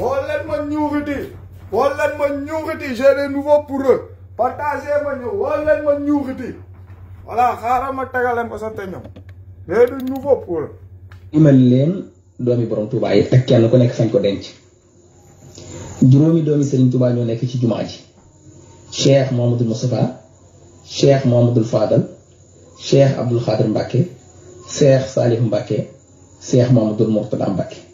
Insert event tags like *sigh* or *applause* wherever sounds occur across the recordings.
Wallez-moi Nouridine. Wallez-moi Nouridine. J'ai des nouveaux pour eux. Partagez-moi Wallez-moi Nouridine. Voilà, xaarama tegalem ko sa te ñoom. J'ai du nouveau pour eux. imal leen doomi borom Touba yi teg kenn ku nekk sañ ko denc. juróomi doomi Serigne Touba ñoo nekk ci jumaa ji. Cheikh Mouhamadoul Moustapha. Cheikh Mouhamadoul Fadal. Cheikh Abdoul Khadir Mbacke. Cheikh Salif Mbacke. Cheikh Mouhamadoul Mourtada Mbacke.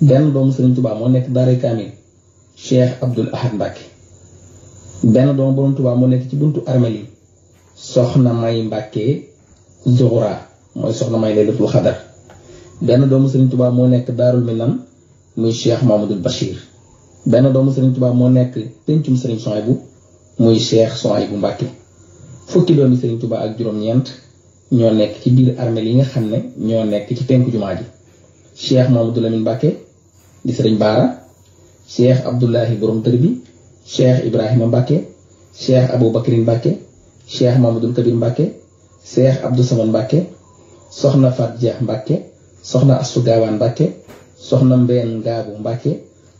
benn doomu Serigne Touba moo nekk Daaray Kaamil Cheikh Abdoul Ahad Mbacke benn doomu borom Touba moo nekk ci buntu armel yi soxna May Mbacke Zuhra mooy soxna May Laylatul Xadar benn doomu Serigne Touba moo nekk Daarul Minam muy Cheikh Mamadou Bachir benn doomu Serigne tubaab moo nekk pencum Serigne Souhaïbou muy Cheikh bu Mbacke fukki doomi Serigne Touba ak juróom-ñeent ñoo nekk ci biir armel yi nga xam ne ñoo nekk ci penku jumaa ji Cheikh Mamadou Lamine di Serigne Bara cheikh abdullahi borom Terbi, Syekh cheikh Mbake, Syekh cheikh aboubacrine Mbake, cheikh Mamadou kabir Mbake, cheikh abdou saman Mbake Sohna Fadja Mbake Sohna Assou Gawan Mbake Sohna soxna mbeen Mbake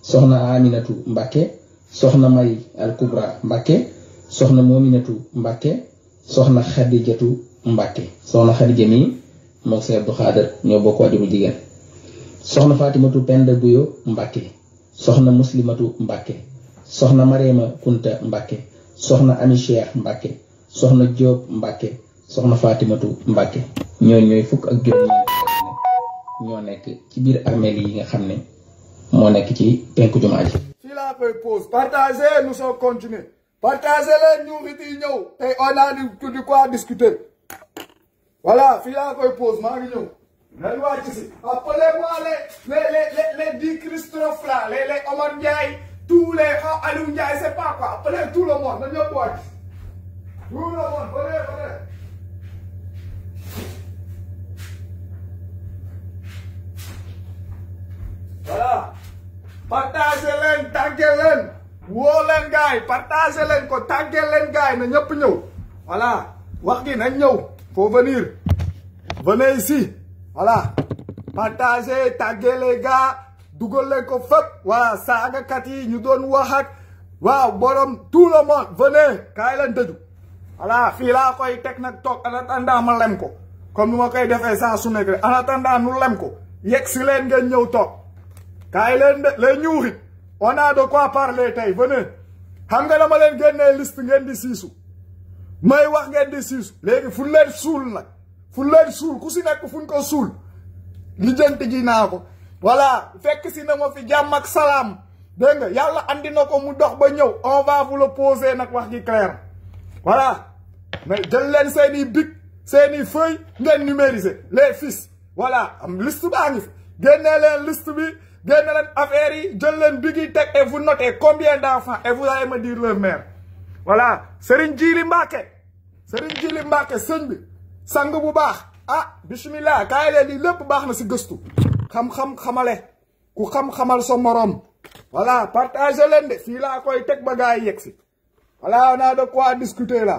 Sohna aminatu Mbake, Sohna may al kubra Mbake Sohna mominatu Mbake Sohna Khadijatu Mbake Sohna Khadija mi mo seer du ñoo bokk soxna Fatimatu Penda Buyo Mbàkke soxna Muslimatu Mbàkke soxna Mariama Kunta Mbàkke soxna Ami Cheikh soxna Jóob Mbàkke soxna Fatimatu Mbàkke ñooñ ñooy fukk ak juróom ñoo nekk ci biir armeel yi nga xam ne moo nekk ci penku jumaa ji fii laa koy pause partagez nous on continue partagez leen ñu ngi ñëw tey on a du quoi discuter voilà fii laa koy pause maa ngi ñëw nan waa gisi appelez moi les les les les dix Christophe là les les Omar Ndiaye tous les ah Aliou Ndiaye c'est pas quoi appelez tout le monde na ñëpp waa gis tout le monde venez venez voilà partagez leen tàggee leen woo leen gars yi partagez leen ko tàggee leen gars yi na ñëpp ñëw voilà wax gi nañ ñëw faut venir venez ici voilà partagez taguez les gars dugal leen ko fépp voilà saagakat yi ñu doon waxaat waaw borom tout le monde venez kaay leen tëju voilà fii laa koy teg nag toog en attendant ma lem ko comme ni ma koy defee saa su nekk en attendant nu lem ko yegg si leen ngeen ñëw toog kaay leen de leen ñuuxit on a de quoi parler tey venez xam nga dama leen génnee liste ngeen di siisu may wax ngeen di siisu léegi fu leen suul nag fu leen suul ku si nekk fu ñu ko suul lijjanti ji naa ko voilà fekk si na mo fi jàmm ak salam dégg yalla yàlla andi na mu dox ba ñew on va vous le poser nak wax ji clair voilà mais jël leen seen i bic seen feuille ngeen numériser les fils voilà am liste baa ngi fi liste bi génne leen affaire yi jël leen bic yi et vous notez combien d'enfants et vous allez me dire leur mère voilà Serigne Djili Mbacké Serigne Djili Mbacké sëñ bi sang bu baax a ah, bismillah kaay leen lii lépp baax na si gëstu xam-xam xamale ku xam-xamal sa morom voilà partagé leen de fii laa koy teg ba gars yi yegg si voilà on a discuter là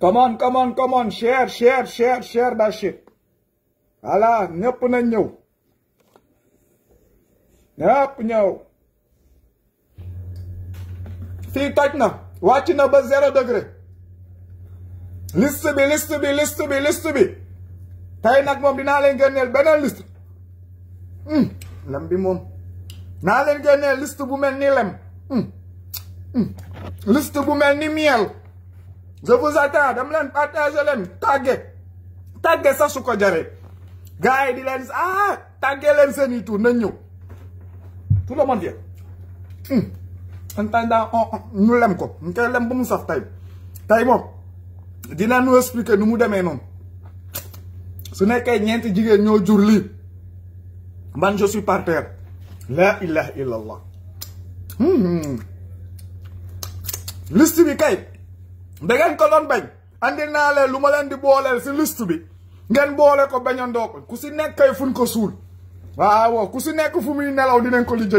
come on come on come on cher cher cher cher da shit voilà ñëpp nañ na wàcc na ba zéro degré liste bi liste bi liste bi liste bi tey nag moom dinaa leen génneel beneen liste hmm. lem bi moom naa leen génneel liste bu mel ni lem hmm. Hmm. liste bu mel ni miel je vous attends dam leen partage leen tàgge tàgge sax su ko jaree di leen ah tàgge leen se i tur nañ ñëw tout le monde vient en attendant ñu lem ko ñu koy saf tey tey moom dina nu expliquer nu mu demee noonu su nekkee ñeenti jigéen ñoo jur lii man je suis par terre la ilaha hmm. bi kay da ngeen ko doon bañ andi naa leen lu ma leen di booleel si list bi ngeen boole ko bañandoo ko ku si nekk kay fuñ ko suul waaw ku si nekk fu muy nelaw dinañ ko lijjël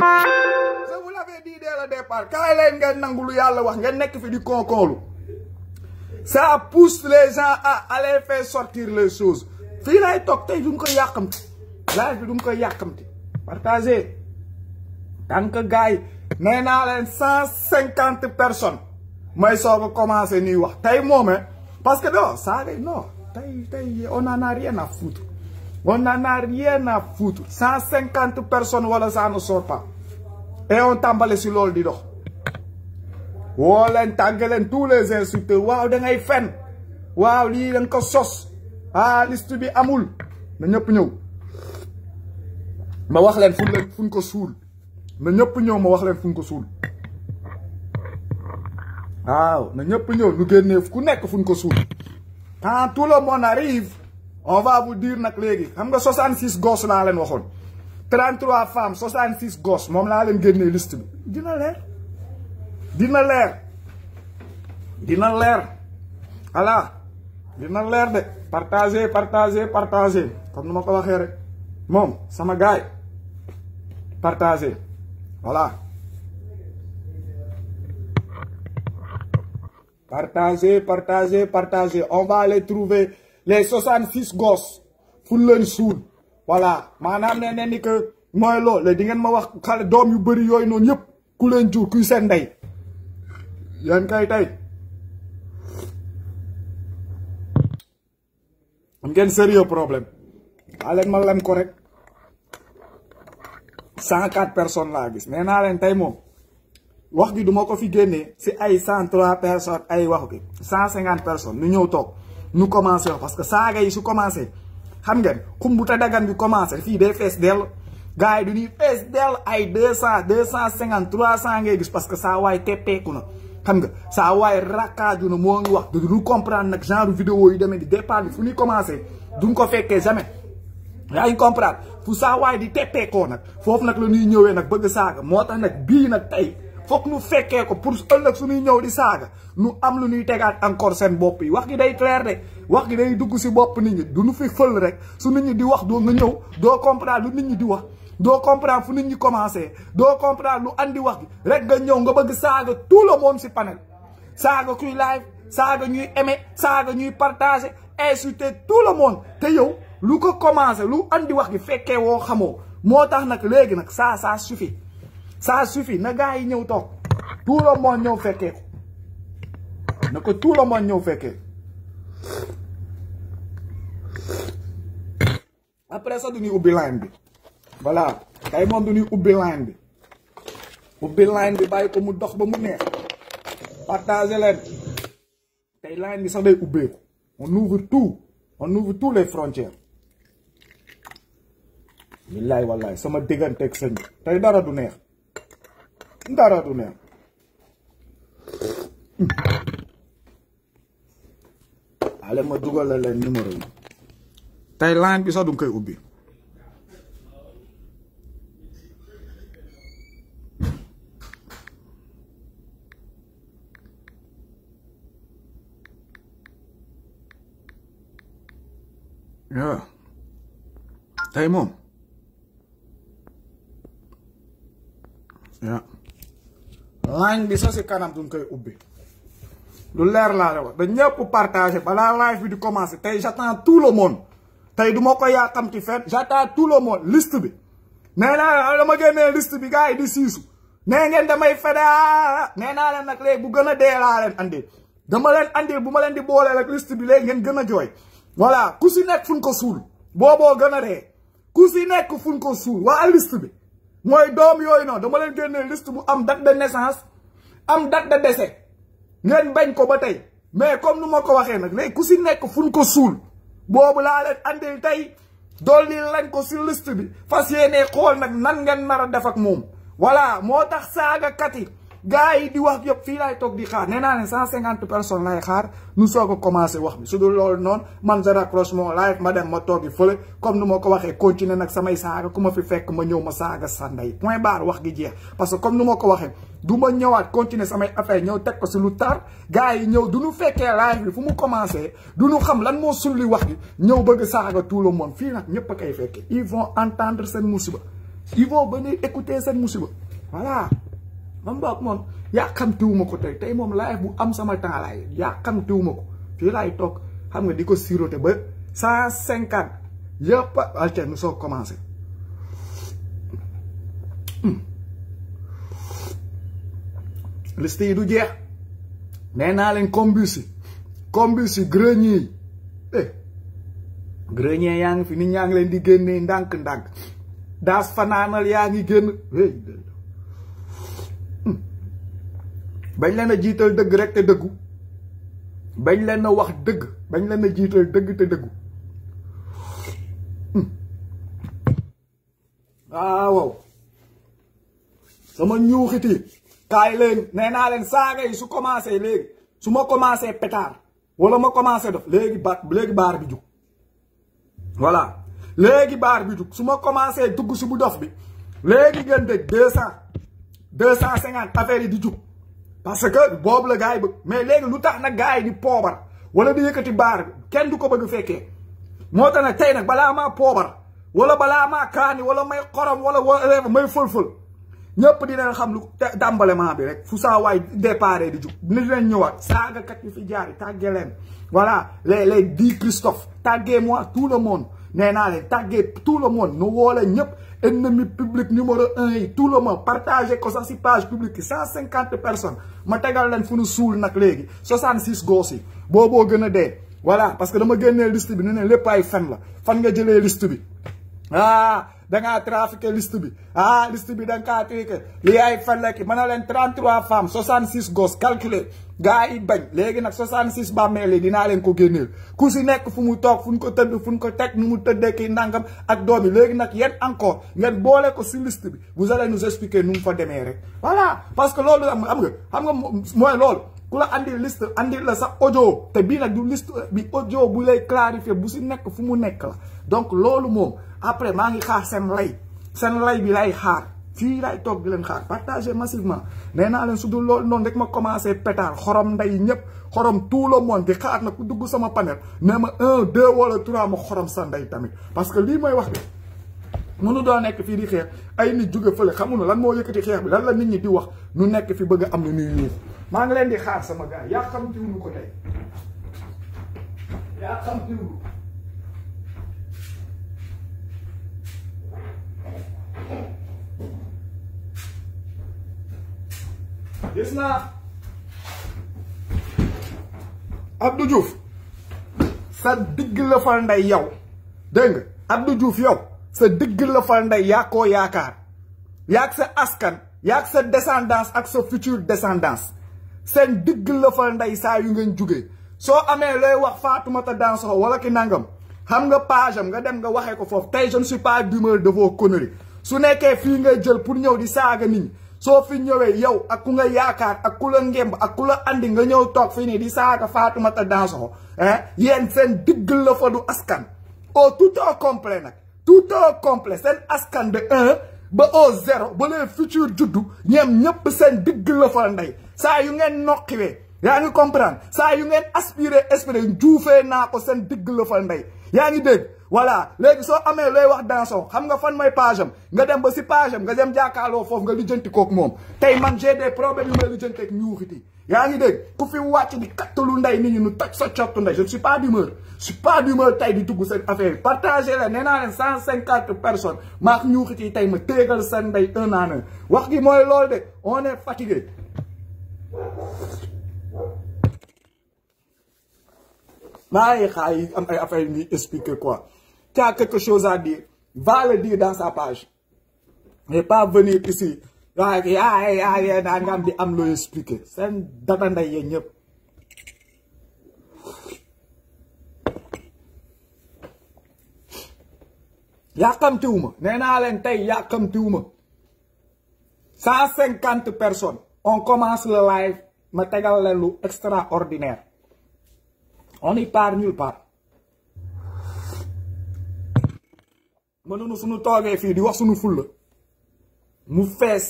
vous l'avez dit dès le départ kaay leen ngeen nangu lu yàlla wax ngeen nekk fi di konkoolu ça pousse les gens à aller faire sortir les choses fii laay toog tey du mu koy yàqamti live bi du mu koy yàqamti partagez tant que gars yi nee naa leen cent cinquante personnes may soog a commencé nii wax tey moom parce que non ça non tey tey on en a rien à foutre on en a rien à foutre cent cinquante personnes wala ça ne sort pas et on tàmbale si loolu di dox woo leen tàgge leen tous les instructeurs waaw da ngay fen waaw lii dañ ko sos ah list bi amul na ñëpp ñëw ma wax leen fu leen fu ko suul na ñëpp ñëw ma wax leen fu ko suul waaw na ñëpp ñëw ñu génnee ku nekk fu ko suul quand tout le monde arrive on bu diir dire nag léegi xam nga 66 gos laa leen waxoon 33 femmes 66 gos moom laa leen génne list bi dina leer dina leer dina leer voilà dina leer de partager partager partager comme nous on ko faire, rek ça sama gaay partager voilà Partagez, partagez, partagez. On va aller trouver les 66 gosses. pour leen suul voilà ma nana ne ni que moy lo le di ngeen ma wax xale dom yu bëri yoy non yëpp ku leen jour kuy sen ndey yankaitai am ngeen sérieux problème daa leen ma lem ko rek cent quatre personnes laa gis nee naa leen tey wax gi duma ko fi génnee si ay 103 trois personnes ay wax gi 150 cinquante personnes ñu ñëw tok. ñu commencé parce que saaga yi su commencé xam ngeen ta dagan bi commencé fi day fess del. Gaay du ni fess del ay 200, 250, 300 cent ngay gis parce que sa way teppeeku na xam nga saa waaye rakkaaju no mo ngi wax de duñu comprendre nak genre vidéo yi demé di départ bi fu ñuy commencé duñ ko féké jamais yaa ngi comprendre fu sa way di ko nak foofu nak la ñuy ñëwé nak bëgg saga moo tax nag bii nag tey foog ñu fekkee ko pour ëllëg suñu ñëw di saga nu am lu ñuy tégaat encore seen bop yi wax gi day clair dé wax gi day dugg ci bop nit ñi duñu fi feul rek suñu nit ñi di wax do nga ñëw do comprendre lu nit ñi di wax doo comprendre fu nit ñi commencé doo comprendre lu andi wax gi rek nga ñëw nga bëgg saaga tout le monde si panel saaga kuy live saaga ñuy aimer saaga ñuy partager insulter tout le monde te yow lu ko commencé lu andi wax gi fekkee woo xamoo moo tax nag léegi nag ça ça suffit ça sufi na gars yi ñëw toog tout le monde ñëw fekkee ko na ko tout le monde ñëw fekkee après ça du ñuy ubbi line bi. voilà tay mom du ubbi line bi ubbi line bi bay ko mu dox ba mu neex partager len tay line bi sax day ubbeeku on ouvre tout on ouvre tous les frontières billahi wallahi sama digante ak señ tay dara du neex dara du neex ale ma dugal leen numéro yi tey line bi sax du koy ubbi Ja. Hej Ya, Ja. Ya. bisa bi sa si kanam duñ koy ubbi. lu leer laa ya la wax ba ñëpp partager balaa live bi di commencer tey j'attends tout le monde mau du ya ko yàqamti fenn j'attends tout le monde liste bi nee naa la dama génnee liste bi gars di sisu. nee ngeen damay feda nee naa leen nak léegi bu gën a dee laa dama leen andi bu ma leen di boole rek liste bi léegi ngeen gën joy. voilà ku si nekk fu ko suul booboo gën a ree ku si nekk fu ñu ko suul waa liste bi mooy doom yooyu noonu dama leen génnee liste bu am date de naissance am date de décès ngeen bañ ko ba tey mais comme nu ma ko waxee nag léegi ku si nekk fu ko suul boobu laa leen andil tey dolli lañ ko si liste bi fas yéenee xool nag nan ngeen nar a def ak moom voilà moo tax saagakat yi gars yi di wax yëpp fii laay toog di xaar nee naa leen cent cinquante personnes laay xaar nu soo a commencé wax bi su dul loolu noonu man je raccroche mon live ma dem ma toogi fële comme nu ma ko waxee continuer nag samay saaga ku ma fi fekk ma ñëw ma saaga sanday point baar wax gi jeex parce que comme nu ma ko waxee du ma ñëwaat continuer samay affaire ñëw teg ko si lu tar gars yi ñëw du ñu fekkee live bi fu mu commencé du ñu xam lan moo sulli wax gi ñëw bëgg saaga tout le monde fii nag ñëpp a koy fekkee ils vont entendre seen musiba ils vont venir seen musiba voilà man boog tu yàkkamtiwuma ko tay tay mom lay bu am sama temps laay yàkkamtiwuma ko fi lay tok xam nga diko siroté ba 150 cinquante alté nous so commencé liste yi du jeex nee naa leen combusi greñi eh greñi yaa ngi fi nit ñaa ngi di génnee ndank ndank das fanaanal yaangi ngi hey bañ la na jital deug rek te dëggu bañ la na wax deug bañ la na jital deug te hmm. ah wow sama ñuuxiti kay leen neena leen saaga su commencé leg su ma commencé pétard wala ma commencé dof léegi ba léegi bar bi juk voilà léegi bar bi juk su ma commencé dugg su bu dof bi léegi gën de 200 250 affaire yi di juk parce que boobu la gars yi bëgg mais léegi lu tax nag gars yi di poobar wala di yëkkati baar kenn du ko bëgg fekkee moo tax nag tey nag balaa maa poobar wala balaa maa kaani wala may xorom wala wala euh, may fël-fël ñëpp dinañ xam lu dàmbalement bi rek fu saa waay départ di jug dinañ ñëwaat saagakat yu fi jaari tàggee leen voilà les les di Christophe tàggee moi tout le monde nee naa leen tàggee tout le monde nu woo la ñëpp ennemi public numéro un yi tout le monde partagé ko sax si page publique cent cinquante personnes ma tegal leen fu nu suul nag léegi soixante six goos yi booboo gën a dee voilà parce que dama génnee liste bi ne ne lépp ay fen la fan nga jëlee liste bi ah da ngaa trafiqué liste bi ah liste bi da nga kaa li ay fan la ki mën na leen 33 femmes 66 gosses calculé gars yi bañ léegi nag 66 bàmmeel yi dinaa leen ko génneel ku si nekk fu mu toog fu ñu ko tëdd fu ñu ko teg nu mu tëddee kii nangam ak doom yi léegi nag yéen encore ngeen boole ko si liste bi vous allez nous expliquer nu mu fa demee rek voilà parce que loolu am nga xam nga mooy loolu. ku la andi liste andi la sa audio te bii nag du liste bi audio bu lay clarifier bu si nekk fu mu nekk la donc loolu moom après maa ngi xaar seen lay seen lay bi lay xaar fii lay toog di leen xaar partager massivement nee naa leen su dul loolu noonu rek ma commencé pétard xorom ndey ñëpp xorom tout le monde di xaar na ku dugg sama panel nee ma un deux wala trois ma xorom sa ndey tamit parce que lii mooy wax bi mënu doo nekk fii di xeex ay nit jóge fële xamuñu lan moo yëkkati xeex bi lan la nit ñi di wax nu nekk fi bëgg a am lu nuy yuux maa ngi leen di xaar sama gars yaa xam tiwunu ko tey yaa xam tiwunu gis naa Abdou sa digg la fa ndey yow dégg nga Abdou yow sa dëgg la fa ndey yaa koo yaakaar yaag sa askan yaag sa descendance ak sa future descendance seen dëgg la fa ndey saa yu ngeen jugee soo amee looy wax Fatoumata Dansokho wala ki nangam xam nga page am nga dem nga waxee ko foofu tey je ne suis pas d'humeur de su nekkee fii ngay jël pour ñëw di saaga nit ñi soo fi ñëwee yow ak ku nga yaakaar ak ku la ngemb ak ku la indi nga ñëw toog fii nii di saaga Fatoumata Dansokho ah yéen seen dëgg la askan au nag. tout un complet seen askan de un ba o zéro ba les futurs juddu ñoom ñëpp seen digg la fa ndey saa yu ngeen noqiwee yaa ngi comprendre saa yu ngeen aspirer espérer juufee naa ko seen digg la fa ndey yaa ngi dégg voilà léegi soo amee looy wax Danson xam nga fan mooy page nga dem ba si page am nga dem jàkkaarloo foofu nga lijjanti kook moom tey man j'ai des problèmes yu may lijjanti ak ñuuxiti yaa ngi dégg ku fi wàcc di kattalu nday nit ñi nu sa nday je ne suis pas d'humeur je suis pas d'humeur tey di dugg cette affaire partagez la nee naa 150 personnes maa ñu ñuuxi ci tey ma téegal seen nday un an un wax gi de on est fatigué Mais, ngi xaar yi am ay affaire expliquer quoi tu as quelque chose à dire va le dire dans sa page mais pas venir ici waaye yaay yaay daa nga am di am looy expliqué seen data nday yéen ñëpp yàqamtiwuma nee naa leen tey yàqamtiwuma cent cinquante personnes on commence le live ma tegal leen lu extraordinaire on y part nulle part mënuñu suñu toogee fii di wax suñu fulla mu fees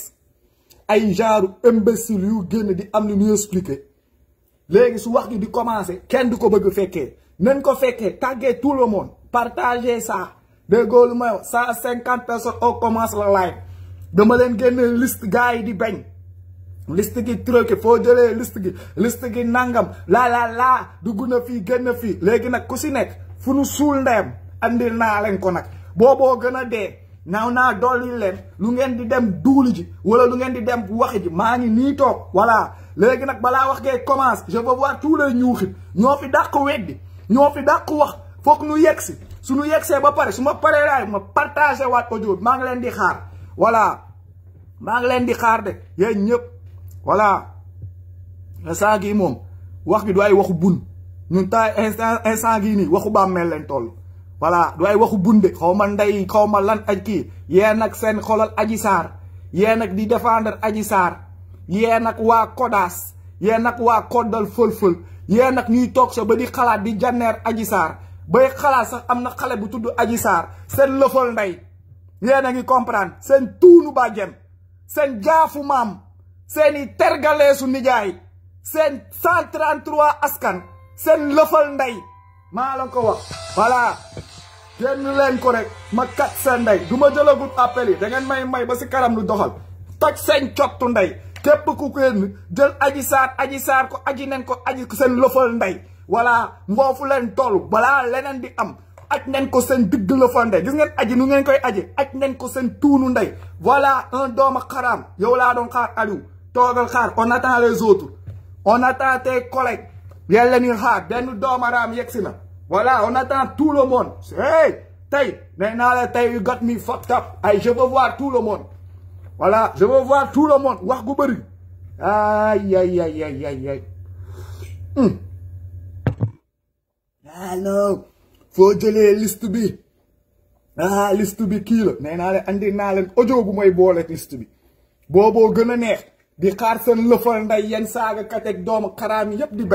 ay genre imbécile yu génn di am lu ñuy expliquer léegi su wax ji di commencer kenn du ko bëgg fekkee nañ ko fekkee tàggee tout le monde partagez ça déggoo lu may wax cinquante personnes au commence la live dama leen génne list gars yi di bañ list gi truqué foo jëlee liste gi liste gi nangam la la la dugg na fii génn fii léegi nag ku si nekk fu nu suul ndeyam andil naa leen ko nag booboo gën a dee. naaw naa dolli leen lu ngeen di dem duuli ji wala lu ngeen di dem waxi ji maa ngi nii toog voilà léegi nag balaa wax gee commence je veux voir tous les ñuuxit ñoo fi dàq weddi ñoo fi dàq wax foog nu yegg si suñu yeggsee ba pare su ma paree laay ma partagé waat audio bi maa ngi leen di xaar voilà maa ngi leen di xaar de yéen ñëpp voilà instant gii moom wax bi du ay waxu bun ñun temps instant instant gii nii waxu bàmmeel leen toll voilà du ay waxu bundé xawma nday xawma lan aj ki yeen ak xolal aji sar yeen ak di défendre aji sar yeen ak wa kodas yeen ak wa kodal feul feul yeen ak ñuy tok sa ba di xalaat di janner aji sar bay xalaat sax amna xalé bu tuddu aji sar seen leufal nday yeen a ngi comprendre tunu ba jëm sen jaafu maam seeni tergaleesu nijaay sen 133 askan sen leufal ndey maa la ko wax voilà génn leen ko rek ma kat seen ndey du ma jëlagul appel yi da ngeen may may ba si karam lu doxal toj seen cottu ndey képp ku génn jël aji saar aji saar ko aji nen ko aji seen lëfal ndey voilà mboofu leen toll balaa leneen di am aj nen ko seen digg lëfal ndey di ngeen aji nu ngeen koy aji aj nen ko seen tuunu ndey voilà un dooma xaraam yow laa doon xaar Aliou toogal xaar on attend les autres on attend tes collègues yéen la ñuy xaar benn doomaraam yegg si na Voilà, on attend tout le monde. Hey, Tay, maintenant, Tay, you got me fucked up. Aïe, je veux voir tout le monde. Voilà, je veux voir tout le monde. Wax Aïe, aïe, aïe, aïe, aïe, aïe. Hum. Ah non, faut jëlee liste bi. ah liste bi kilo. la nee aujourd'hui, vous je audio liste bi Bobo, di yenn di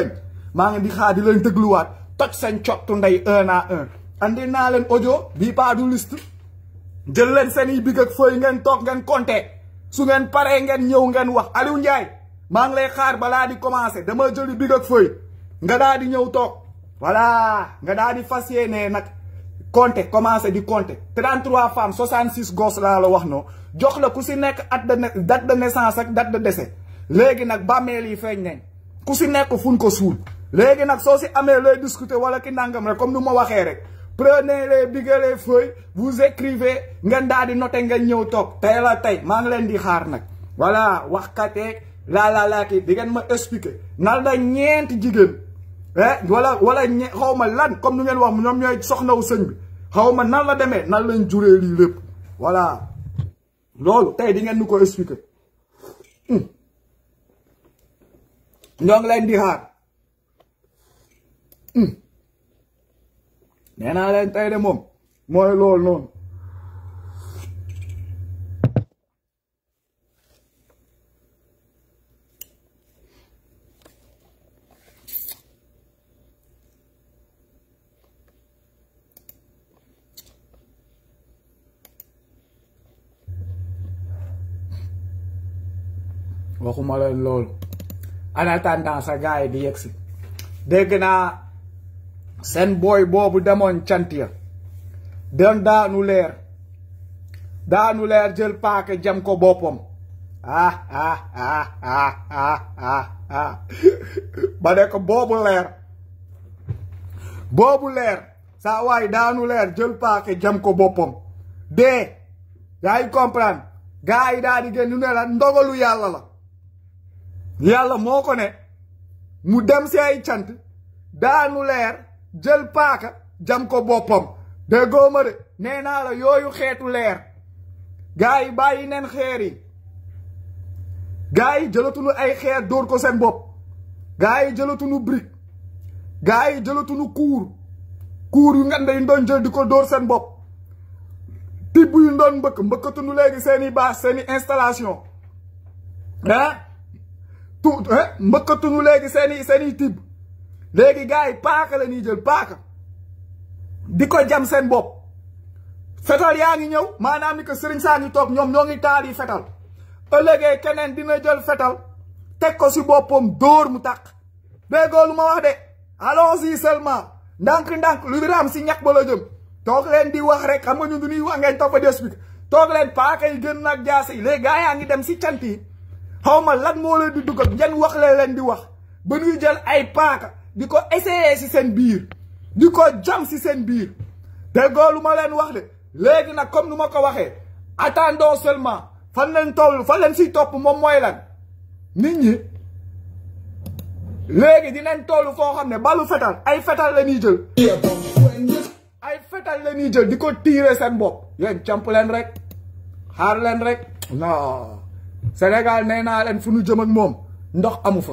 di di toj seen cottu ndey un à un andi naa leen audio bii pas du liste jël leen seen i big ak feuille ngeen toog ngeen compter su ngeen paree ngeen ñëw ngeen wax Aliou Ndiaye maa ngi lay xaar balaa di commencer dama jëli big ak feuille nga daal di ñëw toog voilà nga daal di fas yéenee nag compter commencer di compter 33 femmes 66 gosses laa la wax noo jox la ku si nekk at de date de naissance ak date de décès léegi nag bàmmeel yi feeñ nañ ku si nekk fuñ ko suul. léegi nag soo si amee looy discuter wala ki nangam rek comme nu ma waxee rek prenez les bigues les feuilles vous écrivez ngeen daal di noter ngeen ñëw toog tey la tey maa ngi leen di xaar nag voilà waxkatee laa laa laa kii di ngeen ma expliquer nan la ñeenti jigéen eh wala wala xaw ma lan comme nu ngeen wax mu ñoom ñooy soxnawu sëñ bi xaw ma nan la demee nan lañ juree lii lépp voilà loolu tey di ngeen nu ko expliquer hmm. ñoo ngi leen di xaar. nee naa leen tey de moom mooy loolu noonu waxuma leen loolu en sa gars yi di yegsi dégg naa seen booy boobu demoon cant ya doon daanu leer daanu leer jël paake jam ko boppam ah ah ah, ah, ah, ah *laughs* ba ne boobu leer boobu leer saa waay daanu leer jël paake jam ko boppam dee yaa ngi comprendre gars yi daal di génn nu ne la ndogalu yàlla la yàlla moo ko ne mu dem si ay cant daanu leer jël paaka jam ko boppam déggoo ma de nee naa la yooyu xeetu leer gars yi bàyyi neen xeer yi gars yi jëlatuñu ay xeer dóor ko seen bopp gars yi jëlatuñu brique gars yi jëlatuñu kuur kuur yu ngande yu doon jël di ko dóor seen bopp tibb yu doon mbëkk mbëkkatuñu léegi seen i bâche seen i installation ah tu mbëkkatuñu léegi seeni i tibb legui gars yi paaka la jël paaka di jam sen bop fetal yaangi ñew manam ni ko serigne sañu tok ñom ñongi taali ngi taal yi fetal ëllëgee keneen dina jël fetal tek ko si bopom door mu tak be lu ma wax de allons-y seulement ndank ndank lu si ba la jëm tok len di wax rek xam nga ñu du wax ngeen topa ba di expliqué toog paaka yi gën nak jaasi le léegi yaangi dem si tianti yi lan mo leen di duggal ñen wax leen di wax ba ñuy jël ay paaka di ko essayer si seen biir di ko jam si seen biir déggoo lu ma leen wax de léegi nag comme nu ma ko waxee attendons seulement fan leen toll fa leen siy topp moom mooy lan nit ñi léegi dinañ toll foo xam ne balu fetal ay fetal la ñuy jël ay fetal la ñuy jël di ko tiire seen bopp yéen camp leen rek xaar leen rek non Sénégal nee naa leen fu ñu jëm moom ndox amu fa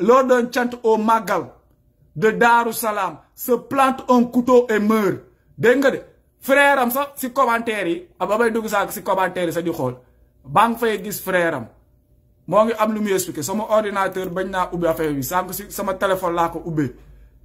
lors d'un chant au Magal de Daaru Salaam se plante un couteau et meurt dégg nga de frère am sax si commentaire yi ah, ba bay dugg sax si commentaire yi sa di xool baa ngi fay gis frère moo ngi am lu muy expliqué sama ordinateur bañ naa ubbi affaire bi sànq si sama téléphone laa ko ubbee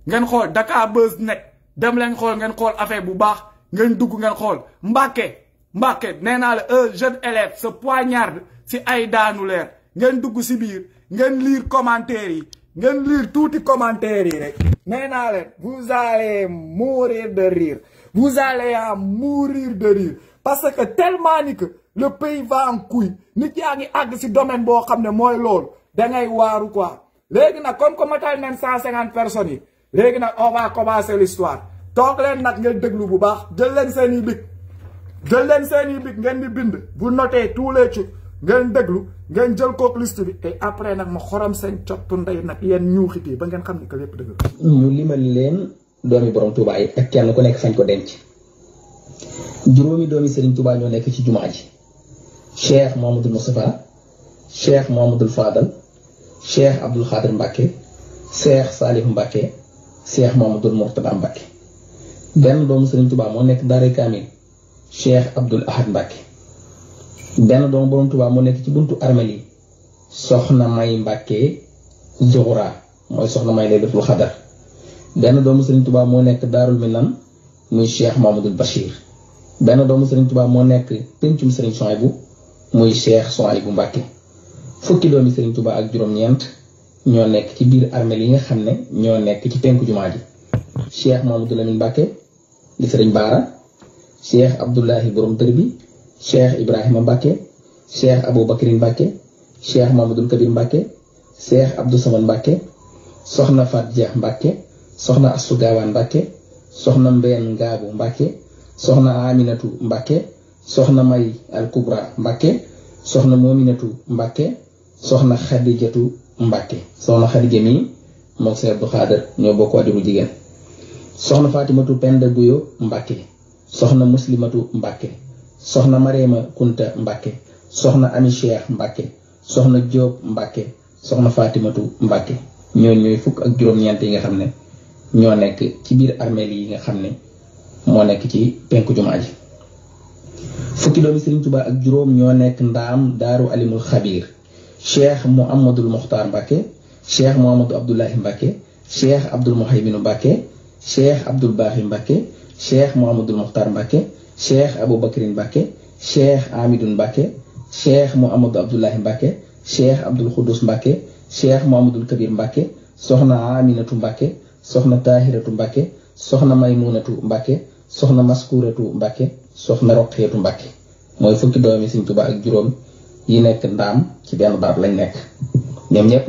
ngeen xool Dakar Buzz nekk dem leen xool ngeen xool affaire bu baax ngeen dugg ngeen xool Mbàkke mbake nee naa la un jeune élève se poignarde si ay daanu leer ngeen dugg si biir. ngeen lire commentaire yi ngeen lire touti commentaire yi rek nee naa vous allez mourir de rire vous allez à mourir de rire parce que tellement ni que le pays va en couille nit yaa ngi àgg si domaine bo xamné moy lool da ngay waru quoi légui nak comme que matal même 150 personnes yi légui nak on va commencer l'histoire tok len nak ngeen déglu bu baax jël len seni i bic jël leen seen i ngeen di bind bu notee tous les trucs ngeen déglu ngeen jël kook liste bi après nag ma xorom seen cottu ndey nag yéen ñuuxit ba ngeen xam ne que lépp dëgg la. ñu limal leen doomi borom Touba yi ak kenn ku nekk fañ ko denc juróomi doomi Serigne Touba ñoo nekk ci jumaa ji Cheikh Mouhamadoul Moustapha Cheikh Mouhamadoul Fadal Cheikh Abdoul Khadir Mbacke Cheikh Salif Mbacke Cheikh Mouhamadoul Mourtada Mbacke benn doomu Serigne Touba moo nekk Daaray Kamil Cheikh Abdoul Ahad Mbacke. benn doomu borom Tuubaa mu nekk ci buntu armel yi soxna may Mbàkke Zuhra mooy soxna may laylatul xadar benn doomu Sëriñ Tuubaa moo nekk daarul minan muy Cheikh Mamadul Bachir benn doomu Sëriñ Tuubaa moo nekk pencum Sëriñ Sohaybu muy Cheikh Sohaybu Mbàkke fukki doomi Sëriñ Tuubaa ak juróom-ñeent ñoo nekk ci biir armel yi nga xam ne ñoo nekk ci penku jumaa ji Cheikh Mamadou Lamine Mbàkke di Sëriñ Baara Cheikh Abdullahi borom dër bi cheikh Ibrahima Mbacke cheikh Aboubacrine Mbacke cheikh Mamadou Kabir Mbacke cheikh Abdou Samad Mbacke soxna Fat Dia Mbacke soxna Assou Gawane Mbacke soxna Mbène Ngaabu Mbacke soxna Aminatu Mbacke soxna May Al Kubra Mbacke soxna Mominatu Mbacke soxna Xadijatu Mbacke soxna Xadija mi moog Cheikh Abdou Khader ñoo bokk waajuru jigéen soxna Fatimatu Penda Guyo soxna Muslimatu Mbacke. soxna Mariama Kunta mbakke soxna Ami Cheikh Mbacke soxna Diop Mbacke soxna faatimatu Mbacke ñooñu ñooy fukk ak juróom-ñeent yi nga xam ne ñoo nekk ci biir armeel yi nga xam ne moo nekk ci penku jumaa ji fukki doomi Serigne Touba ak juróom ñoo nekk ndaam daaru alimul xabiir cheikh Muhammadul Muxtaar Mbacke cheikh Muhammadu Abdullahi Mbacke cheikh Abdul Muhayminu Mbacke cheikh Abdul Baaxi Mbacke cheikh Muhammadul Muxtaar Mbacke cheikh Aboubacrin Mbacke cheikh amidu Mbacke cheikh Mouhamadou Abdoulahi Mbacke cheikh Abdoul Khoudous Mbacke cheikh Mouhamadoul Kabir Mbacke soxna Aminatu Mbacke soxna Tahiratu Mbacke soxna Maymunatu Mbacke soxna Maskuratu Mbacke soxna Roqeetu Mbacke mooy fukki doomi Sëriñ Tuubaa ak juróom yi nekk ndaam ci benn baat lañ nekk ñoom ñëpp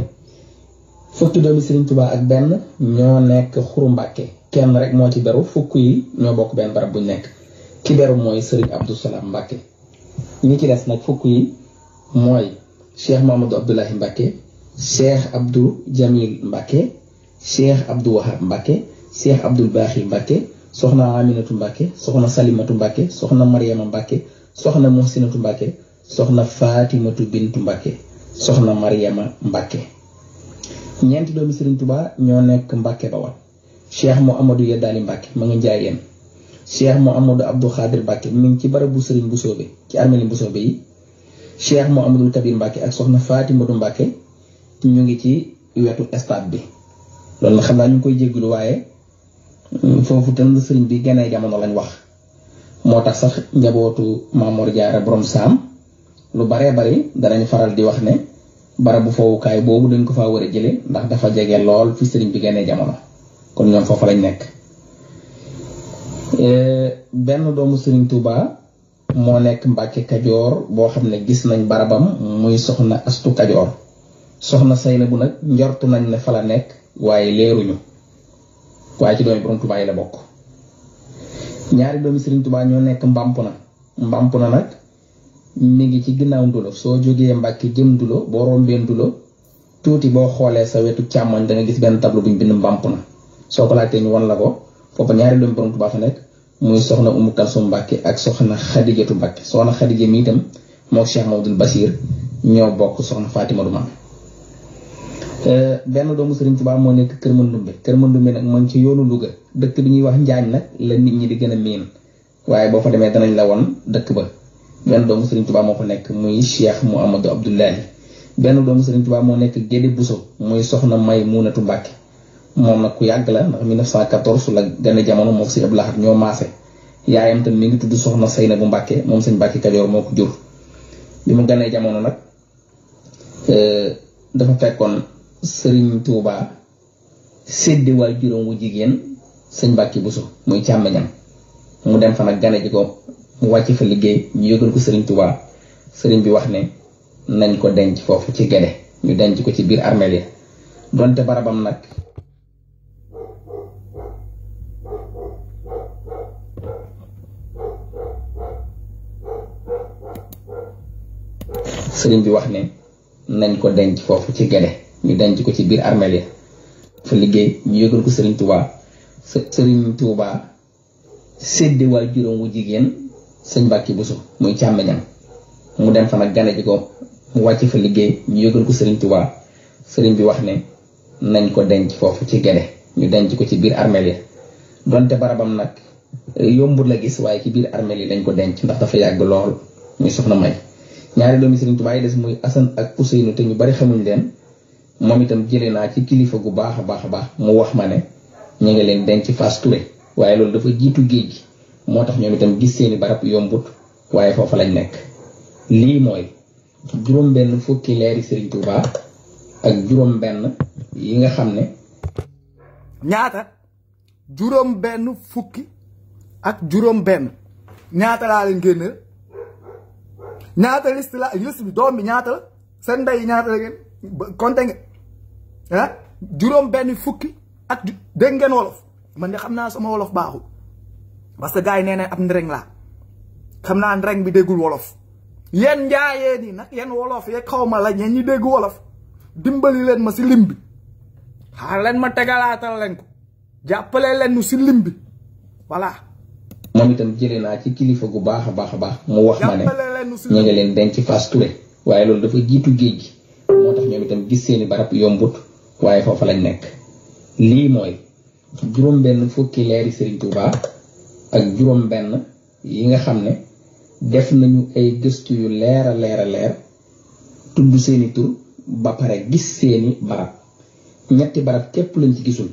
fukki doomi Sëriñ Tuubaa ak benn ñoo nekk xuru Mbacke kenn rek moo ci beru fukk yi ñoo bokk benn barab buñ nekk. ki beru mooy Serigne Abdou Salam ñu ñi ci des nag fukk yi mooy Cheikh Mamadou Abdoulahi Mbacke Cheikh Abdou Jamil Mbacke Cheikh Abdou Wahab Mbacke Cheikh Abdoul Baaxi Mbacke soxna Aminatu Mbacke soxna Salimatu Mbacke soxna Mariama Mbacke soxna Muhsinatu Mbacke soxna Fatimatu Bintu Mbacke soxna Mariama Mbacke ñeenti doomi Serigne Touba ñoo nekk Mbacke Bawal Cheikh Mouhamadou Yeddaali Mbacke ma ngi jaayeen cheikh Mouhamadou Abdou Khadir Mbacke mi ngi ci barabu Serigne Mboussobé ci armeli Mboussobé yi cheikh Mouhamadou Kabir Mbacke ak soxna Fatimatu Mbacke ñu ngi ci wetu stade bi loolu na xam naa ñu ngi koy jéggulu waaye mm, foofu tam sëriñ bi gennay jamono lañ wax moo tax sax njabootu Mamour Diarra borom saam lu baree bari danañ faral di wax ne barabu fowukaay boobu dañ ko faa war a jële ndax dafa jege lool fi sëriñ bi gennee jamono kon ñoom foofu lañ nekk Euh, benn doomu Serigne Touba moo nekk Mbàkke Kajoor boo xam ne gis nañ barabam muy soxna Astu Kajoor soxna Sayna bu nag njort nañ ne fa la nekk waaye leeruñu waaye ci doomi borom la bokk ñaari doomi Serigne Touba ñoo nekk Mbampuna Mbampuna nag mi ngi ci ginnaaw ndulo soo jógee Mbàkke jëm boo rombee ndulo tuuti boo xoolee sa wetu càmmoñ da gis benn tableau buñ bind Mbampuna soo ko laajtee ñu won la ko. kooku ñaari doomi borom Tuubaa fa nekk muy soxna Umu Kalsum Mbàkke ak soxna Xadijatu Mbàkke soxna Xadija mi itam moo Cheikh Mamadul Basiir ñoo bokk soxna Fatima du Maam euh, benn doomu Serigne Touba moo nekk Kër Mandumbe Kër Mandumbe nag man ci yoonu Louga dëkk bi ñuy wax Njaañ nag la nit ñi di gën a miin waaye boo fa demee danañ la won dëkk ba benn doomu Serigne Touba moo fa nekk muy Cheikh Mouhamadou Abdoulahi benn doomu Serigne Touba moo nekk Gédé Bousso muy soxna May Muunatu Mbàkke moom nag ku yàgg la ndax 1914 la gane jamono moom sëñ Abdou Lahad ñoo maase yaayam tam mi ngi tudd soxna Seyna bu Mbàkke moom sëñ Mbàkke Kajoor moo ko jur bi mu ganee jamono nag euh, dafa fekkoon sëriñ Tuubaa séddi waay juróom jigéen sëñ Mbàkke Buso muy càmmiñam mu dem fa nag gane ko mu wàcc fa liggéey ñu yëgal ko sëriñ Tuubaa sëriñ bi wax ne nañ ko denc foofu ci gede ñu denc ko ci biir armeel ya donte barabam nag sëriñ bi wax ne nañ ko denc foofu ci gede ñu denc ko ci biir armeel ya liggéey ñu yëgal ko sëriñ Touba sëriñ Touba sédde waa juróom jigéen sëñ Mbàkke Buso muy càmmeñam mu dem fa nag gane ji ko mu wàcc fa liggéey ñu yëgal ko sëriñ Touba sëriñ bi wax ne nañ ko denc foofu ci gede ñu denc ko ci biir armeel ya donte barabam nag yombul la gis waaye ci biir armeel yi lañ ko denc ndax dafa yàgg lool muy soxna may ñaari doomi Serigne Touba yi des muy Assane ak Ousseynou te ñu bari xamuñ leen moom itam jëlee naa ci kilifa gu baax a baax a baax mu wax ma ne ñu ngi leen denc Fass Touré waaye loolu dafa jiitu géej gi moo tax ñoom itam gis seeni barab yombut waaye foofa lañ nekk lii mooy juróom-benn fukki leeri Serigne Touba ak juróom-benn yi nga xam ne. ñaata juróom-benn fukki ak juróom-benn ñaata laa leen génne ñaata list la yusuf bi doom bi ñaata la seen fuki ñaata la ngeen compté ngeen ah juróom benn fukki ak dégg ngeen wolof man de xam naa sama wolof baaxul parce que gars yi nee na ab ndreng laa xam naa ndreng bi déggul wolof yéen njaayeen yi nag yéen wolof la ñeen ñi dégg wolof dimbali leen ma si lim bi xaar leen ma tegalaatal leen ko jàppale leen nu lim bi voilà mom itam jëlee naa ci kilifa gu baaxa baaxa baax mu wax mané ne ñu ngi leen denc Fass Touré waaye loolu dafa jitu geejgi motax ñom itam gis seeni barap yombut waye fofu lañ nekk lii mooy juroom benn fukki leeri Serigne Touba ak juroom benn yi nga xam ne def nañu ay gëstu yu leera leera leer tuddu seeni tur ba pare gis seeni barab ñetti barab képp lañ ci gisul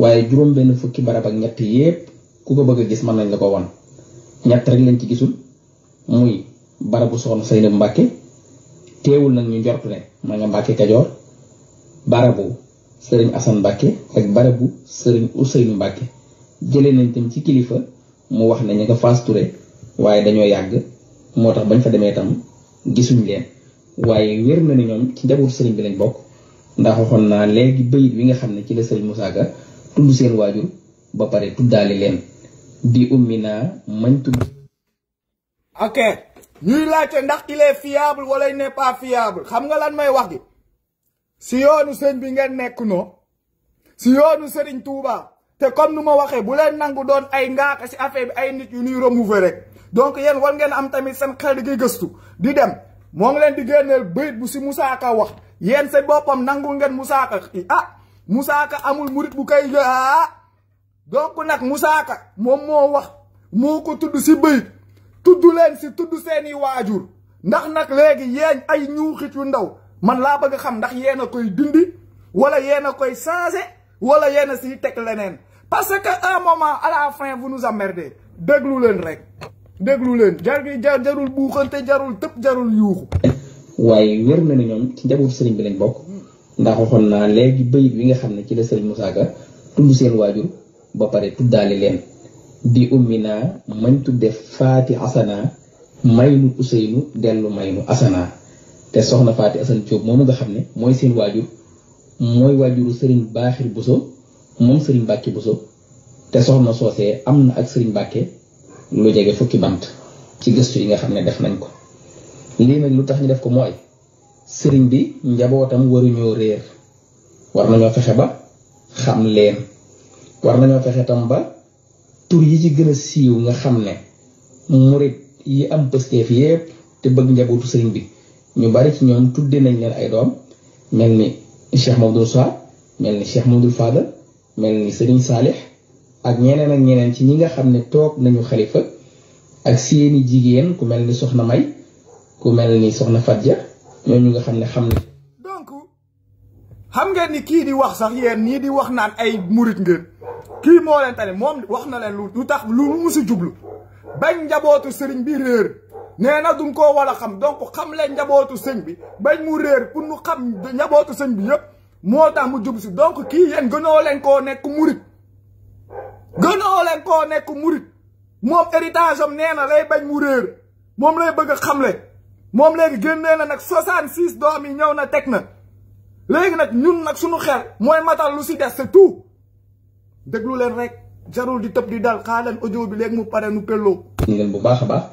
waye juroom benn fukki barab ak ñetti yépp ku ko bëgg a gis mën nañ la ko wan ñett rek lañ ci gisul muy barabu soxna Seynab Mbàkke teewul nag ñu njort ne ma nga Mbàkke Kajoor barabu sëriñ Asan Mbàkke ak barabu sëriñ Useynu Mbàkke jële nañ tam ci kilifa mu wax ne ñu nga Ture waaye dañoo yàgg moo tax bañ fa demee tam gisuñ leen waaye wér na ne ñoom ci njabootu sëriñ bi lañ bokk ndax waxoon naa léegi bayit wi nga xam ne ci la sëriñ Musaa Ka tudd seen waajur ba pare tuddaale leen di ummina mañ tudd ok la laajte ndax il est fiable wala il n'est pas fiable xam nga lan may wax gi si yoonu sëñ bi ngeen nek no si yoonu sëriñ Touba te comme numa waxe bu len nangu don ay ngaaka ci affaire bi ay nit yu ñuy remouver rek donc yeen war ngeen am tamit sen xel di di dem mo ngi len di gennel beuy bu si Moussa Ka wax yeen se bopam nangu ngeen Moussa Ka ah Moussa Ka amul murid bu kay ah donc nag Moussa Ka moom moo wax moo ko tudd si bëy tudd leen si tudd seeni waajur ndax nag léegi yéen ay ñuuxit yu ndaw man laa bëgg xam ndax yéen a koy dindi wala yéen koy changé wala yéen si siy teg leneen parce que un moment à la fin vous nous emmerdez déglu leen rek déglu leen jar jar jarul buuxante jarul tëb jarul yuuxu. waaye wér na ne ñoom ci njabootu sëriñ bi lañ bokk ndax waxoon naa léegi bëy bi nga xam ne ci la sëriñ Moussa Ka tudd seen waajur. ba pare daal leen di ummi naa mañ tudde faati asanaa maynu useynu dellu maynu asanaa te soxna faati asan Jóob moomu nga xam ne mooy seen waajur mooy waajuru sëriñ baaxir buso moom sëriñ bàkke buso te soxna soosee am na ak sëriñ bàkke lu jege fukki bant ci gëstu yi nga xam ne def nañ ko lii nag lu tax ñu def ko mooy sëriñ bi njabootam waruñoo réer war nañoo fexe ba xam leen war nañu fexé tam ba tour yi ci gëna siiw nga xamné mourid yi am pestef yépp te bëgg njabootu sëriñ bi ñu bari ci ñoom tudde nañ leen ay doom melni ni cheikh mamadou sa mel ni cheikh mamadou fadal mel ni sëriñ Salih. ak ñeneen ak ñeneen ci ñi nga xamné tok nañu khalifa ak seeni jigéen ku mel soxna may ku mel soxna fadja ñu nga xamné xamné xam ngeen ni ki di wax sax yeen ni di wax naan ay murit ngeen ki mo len tane mom wax na len lu tax lu musu djublu bañ njabotu serigne bi reer neena na duñ koo war xam donc xam len njabotu serigne bi bañ mu reer pour nu xam njabotu serigne bi yeb mo tax mu djublu si donc ki yeen gëno len ko nek murit gëno len ko nek murit mom héritage am neena lay bañ mu reer mom lay bëgg xam le mom legi gënne na nak 66 doomi ñew na tekna na. léegi nag ñun nag suñu xel mooy matal lu si des c'est tout déglu leen rek jarul di tëb di dal xaaral audio bi léegi mu pare nu pelloo. ñu bu baax a baax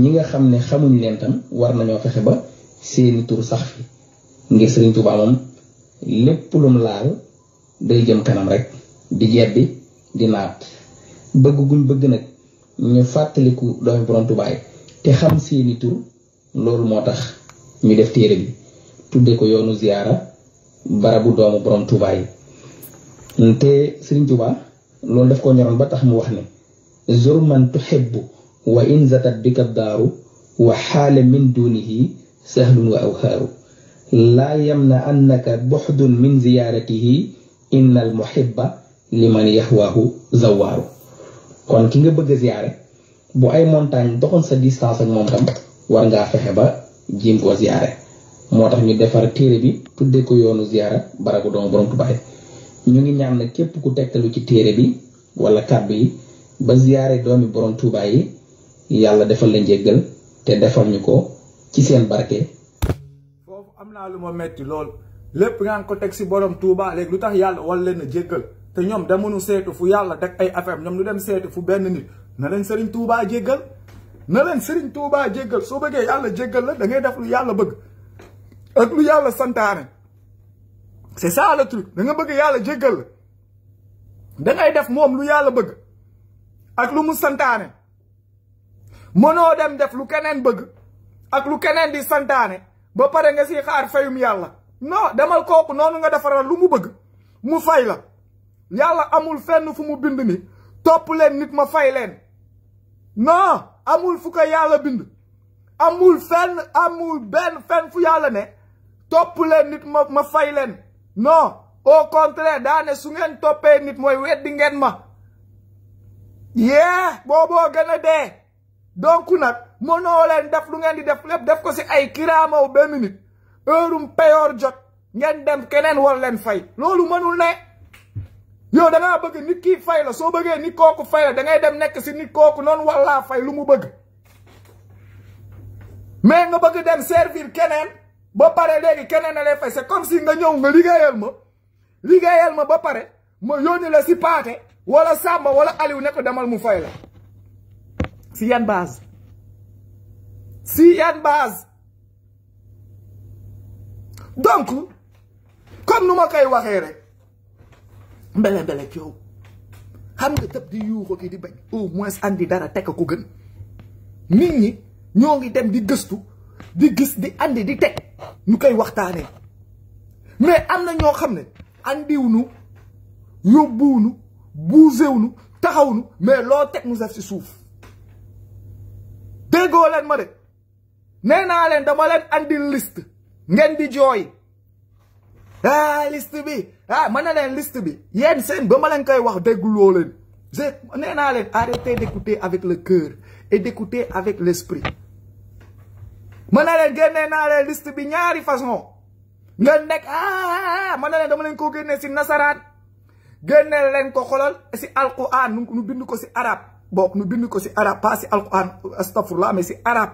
ñi nga xam ne xamuñ leen tam war nañoo fexe ba seeni tur sax fi ngir Serigne Touba moom lépp lum laal day jëm kanam rek di jebbi di naat bëgg guñ bëgg nag ñu fàttaliku doomi borom Touba yi te xam seeni tur loolu moo tax ñu def téere bi tudde ko yoonu ziyaara barabu doomu borom Touba yi te Serigne Touba loolu daf ko ñoroon ba tax mu wax ne zur man xeb wa in zatat bika daaru wa xaale min dunihi sahlun wa awhaaru laa yamna annaka buxdun min ziyaaratihi inna al muhibba liman yahwaahu zawaaru kon ki nga bëgg a ziyaare bu ay montagne doxoon sa distance ak moom war ngaa fexe ba jiim koo ziyaare moo tax ñu defar téere bi tudde ko yoonu ziyaara baragu doon borom Tuubaa yi ñu ngi ñaan na képp ku tegtalu ci téere bi wala kàddu yi ba ziyaare doomi borom Tuubaa yi yàlla defal la njéggal te defal ñu ko ci seen barke. foofu am naa lu ma metti lool lépp nga ko teg si borom Tuubaa léegi lu tax yàlla war leen a jéggal te ñoom demuñu seetu fu yàlla teg ay affaire ñoom lu dem seetu fu benn nit na leen Serigne Touba jéggal na leen Serigne Touba jéggal soo bëggee yàlla jéggal la da ngay def lu yàlla bëgg. ak lu yàlla santaane c'est ça le truc bëgg yàlla jéggal la da def moom lu yàlla bëgg ak lu mu santaane mënoo dem def lu keneen bëgg ak lu keneen di santaane ba pare nga si xaar fayum yàlla non demal kooku noonu nga defaral lu mu bëgg mu fay la yàlla amul fenn fu mu bind ni topp leen nit ma fay leen non amul fu ko yàlla bind amul fenn amul benn fenn fu yàlla ne topp leen nit ma ma fay leen non au contraire daane su ngeen toppee nit mooy weddi ngeen ma yee booboo gën a dee donc nag mënoo leen def lu ngeen di def lépp def ko si ay kiraamaw benn nit heurum peyoor jot ngeen dem keneen war leen fay loolu mënul ne yow da bëgg nit kii fay la soo bëggee nit kooku fay la da dem nekk si nit kooku noonu war fay lu mu bëgg mais nga bëgg dem servir keneen ba pare léegi keneen a lay fay c'est comme si nga ñëw nga liggéeyal ma liggéeyal ma ba pare ma yónni la si paate wala Samba wala Aliou ne ko demal mu fay la si yan base si yan base donc comme nu ma koy waxee rek mbele mbele yow xam nga tëb di yuuxu ki di bañ au moins andi dara teg ko gën nit ñi ñoo ngi dem di gëstu di gis di àndi di teg Nous kay waxtane mais am na ñoo xam ont andiwuñu nous mais lo tek nous ont fait souf déggoo ma de néna nous dama liste ngeen di joy. ah liste bi ah mën len liste bi yéen seen de ma leen De wax arrêtez d'écouter avec le cœur et d'écouter avec l'esprit mën na leen génnee naa leen liste bi ñaari façon nga nekk ah, ah, ah, ah mën na leen dama leen ko génnee si nasaraan génnee leen ko xolal si alquran nu bind ko si arab bokk nu bind ko si arab pas si alquran astafurlah mais si arab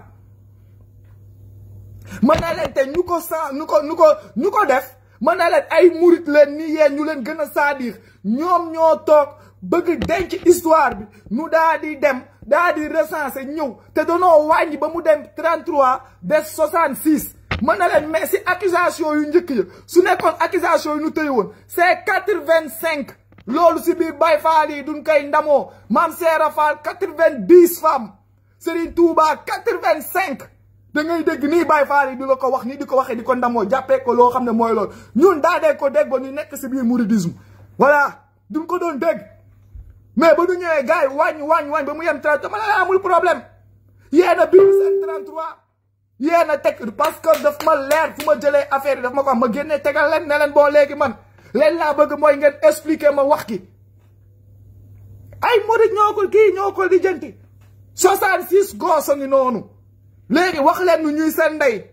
mën na leen te ñu ko sa ñu ko ñu ko ñu ko def mën na leen ay murit leen ni yee ñu leen gën a saadiix ñoom ñoo toog bëgg denc histoire bi nu daa di dem daa di recenser ñëw te danoo wàññi ba mu dem 33 des 66 mën na leen mais si accusation yu njëkk ya su nekkoon accusation yu ñu tëye woon c'est 85 loolu si biir Baye Fall yi duñ koy ndamoo Mame Serra Fall 90 femmes Serigne Touba 85 da ngay dégg nii Baye Fall yi di la ko wax nii di ko waxee di ko ndamoo jàppee ko loo xam ne mooy loolu ñun daa ko dégg ba ñu nekk si biir mouridisme voilà duñ ko doon dégg. mais bon, nous ñëwee gars yi wàññi wàññi wàññi ba mu yem 33 ma ne la amul problème y a bind seen 33 y a teg parce que daf ma leer fu ma jëlee affaire yi daf ma ko wax ma génnee tegal leen ne leen boo léegi man leen laa bëgg mooy ngeen kan, expliquer ma wax ki ay murid ñoo di kii ñoo ko lijjanti 66 goosa ngi noonu léegi wax leen nu ñuy sen day.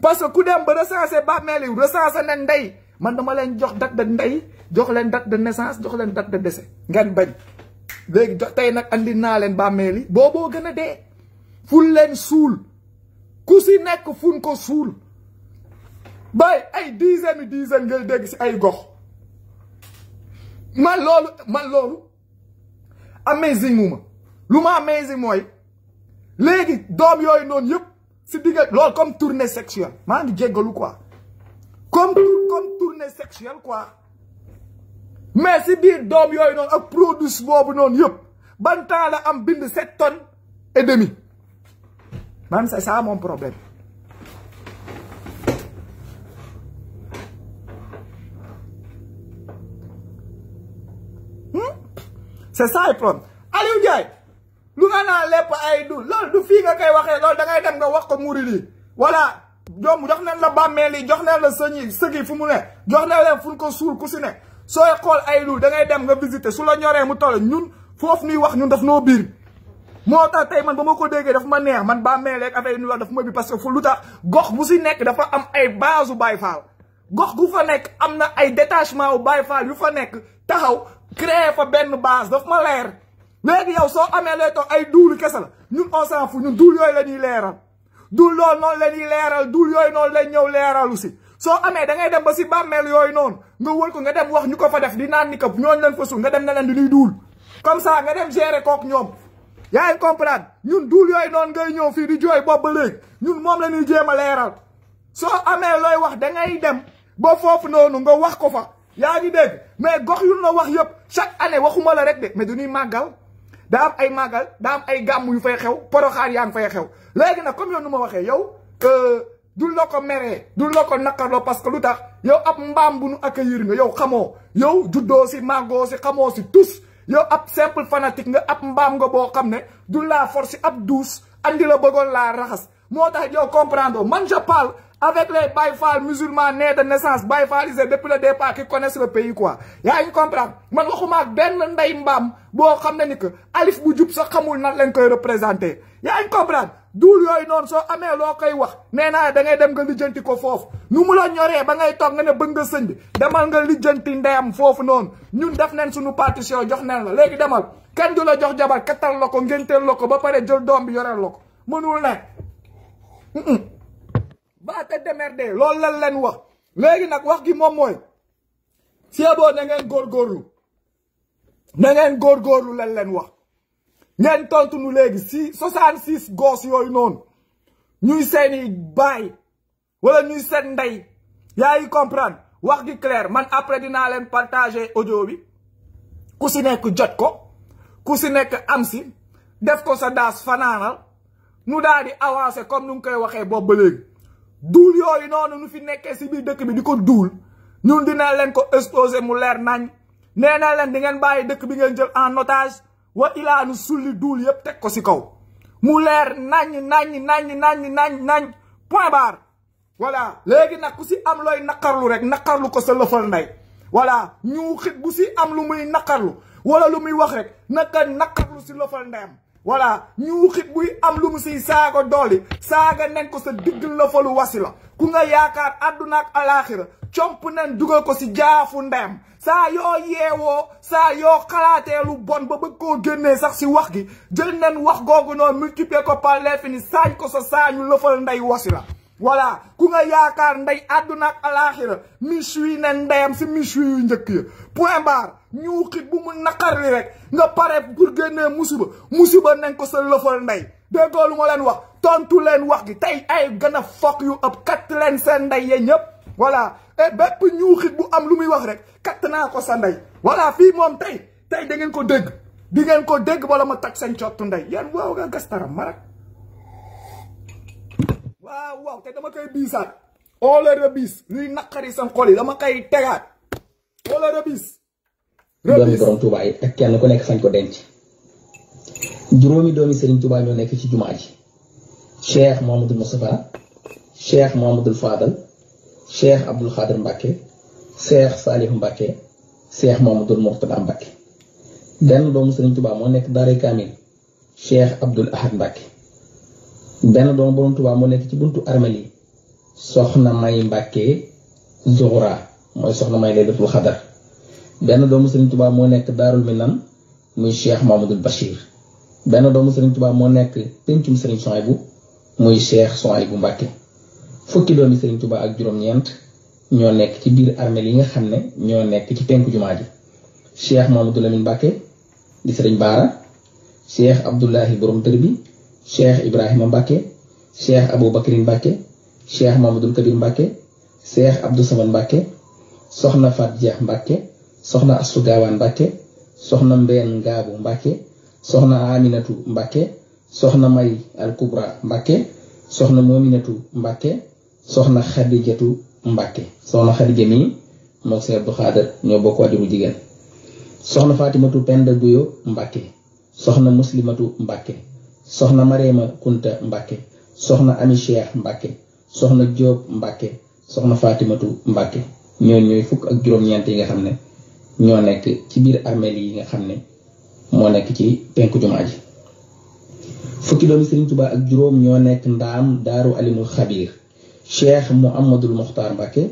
parce que ku dem ba recensé ba meli, recensé nen day. man dama leen jox date de ndey jox leen dat de naissance jox leen date de décès ngeen bañ léegi jox tey nag andi naa leen bàmmeel yi booboo gën a dee ful leen suul ku si nekk fun ko suul bay ay dizaine yu dizaine ngay dégg si ay gox man loolu man loolu amazing wu ma lu ma amazing mooy léegi doom yooyu noonu yëpp si digga loolu comme tournée sexuelle maa ngi jéggalu quoi comme comme tournée sexuelle quoi mais si bien, il y produit boobu non. il ban temps la de 7 tonnes et demi c'est ça mon problème hmm? c'est ça le problème Allez, on Nous Nous ay Nous nous nga voilà ñoom jox nañ la bàmmeel yi jox nañ la sëñ yi fu mu ne jox nañ leen fu ñu ko suul ku si ne soo xool ay lu da ngay dem nga visiter su la ñoree mu toll ñun foofu nuy wax ñun daf noo biir moo tax tey man ba ma ko déggee daf ma neex man bàmmeel ak affaire yi nuy ma bi parce que fu lu tax gox bu si nekk dafa am ay base u Baye gox gu fa nekk am na ay détachement wu Baye Fall yu fa nekk taxaw créer fa benn base daf ma leer léegi yow soo amee lay toog ay duulu kese la ñun on s'en fout la ñuy leeral dul lool noonu la ñuy leeral dul yooyu noonu lañ ñëw leeralu si soo amee dangay dem ba si bàmmeel yooyu noonu nga wër ko nga dem wax ñu ko fa def di naan ni ko ñooñu leen fa suul nga dem na leen di nuy duul comme ça nga dem gérer kook ñoom yaa ngi comprendre ñun duul yooyu noonu ngay ñëw fii di jooy bopp ba léegi ñun moom la ñuy jéem a leeral soo amee looy wax da ngay dem ba foofu noonu nga wax ko fa yaa ngi dégg mais gox yu la wax yëpp chaque année waxuma la rek de mais du ñuy màggal daa am ay màggal daam ay gàmm yu fay xew poroxaar yaa ngi fay xew léegi nag comme yow nu ma waxee yow euh, du loo ko meree du loo ko naqarloo parce que lu tax yow ab mbaam bu nu accueillir nga yow xamoo yow juddoo si màggoo si xamoo si tous yow ab simple fanatique nga ab mbaam nga boo xam ne du la force ab douce andi la bëggoon laa raxas moo tax yow comprendre man je parle avec les Baïfal musulmans nés de naissance, Baïfalisés depuis le départ, qui connaissent le pays, quoi. Y'a une comprendre. Je ne sais pas ben nday mbam, bo xamné que Alif Boudjoub sa xamul nan lañ koy représenté Y'a une comprendre. duul yooyu noonu soo amee loo koy wax nee naa dangay dem nga lijjanti ko foofu nu mu la ñoree ba ngay toog nga ne bëgg nga sëñ bi demal nga lijjanti ndeyam foofu noonu ñun def nañ suñu partition jox nañ la léegi demal kenn du la jox jabar kattal la ko ngénteel la ko ba pare jël doom bi yoreel la ko mënul ne va te démerder loolu lan leen wax léegi nag wax gi moom mooy Sebo nangeen góor góorlu na ngeen góorlu lan leen wax ngeen tontu nu léegi si 66 goos yooyu noonu ñuy seeni baay wala ñuy seen ndey yaa ngi wax gi clair man après dinaa leen partager audio bi ku si nekk jot ko ku si nekk am si def ko sa daas fanaanal nu daal di avancer comme nu ngi koy waxee boobu ba léegi. duul yooyu noonu nu fi nekkee si biir dëkk bi di ko duul ñun dina leen ko exposé mu leer nañ nee na leen di ngeen bàyyi dëkk bi ngeen jël en otage wa ilaa nu sulli duul yëpp teg ko si kaw mu leer nañ nañ nañ nañ nañ nañ point barre voilà léegi nag ku si am looy naqarlu rek naqarlu ko sa lëfal ndey voilà ñu xit bu si am lu muy naqarlu wala lu muy wax rek naka naqarlu si lëfal ndeyam voilà ñu xit buy am lu mu siy saaga dolli saaga nen ko sa digg la falu wasi la ku nga yaakaar àdduna ak alaaxira comp nen dugal ko si jaafu ndeyam saa yoo yeewoo saa yoo xalaatee lu bon ba bëgg koo génnee sax si wax gi jël nen wax googu noonu multiplier ko par l'infini saañ ko sa saañu lëfal ndey wasi la voilà ku nga yaakaar ndey àdduna ak alaaxira miche yi nen ndeyam si miche yu njëkk ya point ñuuxit bu mu nakar li rek nga paré pour gëné musuba musuba nañ ko sa lëfal ndey déggoo lu mo len wax tontu len wax gi tay ay gëna fokk yu ëpp kat len nday ye ñep voilà et bép bu am lu muy wax rek kat na ko sa nday voilà fi mom tay tay da ngeen ko dégg di ngeen ko dégg wala ma tak sen ciot nday yeen waaw nga gastaram marak waaw waaw tay dama koy biisaat oola rëbis luy naqari xol yi dama koy rebis doomi borom Touba ak kenn ku nekk fañ ko denc juróomi doomi Serigne Touba ñoo nekk ci jumaa ji Cheikh Mouhamadoul Moustapha Cheikh Mouhamadoul Fadal Cheikh Abdoul Khadir Mbacke Cheikh Salif Mbacke Cheikh Mouhamadoul Mourtada Mbacke benn doomu Serigne Touba moo nekk Daaray Kamil Cheikh Abdoul Ahad Mbacke benn doomu borom Touba moo nekk ci buntu armel yi soxna May Mbacke Zuhra mooy soxna May Laylatul Xadar benn doomu Serigne tubaab moo nekk Daarul Minan muy Cheikh Mamadou Bachir benn doomu Serigne tubaab moo nekk pencum Serigne Souhaïbou muy Cheikh bu Mbacké fukki doomi Serigne tubaab ak juróom-ñeent ñoo nekk ci biir armeel yi nga xam ne ñoo nekk ci penku jumaa ji Cheikh Mamadou Lamine Mbacké di Serigne Baara Cheikh Abdoulahi borom dër bi Cheikh Ibrahima Mbacké Cheikh Abou Bakrin Mbacké Cheikh Mamadou Kabir Mbacké Cheikh Abdou Soxna Fat Jeex Mbacké soxna astu gaawaan mbàkke soxna mbeen ngaabu mbàkke soxna aminatu mbàkke soxna may alkubra mbàkke soxna moominatu mbàkke soxna xadijatu mbàkke soxna xadija mi moog seen Abdu Xaadar ñoo bokk waajur bu jigéen soxna fatimatu penda buyo mbàkke soxna muslimatu mbàkke soxna mareema kunta mbàkke soxna ami cheikh mbàkke soxna jóob mbàkke soxna fatimatu mbàkke ñooñu ñooy fukk ak juróom-ñeent yi nga xam ne ñoo nekk ci biir armeel yi nga xam ne moo nekk ci penku jumaa ji fukki doomi Serigne Touba ak juróom ñoo nekk ndaam daaru alimul xabiir cheikh Mouhamadul Mokhtar Mbacke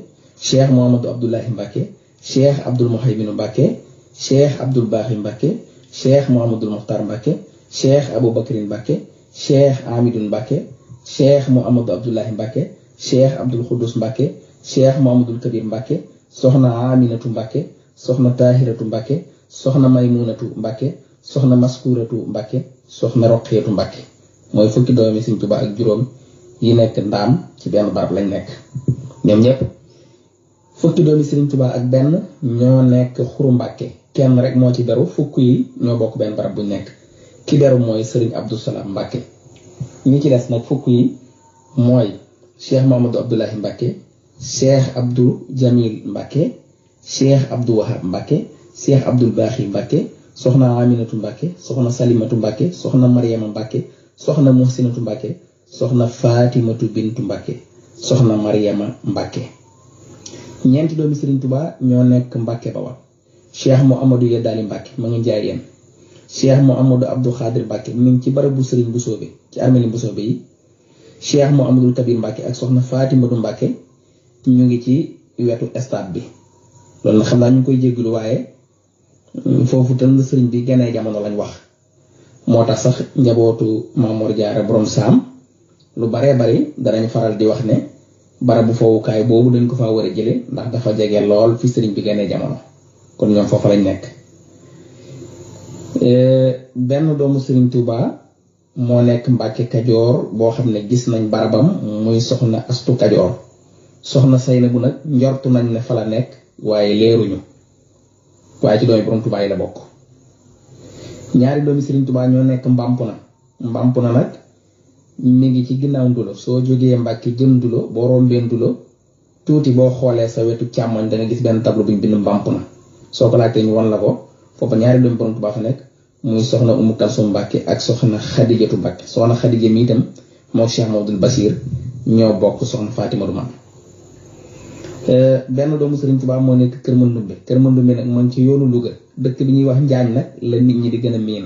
cheikh Mouhamadou Abdoulahi Mbacke cheikh Abdoul Mouhayminu Mbacke cheikh Abdoul Baaxi Mbacke cheikh Mouhamadul Mokhtar Mbacke cheikh Aboubacrin Mbacke cheikh Amidou Mbacke cheikh Mouhamadou Abdoulahi Mbacke cheikh Abdoul Khoudous Mbacke cheikh soxna Aminatu Mbacke. soxna taahiratu mbàkke soxna maymunatu mbàkke soxna maskuratu mbàkke soxna roqiyatu mbàkke mooy fukki doomi sëñ Tuubaa ak juróom yi nekk ndaam ci benn barab lañ nekk ñoom ñëpp fukki doomi sëñ Tuubaa ak benn ñoo nekk xuru mbàkke kenn rek moo ci beru fukk yi ñoo bokk benn barab buñ nekk ki beru mooy sëriñ Abdou Salam Mbàkke ñi ci des nag fukk yi mooy cheikh Mamadou Abdoulahi Mbàkke cheikh Abdou Jamil Mbàkke cheikh abdou wahab mbake cheikh abdul bahi mbacke soxna aminatu mbacke soxna salimatu Sohna soxna mariama Sohna soxna Sohna mbacke soxna fatimatu bintu mbacke soxna mariama mbacke ñeenti doomi serigne touba ño nek mbake bawal cheikh muhammadu yedali mbake ma ngi jaay yeen cheikh muhammadu abdou khadir mbake mi ci barabu serigne bu sobe ci armeli bu sobe yi cheikh muhammadul kabir mbake ak soxna fatimatu mbake ñu ngi ci wetu stade bi loolu xam naa ñu koy jégalu waaye euh, foofu tënd sëriñ bi gane jamono lañ wax moo tax sax njabootu Mamour Diarra borom saam lu baree bari danañ faral di wax ne barabu fowukaay boobu dañ ko fa war a jële ndax dafa jege lool fi sëriñ bi gane jamono kon ñoom foofu lañ nekk euh, benn doomu sëriñ Touba moo nekk Mbàkke Kajoor boo xam ne gis nañ barabam muy soxna astu Kajoor soxna say na bu nag njort nañ ne fa la nekk waaye leeruñu waaye ci doomi borom Tuubaa la bokk ñaari doomi Sëriñ Tuubaa ñoo nekk na Mbampuna na nag mi ngi ci ginnaaw Ndulo soo jógee Mbàkke jëm Ndulo boo rombee Ndulo tuuti boo xoolee sa wetu càmmoñ dana gis benn tableau buñ ñu bind na soo ko laajtee ñu wan la ko foofu ñaari doomi borom Tuubaa fa nekk muy soxna Umu Kalsum Mbàkke ak soxna Xadijatu Mbàkke soxna Xadija mi itam moo Cheikh Mamadul Basir ñoo bokk soxna Fatima Dumaan Euh, benn doomu Serigne Touba moo nekk Kër Mandoumbe Kër Mandoumbe nag moom ci yoonu Louga dëkk bi ñuy wax Njaañ nag la nit ñi di gën a miin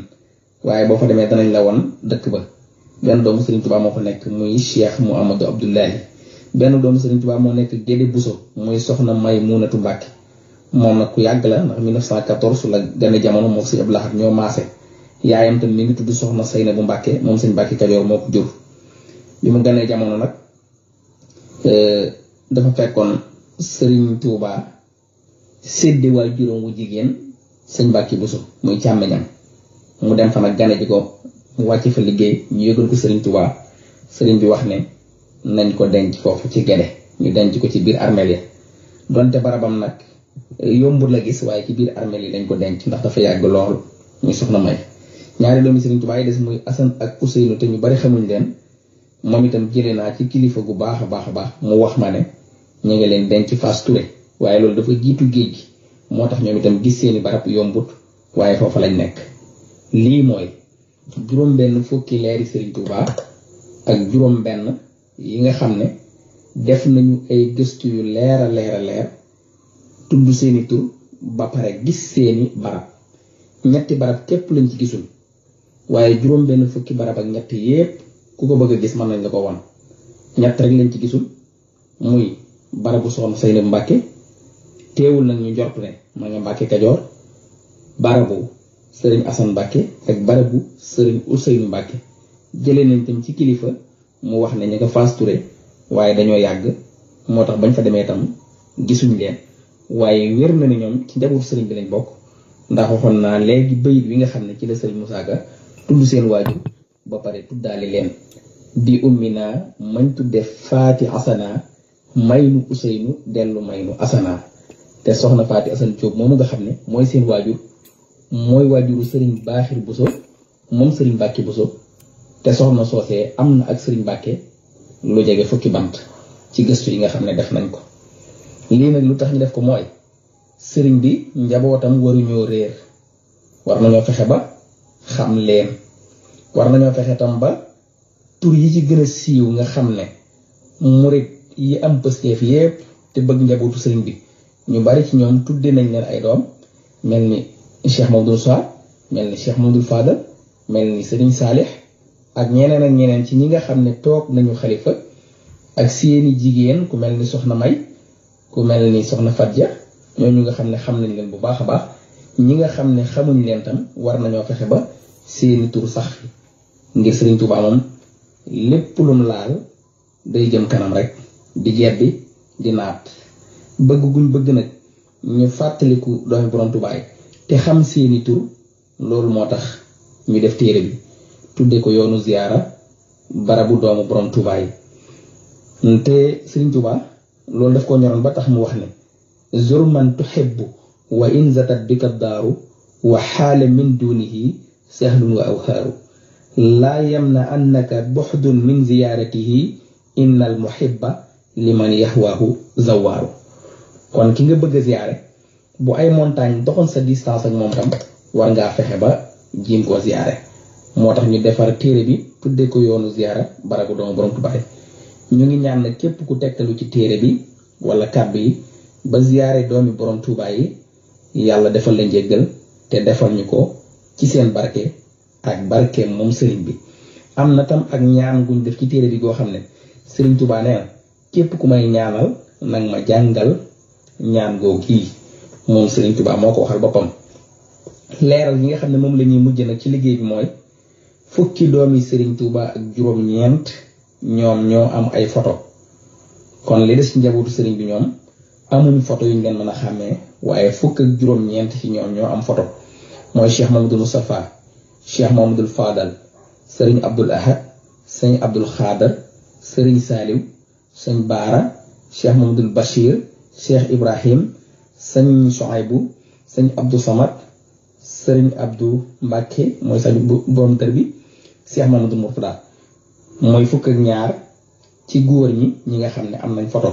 waaye boo fa demee danañ la won dëkk ba benn doomu Serigne Touba moo ko nekk muy Cheikh Mouhamadou Abdoulahi benn doomu Serigne Touba moo nekk Gédé Bousso mooy Soxna May Muunatu Mbàkke moom nag ku yàgg la ndax 1914 la gane jamono moom sëñ Abdou Lahad ñoo maase yaayam tam mi ngi tudd Soxna Sayna bu Mbàkke moom sëñ Mbàkke Kajoor moo ko jur bi mu ganee jamono nag euh, dafa fekkoon sëriñ Tuubaa séddi waay juróom wu jigéen sëñ Mbàkke Buso muy càmmiñam mu dem fa nag gane ji ko mu wàcc fa liggéey ñu yëgal ko sëriñ Tuubaa sëriñ bi wax ne nañ ko denc foofu ci gede ñu denc ko ci biir armeel ya donte barabam nag yombul la gis waaye ci biir armeel yi dañ ko denc ndax dafa yàgg lool muy soxna may ñaari doomi sëriñ Tuubaa yi des muy Asan ak Useynu te ñu bari xamuñ leen moom itam jëlee naa ci kilifa gu baax a baax a baax mu wax ma ne ñu ngi leen denc Fass Touré waaye loolu dafa jiitu géej gi moo tax ñoom itam gis seeni barab yombut waaye foofa lañ nekk lii mooy juróom-benn fukki leeri bu baax ak juróom-benn yi nga xam ne def nañu ay gëstu yu leer a leer a leer tudd seeni tur ba pare gis seeni barab ñetti barab képp lañ ci gisul waaye juróom-benn fukki barab ak ñett yépp ku ko bëgg a gis mën nañ la ko won ñett rek lañ ci gisul muy barabu soxna Seyna Mbàkke teewul nag ñu njort ne ma nga Mbàkke Kajoor barabu sëriñ Asan Mbàkke ak barabu sëriñ Useynu Mbàkke jële nañ tam ci kilifa mu wax ne ñu nga waaye dañoo yàgg moo tax bañ fa demee tam gisuñ leen waaye wér na ne ñoom ci njaboot sëriñ bi lañ bokk ndax waxoon naa léegi bayit wi nga xam ne ci la sëriñ Musaa Ka tudd seen waajur ba pare tuddaale leen di ummi naa mañ tudde faati asanaa maynu useynu dellu may maynu asanaa te soxna faati asan moom moomu nga xam ne mooy seen waajur mooy waajuru sëriñ baaxir buso moom sëriñ bàkki buso te soxna soosee am na ak sëriñ bàkke lu jege fukki bant ci gëstu yi nga xam ne def nañ ko lii nag lu tax ñu def ko mooy sëriñ bi njabootam waruñoo réer war nañoo fexe ba xam leen war nañoo fexe tam ba tur yi ci gën a siiw nga xam ne murit yi am pësteef yépp te bëgg njabootu sëriñ bi ñu bari ci ñoom tudde nañ leen ay doom mel ni cheikh mamadou sa mel ni cheikh mamadou fada mel ni sëriñ saalix ak ñeneen ak ñeneen ci ñi nga xam ne toog nañu xalifa ak seeni jigéen ku mel ni soxna may ku mel ni soxna fadja ñu nga xam ne xam nañ leen bu baax a baax ñi nga xam ne xamuñ leen tam war nañoo fexe ba seeni tur sax ngir sëriñ Tuubaa moom lépp lum laal day jëm kanam rek di bi di naat bëgg guñ bëgg nag ñu fàttaliku doomi borom te xam seeni tur loolu moo tax ñu def téere bi tudde ko yoonu ziyaara barabu doomu borom Tuubaa yi te Sëriñ Tuubaa loolu def ko ñoroon ba tax mu wax ne zur man tuhibbu wa in zatat bika daaru wa xaale min dunihi sahlun wa awhaaru laa yamna annaka buxdun min ziyaaratihi inna al li man yaxwaahu zawaaru kon ki nga bëgg a ziyaare bu ay montagne doxoon sa distance ak moom tam war ngaa fexe ba jiim koo ziyaare moo tax ñu defar téere bi tudde ko yoonu ziyaara barabu doomu borom Tuubaa ñu ngi ñaan na képp ku tegtalu ci téere bi wala kàddu yi ba ziyaare doomi borom tuubaay yi yàlla defal la njéggal te defal ñu ko ci seen barke ak barke moom sëriñ bi am na tam ak ñaan guñ def ci téere bi goo xam ne sëriñ Tuubaa nee képp ku may ñaanal nag ma jàngal ñaan googu kii moom Serigne Touba moo ko waxal boppam. leeral yi nga xam ne moom la ñuy mujj nag ci liggéey bi mooy fukki doomi sëriñ Touba ak juróom-ñeent ñoom ñoo am ay photo kon li des njabootu sëriñ bi ñoom amuñ photo yu ñu leen mën a xàmmee waaye fukk ak juróom-ñeent ci ñoom ñoo am photo mooy Cheikh Mamadou Moustapha Cheikh Mamadou Fadal Serigne Abdoul Ahad Serigne Abdoul Khader sëriñ Saliou. sëñ baara cheikh mamadul bachir cheikh ibrahim sëñ soaybu sëñ abdou samad sëriñ abdou mbàkke mooy sañ borom dër bi cheikh mamadul murtada mooy fukk ñaar ci góor ñi ñi nga xam ne am nañ foto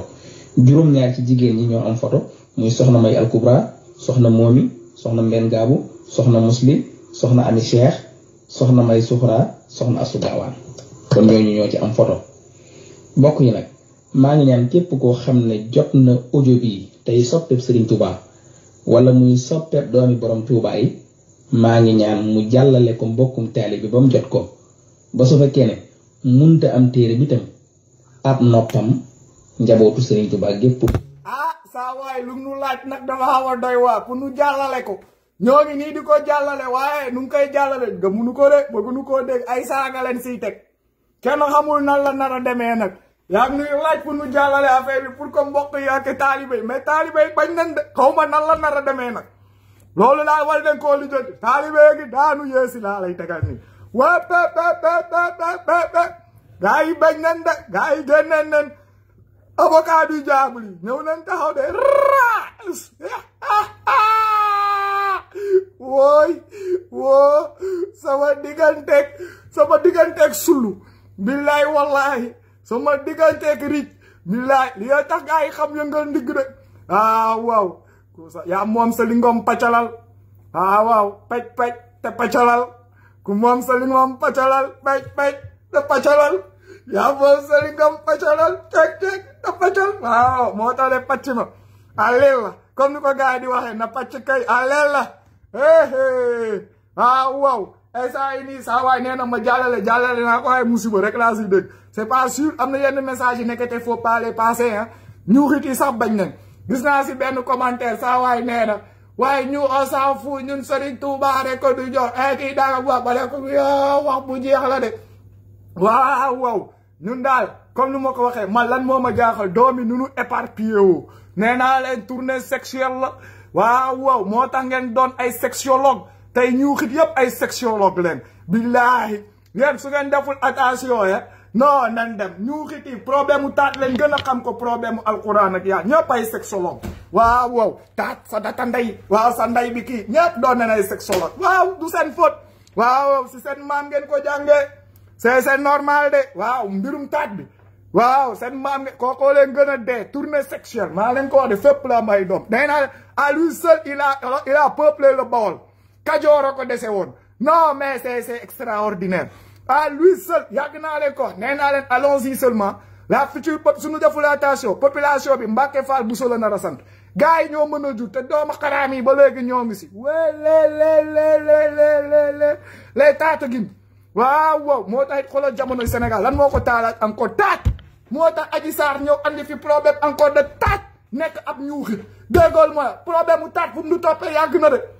juróom-ñaar ci jigéen ñi ñoo am foto muy soxna may alkubra soxna moomi soxna mbenn gaabu soxna muslim soxna ami cheikh soxna may suxra soxna asugawaan kon ñooñu ñoo ci am photo bokk yi nag maa ngi ñaan képp koo xam ne jot na audio bi tey soppeeb sëriñ Touba wala muy soppeeb doomi borom Touba yi maa ngi ñaan mu jàllale ko mbokkum taali bi ba mu jot ko ba su fekkee ne munta am téere bi tam ab noppam njabootu Serigne Touba gépp ah saa waay lu nu laaj nag dafa xaw a waa pour nu jàllale ko ñoo ngi nii di ko jàllale waaye nu koy jàllale gëmunu ko de bëgguñu koo dégg ay saaga siy teg kenn xamul nan la nar a demee nag. yaa ngi nuy pour nu jàllale affaire bi a que mbokk yi ak taalibe yi mais taalibe yi bañ nañ de xaw ma a loolu daal war nañ koo lijjanti taalibe gi daanu yeesi laa lay tegal waa pe pe pe pe pe pe gaa yi bañ nañ de gaa yi génnoon nañ avocat du diable yi ñëw taxaw de raas ah, ah, ah. wooy woo sama digganteeg sama sulu billaay wallaahi sama digganteeg Rich mi laay li nga tax gaa yi xam yëngal ndigg de ah waaw yaa moom sa li ngoom pacalal ah waaw paj paj te pacalal ku moom sa li ngoom pacalal paj paj te pacalal yaa moom sa li ngoom pacalal cek cek te pacal waaw moo tax de pacc ma aleel la comme ni ko gaa yi di waxee na pacc kay aleel la eh eh ah waaw saa yi nii saa waay nee na ma jàllale jàllale naa ko musiba rek laa si dëgg c'est pas sûr am na yenn message yi nekkate faut pas les passer ah ñu xit yi sax bañ nañ gis naa si benn commentaire saa waay nee waaye ñu on sa fout ñun Serigne Touba rek ko du jox eh kii daa ko wax ba ne ko wax bu jeex la de waaw waaw ñun daal comme nu ma ko waxee man lan moo ma jaaxal doomi nu nu éparpillé woo nee naa leen tournée sexuelle la waaw waaw moo tax ngeen doon ay sexologue tey ñu xit yëpp ay sexologue leen billaahi yéen su ngeen deful attention ye eh? non nan dem ñu xit yi problème mu taat leen gën a xam ko problème mu alquran ak yaa ñëpp ay sexologue waaw wow taat sa data ndey waaw sa ndey bi kii ñëpp doon nañ ay sexologue waaw du seen foot waaw si seen maam ngeen ko jàngee c'est c'est normal de waaw mbirum taat bi waaw seen maam ngeen kookoo leen gën a dee tournée sexuelle maa leen ko wax fépp la may doom day naa à lui seul il a il kajoor a ko dese woon non mais c'est c'est extraordinaire à lui yàgg naa leen ko nee naa leen allons-y seulement la suñu deful attention population bi Mbàkke Faal bu solo nar a sant gars yi ñoo mën a jur te doomu xaraam yi ba léegi ñoo ngi si wélélélélélé les taata gin waaw waaw moo tax it xoolal jamono Sénégal lan moo ko taalaat encore taat moo tax Adji Sarr ñëw andi fi problème encore de taat nekk ab ñuuxi déggool mooy problème mu taat fu mu nu toppee yàgg na de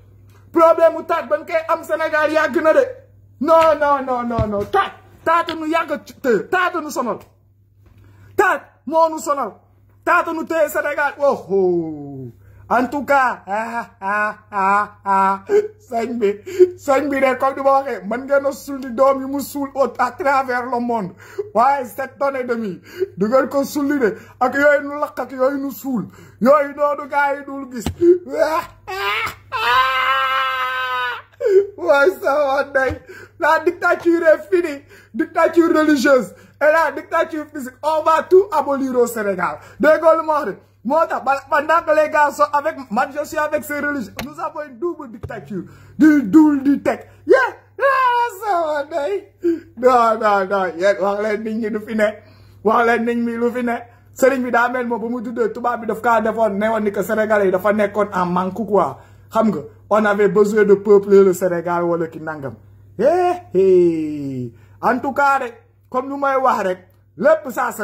problème mu taat ba nga am senegal yàgg na de non non non non non taat taata nu yàgg te taata nu sonal taat moo nu sonal taata nu téye Sénégal oh en tout cas ah ah, ah, ah, ah. bi sëñ bi de comme ni ma mën ngeen a sulli doom yi mu suul à travers le monde waaye sept tonnes demi du ngeen ko sulli de ak yooyu nu lakk yooyu nu suul yooyu noonu gars yi dul gis waaye ça va la dictature est dictature religieuse et dictature physique on va abolir au Sénégal dégg nga lu moo tax pendant que les avec man je suis avec ces religieux nous avons une double dictature du double du teg yéen sama day non non non yéen wax leen nit lu fi ne wax leen mi ñi lu fi ne sëriñ bi daa mel moom ba mu tuddee tubaab bi daf kaa defoon ne woon ni que sénégalais yi dafa nekkoon en manque quoi xam nga on avait besoin de peupler le Sénégal wala ki nangam eh, eh. en tout cas rek lu may wax rek lépp ça se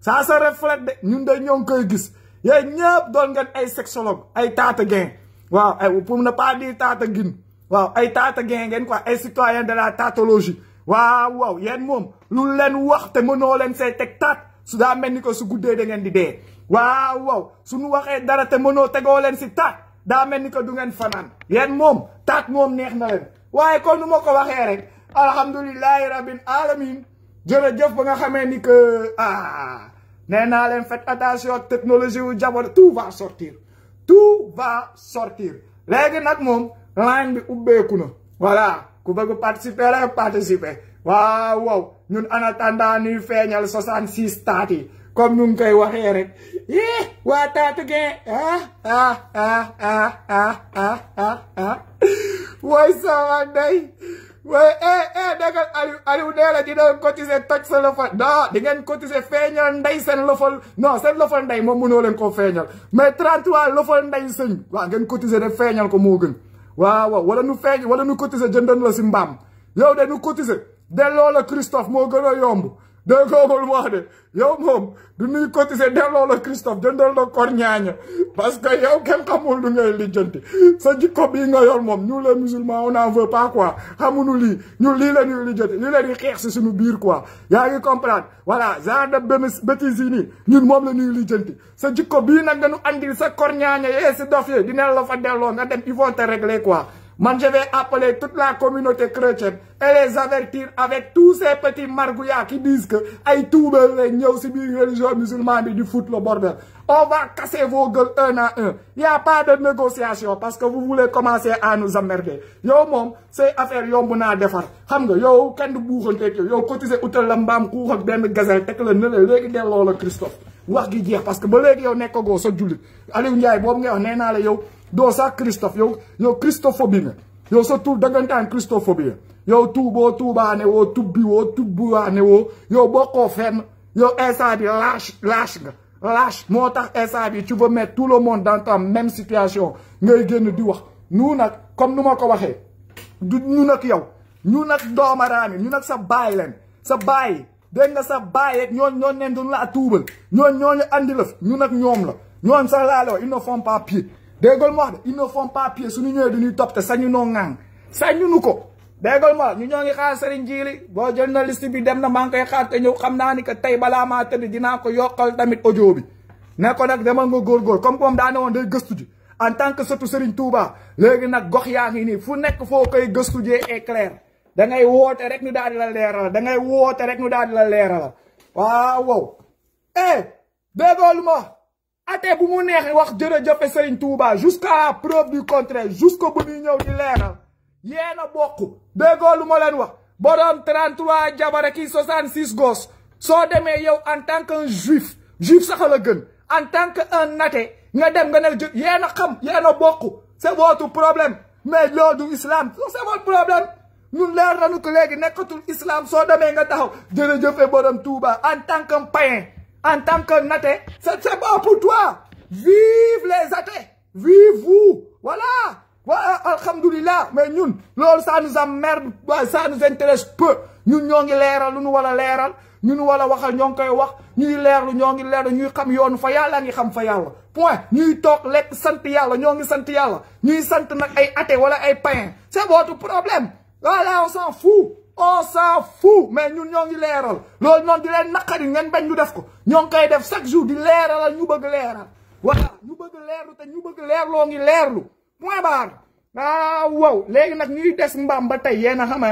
ça se reflète de ñun de ñong koy gis ye ñepp doon ngeen ay sexologue ay tata gain waaw ay pour ne pas dire tata gin waaw ay tata gain ngeen quoi ay citoyen de la tatologie waaw waaw yeen mom lu leen wax te mënoo leen say tek tat su da melni ko su guddee de ngeen di dé waaw waaw suñu waxé dara te mënoo tegoo leen ci tat da melni ko du ngeen fanan yeen mom tat mom neex na leen waye ko nu mako waxé rek alhamdulilahi rabbil alamin jërëjëf ba nga xamee ni que ah nee naa leen faites attention technologie wu jamono tout va sortir tout va sortir léegi nak moom line bi ubbeeku na voilà ku bëgg participer rek participer waaw waaw ñun en attendant ñuy feeñal 66 taat yi comme nous ngi koy waxee rek eh waa taatu gee ah, ah ah ah ah ah ah ah waay sama day waaye eh eh déggal Aliou Aliou nee la dina cotiser toj sa lëfal non di ngeen cotiser feeñal ndey seen lëfal non seen lëfal ndey moom mënoo leen koo feeñal mais 33 lëfal ndey sëñ waa ngeen cotiser def feeñal ko moo gën waaw wala nu feeñ wala nu cotiser jëndoon la si mbaam yow de nu cotiser delloo la Christophe moo gën a yomb. day kooku lu mu wax de yow moom du ñuy cotiser delloo la Christophe jëndal la kor ñaaña parce que yow kenn xamul lu ngay lijjanti sa jikko bii nga yor moom ñu les musulmans on n'en veut pas quoi xamuñu lii ñu lii la ñuy lijjanti lii la ñuy xeex si suñu biir quoi yaa ngi comprendre voilà genre de benn bêtise yi nii ñun moom la ñuy lijjanti sa jikko bii nag dañu andil sa kor ñaaña yee si dof yi dina la fa delloo nga dem ils vont te régler quoi Moi, je vais appeler toute la communauté chrétienne et les avertir avec tous ces petits margouillards qui disent que Aïe, tout les religion musulmane du foot, le bordel. On va casser vos gueules un à un. Il n'y a pas de négociation parce que vous voulez commencer à nous emmerder. Yo, mom, c'est affaire yo, mon défar. Hamgo, yo, quand vous bourrez, yo, cotisez outre l'ambam, cours, ben, gazelle, tête, le nez, le Christophe. Ouah, parce que, bon, yo, n'est qu'au so, Julie. Allez, on y allez, bon, yo, n'est doo sax Christophe yow yow christophobie nga yow sa tur dangantaan christophobie yow tuuboo tuubaane woo tubbi woo tubbuwaane woo yow bokkoo fenn yow instant bi lâche lâche nga lâche moo tax instant bi tu tout le monde dans ta même situation ngay génn di wax nu nag comme nu ma ko waxee du ñu nag yow ñu nag doomaraam yi ñu nag sa baay leen sa baay dégg nga sa baay yeeg ñooñ ñooñ leen duñ laa tuubal ñooñ ñooñu andi la ñu nag ñoom la ñooñ sax laa la wax ils déggal ma wax papier ils ne font pas pied suñu ñëwee du ñuy topp te sañu noo ŋaang sañu nu ko déggal ma ñu ñoo ngi xaar sëriñ jiili boo journaliste bi dem na maa ngi koy xaar te ñëw xam ni que tey ko tamit audio bi ne ko nag demal nga góorgóor comme moom daa ne antang day gëstu ji en tant que surtout sëriñ Touba léegi nag gox yaa ngi nii fu nekk foo koy gëstu jee est clair da ngay rek ñu daal di la leeralal da ngay rek ñu daal di la waaw wow eh déggal ma até bu mu neex wax jërëjëfe Serigne Touba jusqu'à preuve du contraire jusqu'au bu ñuy ñew di leral yena bokku bokk déggoo lu ma wax borom 33 jabaré ki 66 gos so démé yow en tant qu'un juif juif sax la gën en tant qu'un naté nga dem nga ne a xam yena a c'est votre problème mais loolu du islam c'est votre problème ñun leral nañu ko légui nekatul islam so démé nga taxaw jërëjëfe borom Touba en tant qu'un païen en tant que athée. C'est bon pour toi. Vive les athées. Vive vous. Voilà. Voilà, eh, Mais nous, ça nous emmerde, ça nous intéresse peu. Nous, nous, nous, nous, nous, nous, nous, Nous nous nous, nous, nous, nous, nous, nous, nous, nous, nous, nous, nous, nous, nous, nous, nous, nous, nous, nous, nous, point ñuy nous, nous, nous, Nous nous, nous, nous, ñuy Nous c'est votre problème voilà on s'en fout on saa fout mais ñun ñoo ngi leeral loolu noonu di leen naqari ngeen bañ ñu def ko ñoo ngi koy def chaque jour di leeralal ñu bëgg leeral voilà ñu bëgg leerlu te ñu bëgg leerloo ngi leerlu point barre ah wow léegi nag ñuy des mbaam ba tey yéen a xam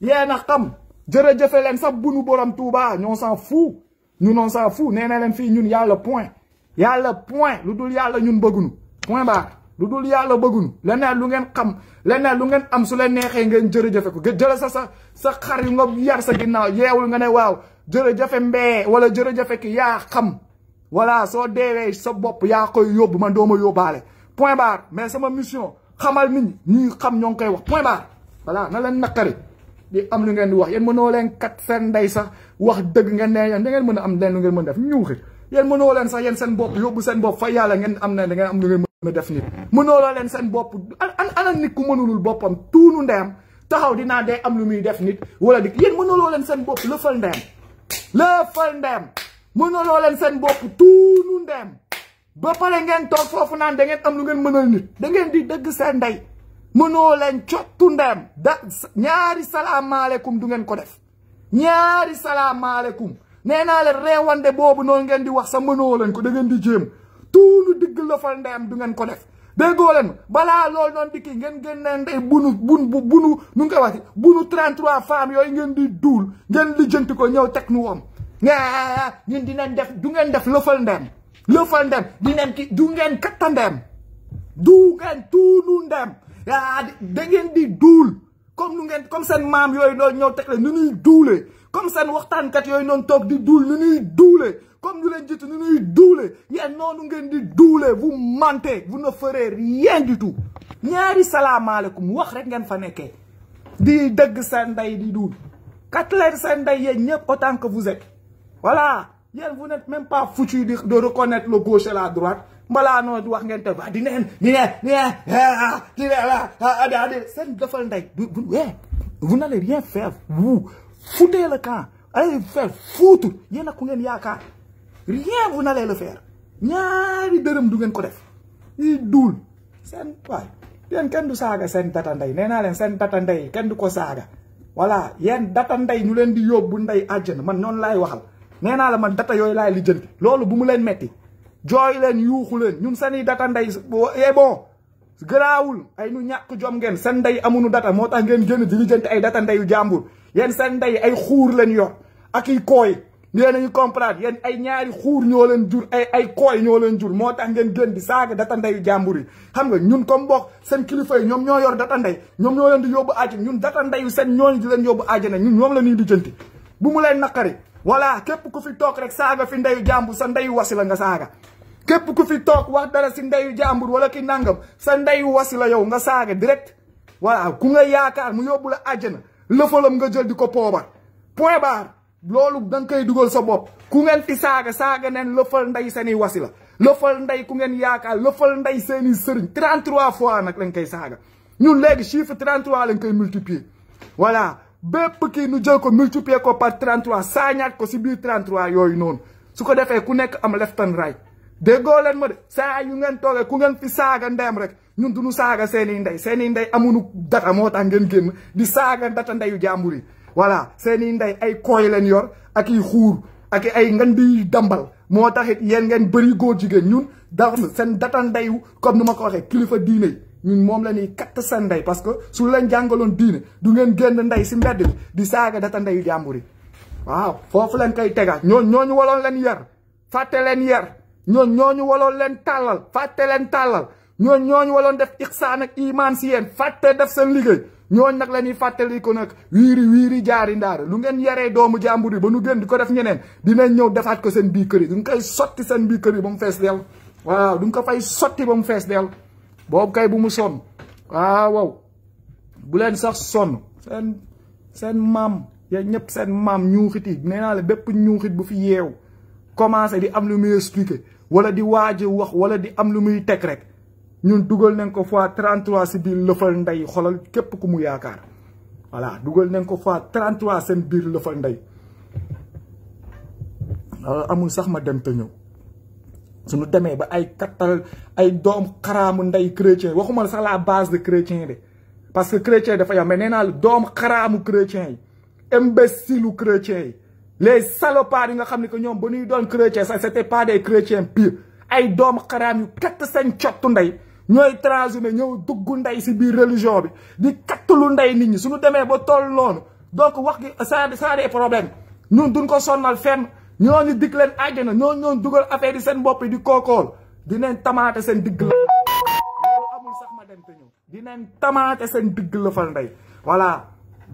yéen a xam jërëjëfe leen sax bunu borom Touba ñoo s'en fu ñun on s'en fout nee na leen fii ñun yàlla point yàlla point lu dul yàlla ñun bëgguñu point barre lu yalla yàlla bëggunu lu ngeen xam leneen lu ngeen am su la neexee ngeen jërëjëfe ko jële sa sa sa xar yu ngob yar sa ginnaaw yeewul nga ne mbé wala jërëjëfe ki ya xam wala so déwé sa bop ya koy yóbbu man doo ma point bar mais sama mission xamal nit ñi xam ñong koy wax point bar wala na la nakari di am lu ngeen di wax yeen mëno leen kat sen ndey sax wax dëgg nga ne yéen da ngeen mëna am leen lu ngeen mëna def xit yeen mëno leen sax yeen sen bop yóbbu sen bop fa yalla ngeen am na da ngeen am lu ngeen na def nit mënooloo leen seen bopp an ana nit ku mënulul boppam tuunu ndeyam taxaw dinaa day am lu muy def nit wala di yéen mënooloo leen seen bopp lëfal ndeyam lëfal ndeyam mënooloo leen seen bopp tuunu ndeyam ba pare ngeen toog foofu naan dangeen am lu ngeen mënal nit da ngeen di dëgg seen ndey mënoo leen cottu ndeyam da ñaari salaamaaleykum du ngeen ko def ñaari salaamaaleykum nee naa leen reewande boobu noonu ngeen di wax sa mënoo leen ko da ngeen di jéem tout lu digg la fal du ngeen ko def déggoo leen balaa loolu noonu dikki ngeen génne ndey bunu bun bu bunu nu ngi wax waxee bunu 33 femmes yooyu ngeen di duul ngeen lijjanti ko ñëw teg nu woom ñaa di dinañ def du ngeen def lëfal ndem lëfal ndem dinañ ki du ngeen katta ndem du ngeen tuunu ndem yaa da ngeen di duul comme nu ngeen comme seen maam yooyu doon ñëw teg la nu ñuy duule comme seen waxtaankat yooyu noonu toog di duul nu ñuy duulee Comme nous l'avons dit, nous nous doulons. Non, nous nous doulons. Vous mentez. Vous ne ferez rien du tout. ñaari salaamaaleykum wax rek ngeen fa nekkee. di dëgg seen di duul. Katler leen seen ndey yéen autant que vous êtes. voilà yéen vous n'êtes même pas foutu de de reconnaître le gauche et la droite non, noo wax ngeen te va. di neen di ha di neen ah, ah, ah, ah di neen seen defal ndey du du eh, vous n'allez rien faire vous foutez le camp allez faire foutre en a ku ngeen yaakaar. rien vous n'allez le faire ñaari deureum du ngeen ko def ni dul kan sen way yen kenn du saga sen tata nday neena len sen tata nday kenn du ko saga wala yen data nday ñu len di yobbu nday aljana man non lay waxal neena la man data yoy lay li jënd lolu bu mu len metti joy len yuxu e len ñun sen data nday e bon grawul ay nu ñak jom ngeen sen nday amunu data motax ngeen genn di jënd ay data nday yu jambur yen sen nday ay xour len yor ak koy yéen a ngi comprendre yéen ay ñaari xuur ñoo leen jur ay ay kooy ñoo leen jur moo tax ngeen gën di saaga data ndeyu jàmbur yi xam nga ñun comme mbokk seen kilifa yi ñoom ñoo yor data ndey ñoom ñoo leen di yóbbu àjjana ñun data ndeyu seen ñoo di leen yóbbu na ñun ñoom la ñuy dijjanti bu mu leen naqari voilà képp ku fi toog rek saaga fi ndeyu jàmbur sa ndeyu wasi la nga saaga képp ku fi toog wax dara si ndeyu jàmbur wala ki nangam sa ndeyu wasi la yow nga saaga direct voilà ku nga yaakaar mu yóbbu la àjjana lëfalam nga jël di ko poobar point loolu da nga koy dugal sa bopp ku ngeen fi saaga saaga neen lëfal ndey seeni wasila lëfal ndey ku ngeen yaakaar lëfal ndey seeni sëriñ 33 fois nag lañ koy saaga ñun léegi chiffre 33 lañ koy multiplier voilà bépp kii nu jël ko multiplier ko par 33 saañaat ko si biir 33 yooyu noonu su ko defee ku nekk am left and right déggoo leen ma de saa yu ngeen toogee ku ngeen fi saaga ndeyam rek ñun du ñu saaga seeni ndey seeni ndey amuñu data moo tax ngeen génn di saaga data ndeyu jàmbur yi Wala seni nday ay koy len yor ak yi xour ak ay ngan dambal moo taxit yéen ngeen beuri go jigéen ñun dafa sen data ndeyu comme nu ko waxe kilifa diine ñun mom lañuy kat katt nday parce que su lañ jangalon diine du ngeen genn nday ci mbedd di saga data ndeyu jàmbur waaw fofu lañ kay tega ñoo ñooñu walon len yar faté len yar ñoo ñooñu walon len talal faté len talal ñoo ñooñu walon def ihsan ak iman ci yeen faté def sen liguey ñooñ nag la ñuy fàttali ko nag wiiri wiiri jaari ndaar lu ngeen yaree doomu jàmbur yi ba nu gën di ko def ñeneen dinañ ñëw defaat ko seen biir kër yi duñ koy sotti seen biir kër yi ba mu fees dell waaw duñ ko fay sotti ba mu fees del boobu kay bu mu sonn waaw waw bu leen sax sonn seen seen maam yéen ñëpp seen maam ñuuxit yi nee naa la bépp ñuuxit bu fi yeew commencé di am lu muy expliqué wala di waaj wax wala di am lu muy teg rek ñun dugal nañ ko fois 33 si biir lëfal ndey xolal képp ku mu yaakaar voilà dugal nañ ko fois 33 seen biir lëfal ndey euh, amul sax ma dem te ñëw suñu demee ba ay kattal ay doom xaraamu ndey chrétien waxuma sax la base de chrétien de parce que chrétien dafa yam mais nee naa la doom xaraamu chrétien yi imbécilu chrétien yi les salopards yi nga xam ne que ñoom ba ñuy doon chrétien sa c'était pas des chrétiens purs ay doom xaraam yu katt seen cottu ndey ñoy transhumé ñëw dugg nday si bi religion bi di katlu nday nit ñi suñu démé ba toll non donc wax gi ça ça des problèmes ñun duñ ko sonnal fenn ñooñu dig leen aljana ñoo ñoo duggal affaire yi seen bop di di neen tamaté seen digg la amul sax ma dem te di neen tamaté seen digg la fal nday voilà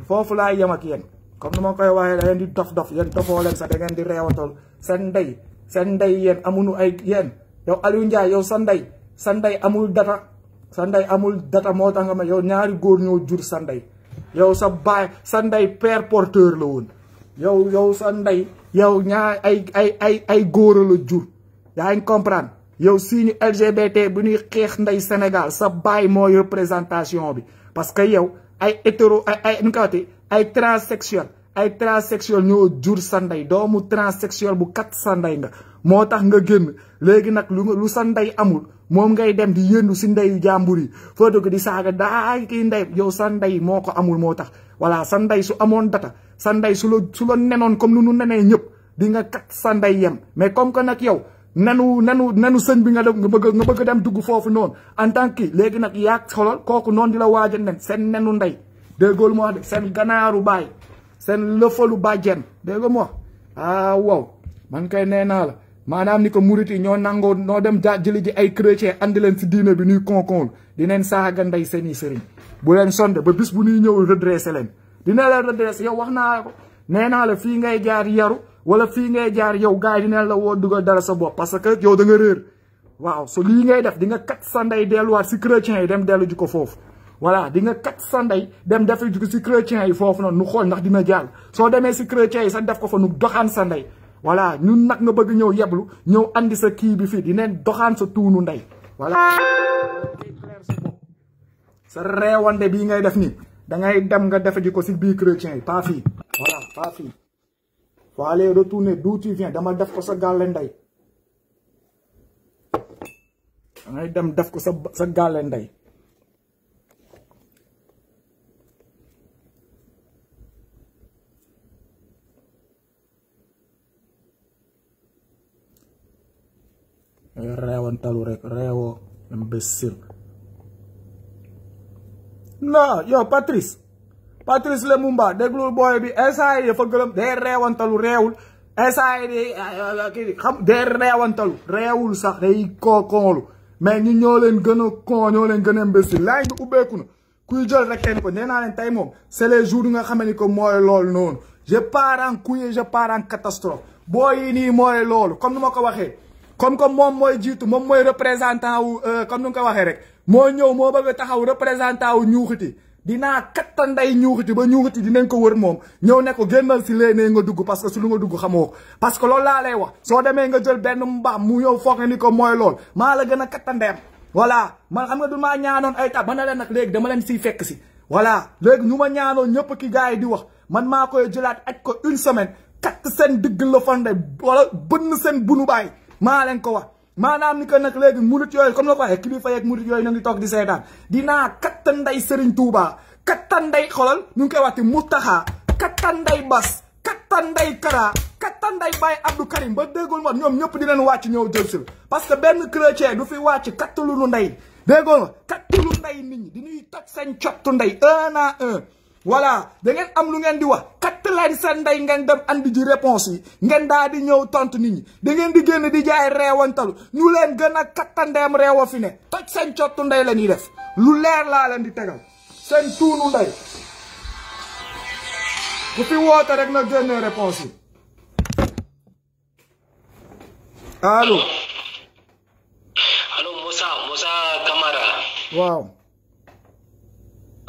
fofu la yam ak yeen comme dama koy waxee da ngeen di dof dof yeen dofo leen sa da ngeen di rewatal seen nday seen nday yeen amunu ay yeen yow Aliou Ndiaye yow sa nday sa ndey amul data sa ndey amul data moo tax nga ma yow ñaari góor ñoo jur sa ndey yow sa baay sa ndey père porteur la woon yow yow sa ndey yow ñaar ay ay ay ay góor jur yaa ngi comprendre yow suñu LGBT bu ñuy xeex ndey Sénégal sa baay mooy représentation bi parce que yow ay hétéro ay ay nu ay transsexuel ay transsexuel ñoo jur sa ndey doomu transsexuel bu kat sa ndey nga moo tax nga génn léegi nag lu lu sa ndey amul moom ngay dem di yëndu si ndeyu jàmbur yi foo dëgg di saaga daay kii ndey yow sa ndey moo ko amul moo tax voilà sa ndey su amoon data sa ndey su la su la nenoon comme nu nu nenee ñëpp di nga kat sa ndey yem mais comme que nag yow nanu nanu nanu sëñ bi nga dem nga bëgg nga bëgg dem dugg foofu noon en tant que léegi nag yaa xolol kooku noonu di la waaja a nen seen nenu ndey déggoolu moo de seen ganaaru baay seen lëfalu bàjjen déggoolu moo ah waaw man kay nee naa maanaam ni ko murit yi ñoo nangoo noo dem ja jëli ji ay chrétien andi leen si diine bi nuy konkonl di neen saaga ndey seeni sëriñ bu leen sonde ba bis bu nuy ñëw redressé leen dina leen redressé yow wax naa ko nee naa la fii ngay jaar yaru wala fii ngay jaar yow gars yi dina la woo dugal dara sa bopp parce que yow da nga réer waaw so lii ngay def di nga kat sa ndey delluwaat si chrétiens yi dem dellu ji ko foofu voilà di nga kat sa ndey dem defe ji ko yi foofu noonu nu xool ndax dina jàll soo demee si chrétiens yi sax def ko fa nu doxaan sa ndey voilà ñun nak nga bëgg ñëw yeblu ñëw andi sa kii bi fii di neen doxaan sa tuunu ndey voilà sa réewande bi ngay def ni da ngay dem nga def ko ci bi chrétien yi pas fii voilà pas fii faut aller retourner d'où tu viens dama def ko sa gàlle ndey da ngay dem def ko sa sa reewantalu rek reewoo imbécile non yow Patrice Patrice Lumumba déglul booy bi instant yi dafa gëlëm day reewantalu reewul instant yi day xam day reewantalu reewul sax day koo koolu mais ñu ñoo leen gën a kon ñoo leen gën a imbécile laay ñu ubbeeku na kuy jël rek kenn ko nee naa leen tey moom c'est les jours yi nga xam ni ko mooy loolu noonu je pars en couille je pars en catastrophe booy yi nii mooy loolu comme ni ma ko waxee. comme comme moom mooy jiitu moom mooy représentant wu euh, comme nu nga waxee rek moo ñëw moo bëgg taxaw représentant wu ñuuxiti dinaa katta nday ñuuxiti ba ñuuxiti dinañ ko wër moom ñëw ne ko génnal si léenee nga dugg parce que si lu nga dugg xamoo parce que loolu laa lay wax soo demee nga jël benn mbaam mu ñëw foog ni ko mooy lool maa la gën a katta am voilà man xam nga du maa ñaanoon ay tab man na leen nag léegi dama leen siy fekk si voilà léegi ñu ma ñaanoon ñëpp ki gars di wax man maa koy jëlaat aj ko une semaine katt seen digg la fande wala bënn seen bunu baay maa leen ko wax maanaam ni que nag léegi murit yooyu comme la ko waxee kilifa yeeg murit yooyu na ngi toog di seetaan dinaa kattan nday Serigne Touba kattan nday xolal ñu ngi koy waxti Mountakha kattan nday Bass kattan nday Kara kattan nday Baye Abdou Karim ba déggul ma ñoom ñëpp di leen wàcc ñëw jël si parce que benn chrétien du fi wàcc kattalu lu ndey déggoo ma kattalu ndey nit di ñuy toj seen cottu ndey un à un. Wala da ngeen am lu ngeen di wax katt leen sa nday ngeen dem andi di réponse yi ngeen di ñëw tontu nit ñi da ngeen di génn di jaay reewantalu ñu leen gëna a kattandeem reewa fi ne toj seen cottu nday la def lu leer la leen di tegal seen tuunu nday ku fi wota rek na génne réponse yi allo allo Moussa Moussa kamara waaw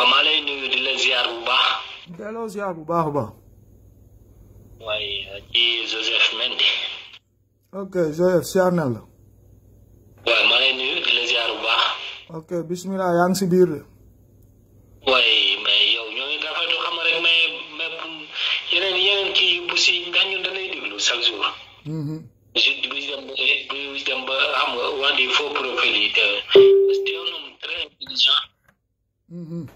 maa lay nuyu di la ziar bu baax. delloo ziar bu baax a baax. waaye ci Joseph Mendy. ok Joseph ziar na la. waaye maa lay nuyu di la ziar bu baax. ok bismillah yaa si biir de. waaye mais yow ñoo ngi rafetlu xam rek mais mais yeneen yeneen kii bu si gàññu danay déglu chaque mhm. bu dem ba eh, bu dem ba di faux profil yi te c'est un homme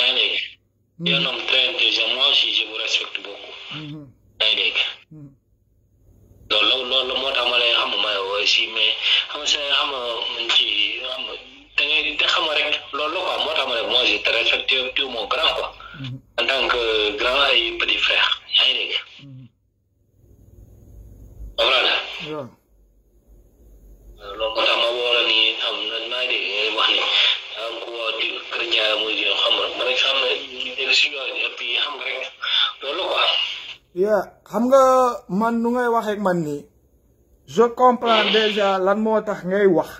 yaa ngi dégg. yow mhm. noonu très intelligent moi aussi je vous respecte beaucoup. yaa mhm. ngi dégg. Mhm. loolu loolu moo tax ma lay mais xam nga sa xam nga ci xam nga da ngay da te respecte tu mon grand quoi. en tant que grand ay petit frère yaa ngi dégg. loolu moo tax ma woo la nii xam naa dégg ya xam nga man nu ngay waxee ak man ni je comprends déjà lan moo tax ngay wax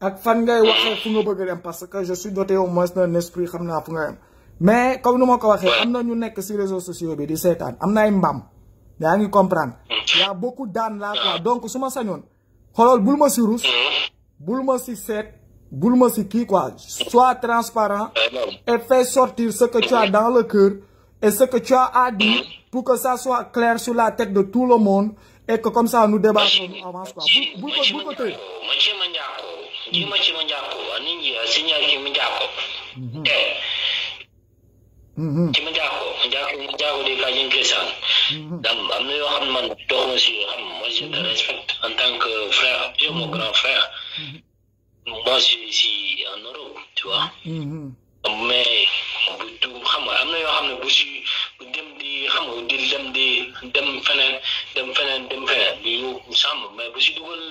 ak fan ngay waxee fu nga bëgg dem parce que je suis doté au moins d'un esprit xamna fu nga dem mais comme nu ma ko amna ñu nekk si réseaux sociaux bi di seetaan amna ay mbam ya ngi comprendre y'a beaucoup daan là quoi ah. donc suma sañon sañoon bul ma si rus mm-hmm. bul ma si sét sois transparent et fais sortir ce que tu as dans le cœur et ce que tu as à dire pour que ça soit clair sur la tête de tout le monde et que comme ça nous débattons moi si suis en Europe tu vois. Mm-hmm. mais bu du xam nga am na yoo xam ne bu si bu dem di xam nga di dem di dem feneen dem feneen dem feneen bi yow sàmm mais bu si dugal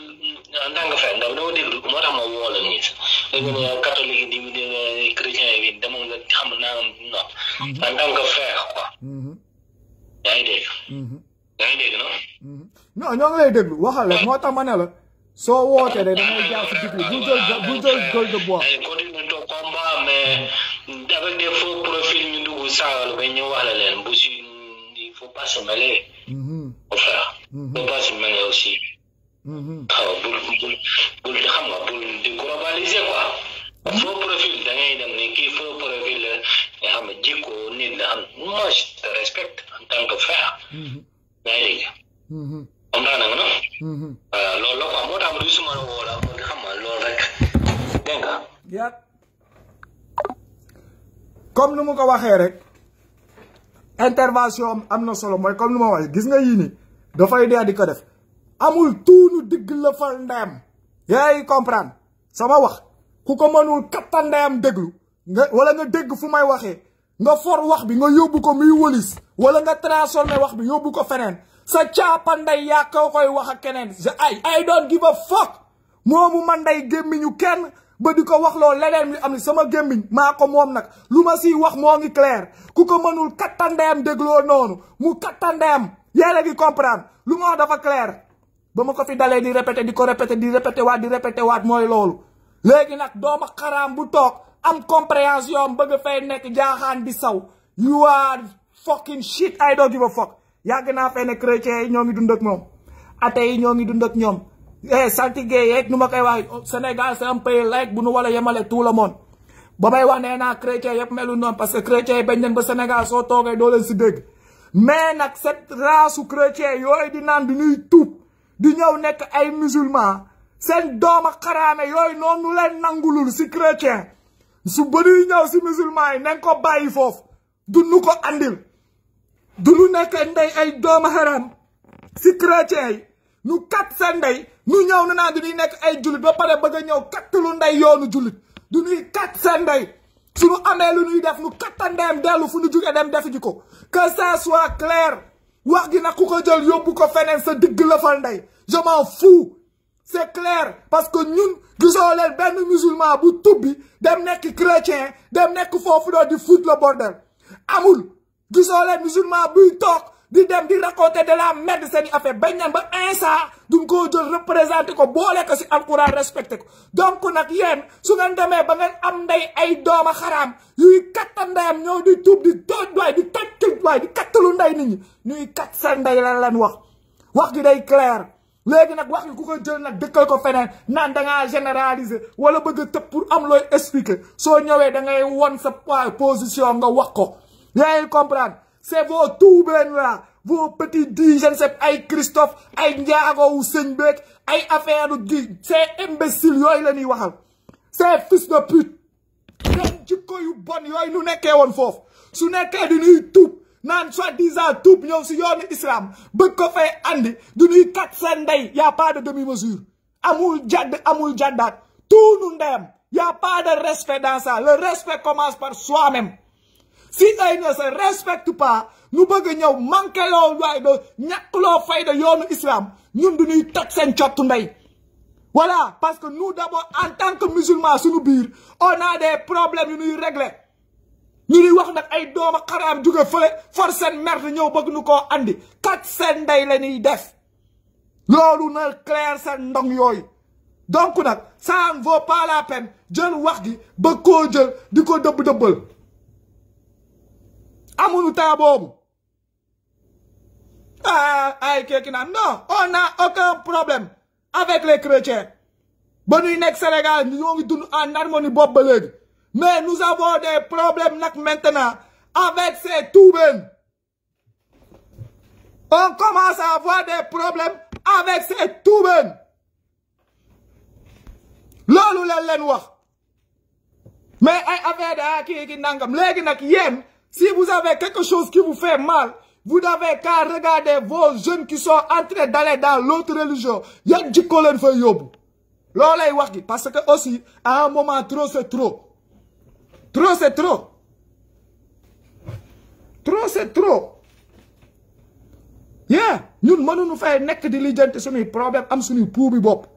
en tant que frère ndax dama déglu moo tax ma woo la nii léegi ne yow catholique yi di chrétien yi demoon nga xam naa non mm-hmm. en tant que frère quoi. Mm-hmm. yaa ngi dégg. yaa ngi dégg non. non ñoo ngi lay waxal la moo tax la. soo wootee rek damay jaar si biti bul jël bul jël gueule to eh, combat mais avec des faux profils ñu dugg saagal ko ñu wax la leen bu si il faut pas se mêler. Mm-hmm. au frère. Mm-hmm. aussi. waaw mm-hmm. ah, bul bul bul xam nga bul di globaliser quoi. faux profil da ngay dem ne kii faux profil nga xam ne jikko nit la am moi je te respecte en tant que frère. omdana ngono lollo ko amota mo dusumano wola mo xamma lool rek denga ya comme nu mu ko waxee rek intervention am na solo mooy comme nu ma gis nga yii ni dafay dee di ko def amul tuunu digg la fal ndeyam yaay comprendre sama wax ku ko mënul katta wala nga dégg fu may waxee nga for wax bi nga yóbbu ko muy wëlis wala nga transformé wax bi yóbbu ko feneen sa caapa nday yaa ko koy wax ak keneen ay ay doon give a fuck moomu man nday gémmiñu kenn ba di ko wax loolu leneen li am ni sama gémmiñ maa ko moom nag lu ma siy wax moo ngi clair ku ko mënul kattandeyam dégloo noonu mu kattandeyam yéen a ngi comprendre lu ma wax dafa clair ba ma ko fi dalee di répété di ko répété di répété waat di répété waat mooy loolu léegi nag dooma xaraam bu toog am compréhension bëgg fay nekk jaaxaan di saw you are fucking shit I don't a fuck yàgg naa fee ne chrétien yi ñoo ngi dund ak moom athée yi ñoo ngi dund ak ñoom eh, saltige yeeg nu ma koy wax oh, Sénégal c'est un pays laïque bu nu wala yemale tout le monde ba may wax nee naa chrétien yëpp melu noonu parce que chrétien yi bañ nañ ba Sénégal soo toogee doo leen si dégg mais nag cette race su chrétien yooyu di naan du ñuy tuub di ñëw nekk ay musulman seen dooma xaraame yooyu noonu leen nangulul si chrétien su bëri ñëw si musulman yi nañ ko bàyyi foofu du ko andil. du nu nekk ndey ay doomu haram si chrétien yi nu kat sa ndey nu ñëw na du ñuy nekk ay jullit ba pare bëgg a ñëw kattalu ndey yoonu jullit du ñuy kat sa ndey su nu amee lu ñuy def nu katta ndeyam dellu fu nu jógee dem defu ji ko que ça soit clair wax gi nag ku ko jël yóbbu ko feneen sa digg lëfal ndey je m'en fous c'est parce que ñun gisoo leen benn musulman bu tubbi dem nekk chrétien dem nekk foofu doon di foot le bordel amul gisole leen musulman buy tok di dem di raconter de la merde seni affaire bañ ba insa dum ko jël représenter ko bolé ko ci alcorane respecté ko donc nak yeen su ngeen demee ba ngeen am nday ay dooma xaraam yuy katta ndayam di tuub di toj di toj toj waay di katlu nday nit ñi ñuy kat sa nday lan lan wax wax di day clair légui nak wax gi ku ko jël nak dekkal ko fenen nan da nga généraliser wala bëgg tepp pour am loy expliquer so ñowé da ngay won sa position nga wax ko Vous allez comprendre. C'est vos tout-ben là. Vos petits dits, je ne Christophe, ay Ndiago ou Seignbeck, ay affaire de C'est imbécile, yoy la ni wahal. C'est fils de pute. Yon jikko yu bon, yoy nous neke won fof. Su neke du nuy tout. naan soi-disant tuub ñëw si yoonu islam bëgg ko fay andi du ñuy kat seen ndey y' a pas de demi mesure amul jadd amul jaddaat tuunu ndeyam y' pas de respect dans le respect commence par soi-même. fii ay na sa respecte pas ñu bëgg ñëw manqué loo waay do ñàkk loo fayda yoonu islam ñun du ñuy toj seen cottu ndey voilà parce que nous d'abord en tant que musulmans suñu biir on a des problèmes yu ñuy régler ñu ñuy wax nag ay dooma xaraam jóge for seen merde ñëw bëgg nu koo andi kat seen ndey la ñuy def loolu na clair seen ndong yooyu donc nag ça ne vaut pas la jël wax gi ba koo jël di ko dëbb-dëbbal Amou ah ay non on n'a aucun problème avec les chrétiens Nous, nous Sénégal nous ngi en harmonie mais nous avons des problèmes maintenant avec ces toubènes on commence à avoir des problèmes avec ces Là, L'on la leen wax mais ay qui qui qui qui si vous avez quelque chose qui vous fait mal, vous n'avez qu'à regarder vos jeunes qui sont entrés dans l'autre religion. Il y a du yóbbu. loolu parce que aussi à un moment trop c'est trop. trop c'est trop. trop c'est trop. yeah Nous, nous fay nek di sur les problème am suñuy poubi bop.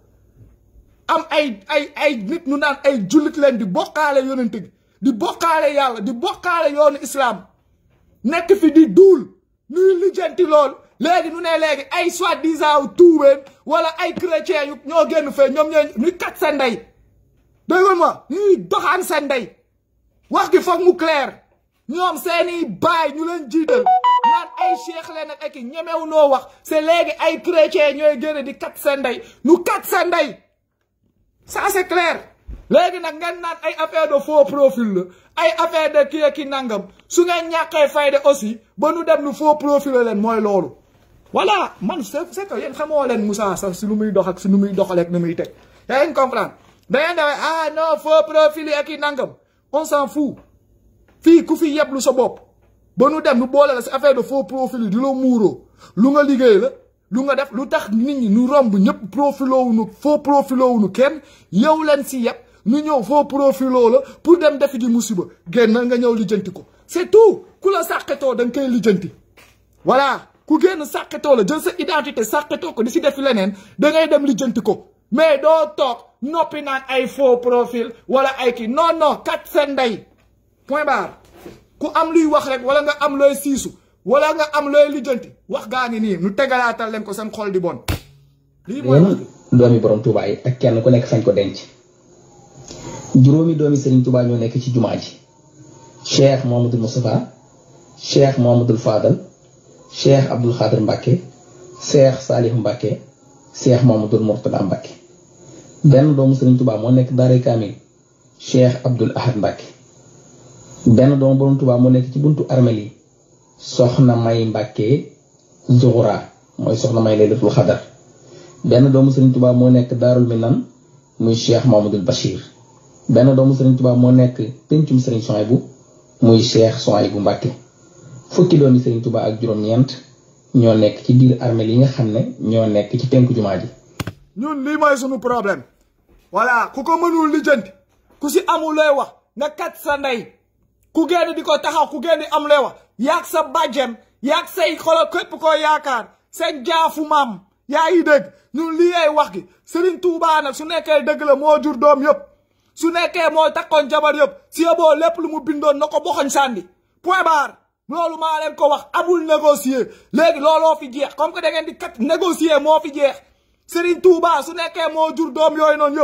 am ay ay ay nit n'avons ay di di bokkaale yàlla di bokkaale yoonu islam nekk fi di duul ñuy lijjanti lool léegi nu ne léegi ay soi-disant tuubeen wala ay chrétien yu ñoo génn fee ñoom ñooy ñuy kat sa ndey déggoon ma ñuy doxaan sa ndey wax gi foog mu clair ñoom seeni baay ñu leen jiital naan ay cheikh leen ak aki ñemew noo wax c'est léegi ay chrétien ñooy génn di kat sa ndey ñu kat sa ndey ça c'est clair léegi nak ngeen nan ay affaire de faux profil ay affaire de ki ki nangam su ngeen ñaké fayde aussi ba nu dem lu faux profil la leen mooy loolu voilà man c'est que yeen xamoo leen Moussa sax si lu muy dox ak si nu muy doxale ak nu muy teg yaa comprendre da ngeen ah non faux profil ak ki nangam on s'en fout fi ku fi lu sa bop ba nu dem nu bolé la ci affaire de faux profil yi di la muuroo lu nga liggéey la lu nga def lu tax nit ñi nu romb ñep profilo wu nu faux profilo wu nu kenn yow leen ci yeb ñu ñëw foo profiloo la pour dem def ji musiba génn nga ñëw lijjanti ko c'est ku la sàqetoo danga nga koy lijjanti voilà ku génn sàqetoo la jël sa identité sàqetoo ko di si def leneen da ngay dem lijjanti ko mais doo toog noppi naan ay faux profil wala ay kii non non kat seen ndey point barre ku am luy wax rek wala nga am looy siisu wala nga am looy lijjanti wax gaa ngi nii nu tegalaatal leen ko seen xol di bon. lii mooy doomi borom Touba kenn ku nekk fañ ko denc. juróomi doomi Serigne tubaab ñoo nekk ci jumaa ji cheikh Mouhamadul Moustapha cheikh Mouhamadul Fadal cheikh Abdoul Khader Mbacke cheikh Salih Mbacke cheikh Mouhamadul Mourtada Mbacke. benn doomu Serigne Touba moo nekk Daaray Kaamil cheikh Abdoul Ahad benn doomu Borom Touba moo nekk ci buntu armel yi soxna May Mbacke Zuhra mooy soxna May Laylatul Xadar benn doomu Serigne Touba moo nekk Daarul Minan muy cheikh Mouhamadul Bachir. benn doomu Serigne Touba moo nekk pencum Serigne bu muy Cheikh Souhaïbou Mbacké fukki doomi Serigne Touba ak juróom-ñeent ñoo nekk ci biir armeel yi nga xam ne ñoo nekk ci penku jumaa ji. ñun lii mooy suñu problème voilà ku ko mënul lijjanti ku si amul lay wax nga kat sa ndey ku génn di ko taxaw ku génn di am lay wax yaag sa bàjjen yaag say xolo képp koo yaakaar seen jaafu maam yaa ngi dégg ñun lii ay wax gi Serigne Touba nag su nekkee dëgg la moo jur doom yëpp. su nekké moy takkon jabar yëpp si yóbboo lépp lu mu bindon nako ko boxoñ sànni point bar loolu ma len ko wax amul négocier légui looloo fi jeex comme que da ngeen di kat négocier mo fi jeex Serigne Touba su nekké mo jur dom yoy non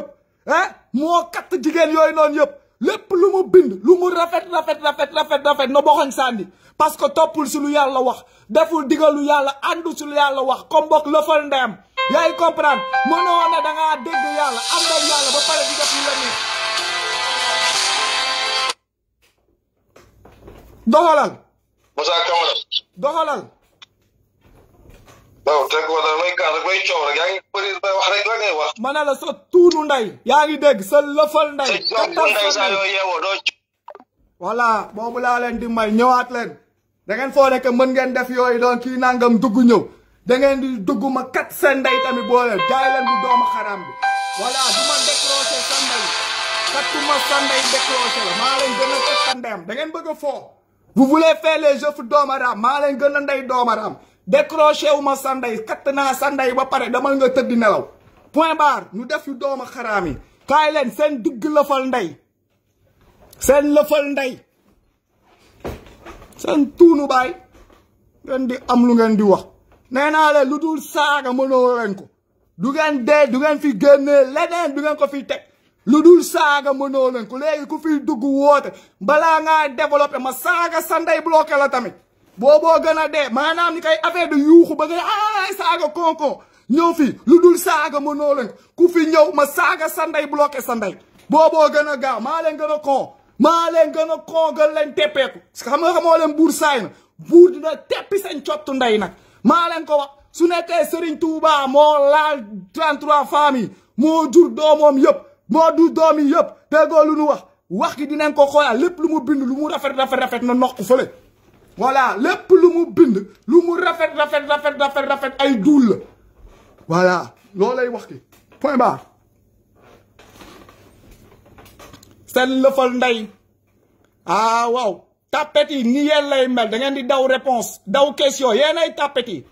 hein mo kat jigen yoy non lepp lu mu bind lu mu rafet rafet rafet rafet rafet na boxoñ sandi parce que topul si lu yalla wax deful digalu yalla andu si lu yalla wax comme le lëfal ndem yaay comprendre mono na da nga deg yalla am yalla ba pare di def lu la doxalal. Moussa Camara. doxalal. waaw teg ko da ngay kaas rek coow rek yaa wax rek la ngay wax. ma ne la sa tuunu nday. yaa ngi dégg sa lëfal nday. sa jom nday saa yoo yeewoo doo voilà boobu leen di may ñëwaat leen. da ngeen foo mën ngeen def yooyu doon kii nangam dugg ñëw. da di dugg ma kat seen nday tamit boo leen jaay leen bu doomu du ma décroché sa nday. katuma sa nday décroché la maa leen gën a kat sa ndeyam da ngeen bëgg a foo. vous voulez faire les jeux doomu maa leen gën a ndey doomu aadama ma sa katt naa sa ba pare damal nga tëdd nelaw point barre ñu def yu doomu xaraam yi kaay leen seen digg lëfal ndey seen lëfal ndey seen tuunu baay ngeen di am lu ngeen di wax nee naa leen lu dul saaga mënoo leen ko du dee du fi génnee leneen du ko fi teg lu dul saaga mënoo leen ku léegi ku fiy dugg woote balaa ngaa développé ma saaga sa ndey bloqué la tamit booboo gën a dee maanaam ni koy affaire de yuuxu ba nga ay saaga konkon ñëw fi lu dul saaga mënoo leen ku fi ñëw ma saaga sa ndey bloqué sa ndey booboo gën a gaaw maa leen gën a kon maa leen gën a kon gën leen teppeeku xam nga xamoo leen buur saay na buur dina teppi seen cottu ndey nag maa leen ko wax su nekkee Serigne Touba moo laal 33 famille moo jur doomoom yëpp Mordou domi, yop, tegolou nu wax wax ki dinañ ko lepp lu bind lu mu rafet rafet rafet na voilà lepp lu bind lu rafet ay voilà l'olay wax point barre. le lëfal nday ah wow. tapeti niel ni email lay mel da ngeen di daw réponse daw question yena ay tapet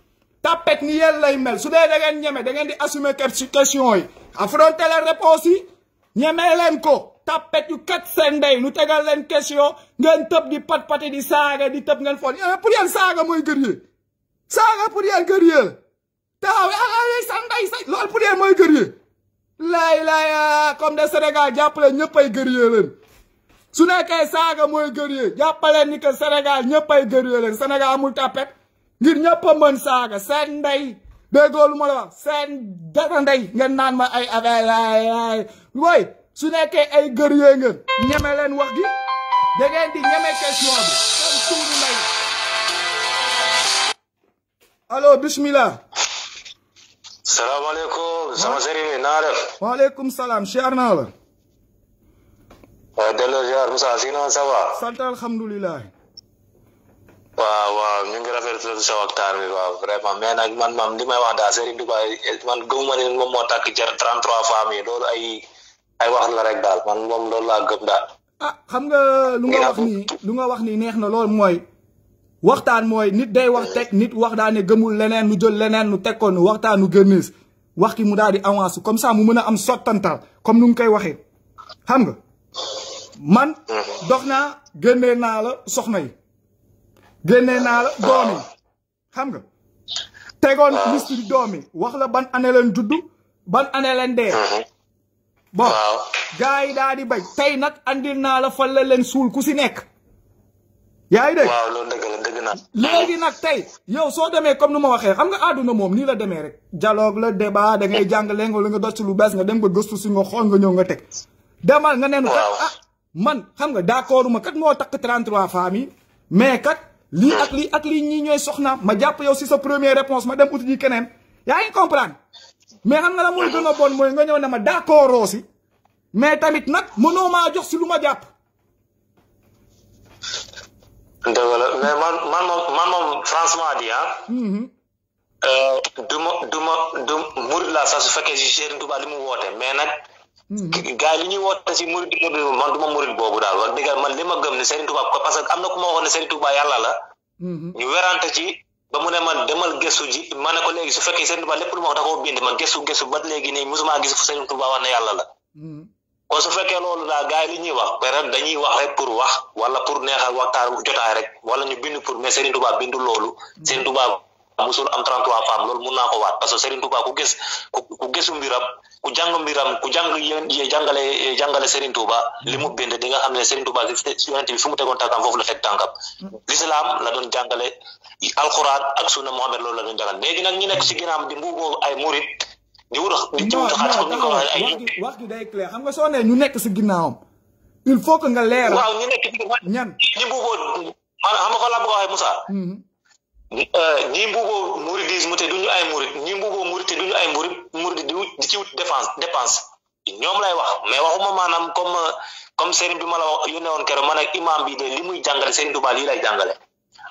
tapet lay mel su de da ngeen da di assumer question yi affronter la réponse ñemee leen ko tapet yu kat seen ndey nu tegal leen question ngeen tëb di pat di saaga di tëb ngeen fool eh, pour yéen saaga mooy guerrier saaga pour yéen guerrier taxaw ay ah, ah, eh, sa ndey sa loolu pour yéen mooy guerrier laay laay ah, comme de Sénégal jàppale ñëpp ay guerrier leen su nekkee saaga mooy guerrier jàppaleen ni que senegal ñëpp ay guerrier leen Sénégal amul tapet ngir ñëpp a mën saaga seen ndey déggoo lu ma la wax seen ngeen naan ma ay affaire ay way su nekké ay gër guerrier ngeen ñamé leen wax gi da ngeen di ñamé question bi comme kon tuuti may allo bismillah salaamaaleykum sama sëriñ bi wa def salam cheikh siyaar naa la waaw delloo siyaar Moussa si noon ça va sant alhamdulilah ñu ngi rafetlu sa waxtaan bi wa vraiment mais nak man mam limay wax da sëriñ Dubaay man gëmuma ne moom mo tak jar 33 femmes yi loolu ay ay wax la rek daal man loolu laa gëm daal. ah xam nga lu nga wax nii lu nga wax nii neex na loolu mooy waxtaan mooy nit day wax teg nit wax daa ne gëmul leneen nu jël leneen nu teg ko nu waxtaanu gërnees wax ki mu daal di avance comme ça mu mën a am sottantal comme nu nga koy waxee xam nga man mm-hmm. dox naa génnee naa la soxna yi génnee naa la doom yi xam nga tegoon ah. liste di doom yi wax la ban année leen judd ban année leen dee mm-hmm. bon gars yi daal di bañ tey nag andil naa la fan la leen suul ku si nekk. yaa ngi dégg loolu dëgg la dëgg léegi nag tey yow soo demee comme nu ma waxee xam nga àdduna moom nii la demee rek. dialogue la débat da ngay jàngalee nga la nga doj si lu bees nga dem nga gëstu si nga xool nga ñëw nga teg. demal nga neenu kat ah man xam nga d'accord kat moo takk 33 femmes yi mais kat lii ak lii ak lii ñii ñooy soxna ma jàpp yow si sa premier réponse ma dem uti ji keneen yaa ngi comprend mais xam nga la moy gëna a bon moy nga ñëw na ma d'accord si mais tamit nak mëno ma jox ci luma japp jàpp. dëgg la mais man man man franchement di ah. hmm euh duma duma du murid laa su fekkee ci cheikh Touba limu mu mais nag. Mm-hmm. li ñuy woote si murid bi man duma mourid bobu boobu daal wax dëgg man lima ma gëm ne Serigne Touba parce que amna ko mo ma waxoon Touba la. Mm-hmm. ñu wérante ci. ba mu ne man demal gëstu ji ma ne ko léegi su fekkee Sëriñ Tuubaa lépp lu ma wax da koo bind ma gëstu gëstu ba léegi nii musuma gis fu Sëriñ Tuubaa la hmm. kon su fekkee loolu daal gars li ñuy wax peut-être dañuy wax rek pour wax wala pour neexal waxtaan jotaay rek wala ñu bind pour mais Sëriñ Tuubaa bindu loolu hmm. Sëriñ Tuubaa musul am 33 femmes loolu naa ko waat parce que Serigne Touba ku gis ku gisu mbiram ku jàng mbiram ku jàng jàngale jàngale Serigne Touba li mu bind di nga xam ne Serigne Touba yonent bi fi mu tegoon tànkam foofu la teg tànkam hmm. l'islam la doon jàngale alquran ak sunna Muhammad loolu la ñu dalal léegi nag ñu nekk si ginnaaw di mbuuboo ay murit di wut di ci wut soo nee nekk si ginnaawam il faut que ñu nekk si ginnaaw ñan ñi mbuuboo maanaam xam nga ko laa bëgg mm-hmm. euh, ay murit ñi mbuuboo murit te duñu ay murit murit di wut di ci wut dépense dépense ñoom lay wax mais waxuma maanaam comme comme sëriñ bi ma la wax yu ne woon keroog man ak imam bi de li muy jàngale sëriñ Tuubaa lii lay jàngale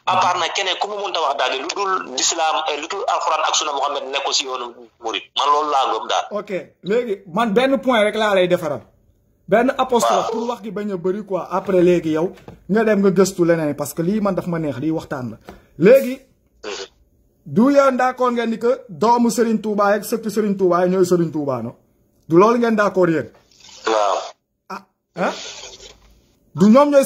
à part nag keneen ku mu mënta wax daal lu dul lislaam eh, lu dul alxuraan ak sunna Muhammad nekk si yoonu murid man loolu laa gëm daal. ok léegi man benn point rek laa lay defaral. benn apostrophe pour wax gi bañ a bëri quoi après léegi yow nga dem nga gëstu leneen parce que lii man daf ma neex lii waxtaan la léegi. Mhm. du yéen d'accord ngeen ni que doomu Serigne Touba yeeg sëppi Serigne Touba yi ñooy Serigne Touba no du loolu ngeen d'accord yéen. waaw. ah ah. du ñoom ñooy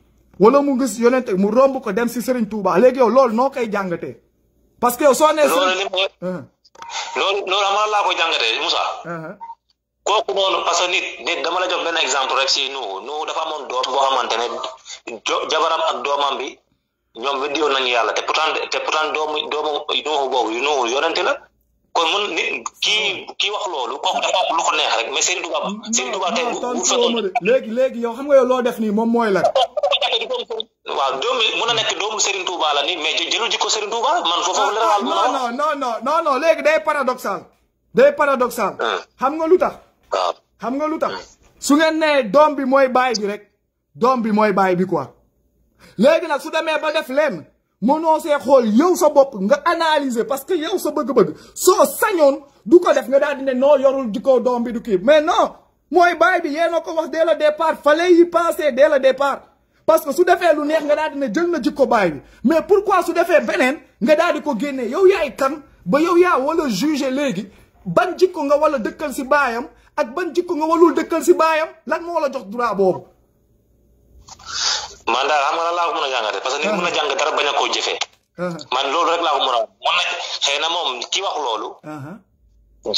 wala mu gis yonent mu romb ko dem si Serigne Touba léegi yow lool noo koy jàngatee. parce que yow soo nee. loolu loolu loolu xam nga laa ko jàngatee Moussa. Uh-huh. kooku noonu parce que nit nit dama la jox benn exemple rek si Nuhu Nuhu dafa amoon doom boo xamante ne jabaram ak doomam bi ñoom weddi woon nañu yàlla te pourtant te pourtant doomu doomu Nuhu boobu Nuhu yonente la. kon mën nit kii ah. kii wax loolu kooku dafa am lu ko neex rek mais Serigne Touba ah, Serigne Touba tey bu léegi léegi yow xam nga yow loo def nii moom mooy la waaw doomu mën na nekk doomu Serigne Touba la nii mais jëlul jikko Serigne Touba man foofu la wal noo noo non léegi day paradoxal day paradoxal ah. xam nga lu tax waaw xam nga lu tax su ngeen nee doom bi mooy baay bi rek doom bi mooy baay bi quoi léegi nag su demee ba def leen mënoo see xool yow sa bopp nga analyser parce que yow sa bëgg-bëgg so sañoon du ko def nga daal dina no yorul diko doom bi du ki mais non moy baay bi yéen wax dès le départ fallait y penser dès le départ. parce que su defee lu neex nga daal dina ne jël na jikko baay bi mais pourquoi su defee benen nga daal diko ko yow yaay kan ba yow ya wala juger légui ban jikko nga wala dëkkal ci bayam ak ban jikko nga walul dëkkal ci bayam lan mo wala jox droit bob man daal xam nga lan laa ko mën a jàngate parce que nit mën a jàng dara bañ a koo jëfee man loolu rek laa ko mën a mën na xëy na moom ki wax loolu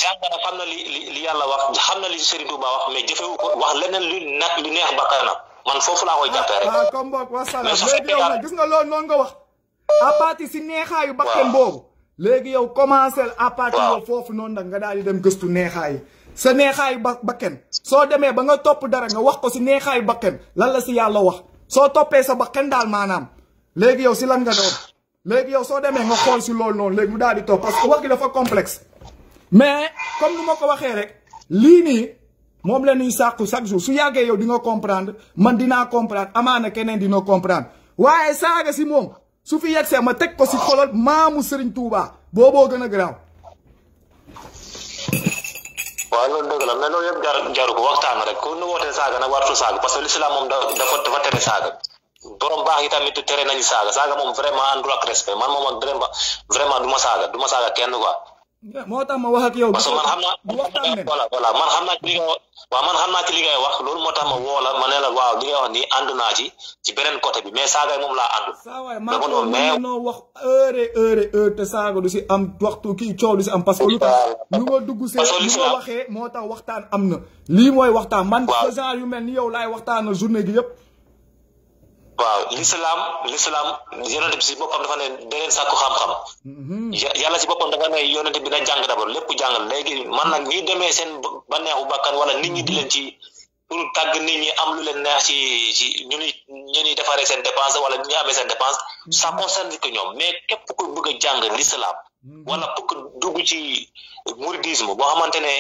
jàng na xam na li li yàlla wax xam na li Serigne Touba wax mais jëfewu ko wax leneen lu nag lu neex ba bakkanam man foofu laa koy jàppee rek ah comme boog wasalaam léegi yow nag gis nga loolu noonu nga wax à partir si neexaayu bakkan boobu léegi yow commencé à partir yow foofu noonu nag nga daal di dem gëstu neexaayi sa neexaayu ba bakken soo demee ba nga topp dara nga wax ko si neexaayu bakken lan la si yàlla wax soo toppee sa bakkan daal maanaam léegi yow si lan nga doon léegi yow soo demee nga xool si loolu noonu léegi mu daal di topp parce que dafa complexe mais comme nu ma ko waxee rek lii nii moom la ñuy sàkku chaque jour su yàggee yow di nga comprendre man dinaa comprendre amaana keneen dina comprendre waaye saaga si moom su fi yegsee ma teg ko si xolal maamu Serigne Touba booboo gën a garaaw waaw loolu dëgg la mais loolu yëpp jar jaru ko waxtaan rek ku nu wootee saaga nag wartu parce que l'islam moom dafa dafa tere saaga borom baax yi tere nañu saaga saaga moom vraiment àndul ak respect man moom ak vraiment du ma saaga du ma saaga kenn quoi moo tax ma wax ak yow. parce que man xam naa voilà voilà man waaw man xam naa ci li wax loolu moo tax ma woo la ma ne la waaw li ngay wax nii ànd naa ci ci beneen côté bi mais saagay moom laa àndul. saa waay maa ko mënoo wax heure heure heure te saaga du si am waxtu kii coow du si am. parce que lu tax lu ma dugg see lu ma waxee moo tax waxtaan am na. lii mooy waxtaan man. waaw genre yu mel ni yow laay waxtaanal journée gi yëpp. waaw l'islam l'islam yonente bi si boppam dafa ne da leen sàkku xam-xam mm-hmm. yàlla si boppam dafa ne yonente bi na jàng d'abord lépp jàng léegi man nag ñuy demee seen bànneexu bàkkan wala nit ñi di leen ci pour tàgg nit ñi am lu leen neex ci ci ñu ñuy ñu ñuy defaree seen dépense wala ñu seen dépense mm-hmm. ça concerne que ñoom mais képp ku bëgg a jàng l'islam mm-hmm. wala pour que dugg ci mouridisme boo xamante ne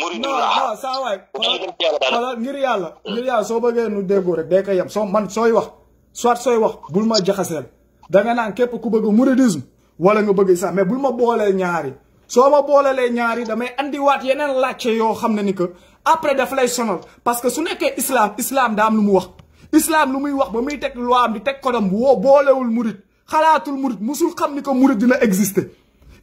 muri non non saa waay ngir yàlla ngir yàlla soo bëggee nu déggu rek day soit sooy wax bul ma jaxaseel danga naan képp ku bëgg mouridisme wala nga bëgg sax mais bul ma boolee ñaari soo ma boolelee ñaari damay indiwaat yeneen laajte yoo xam ne ni que après daf lay sonal parce que su nekkee islam islaam daa am lu mu wax islam lu muy wax ba muy teg loi am di teg ko dam woo boolewul murit xalaatul mu musul xam ni que murit dina exister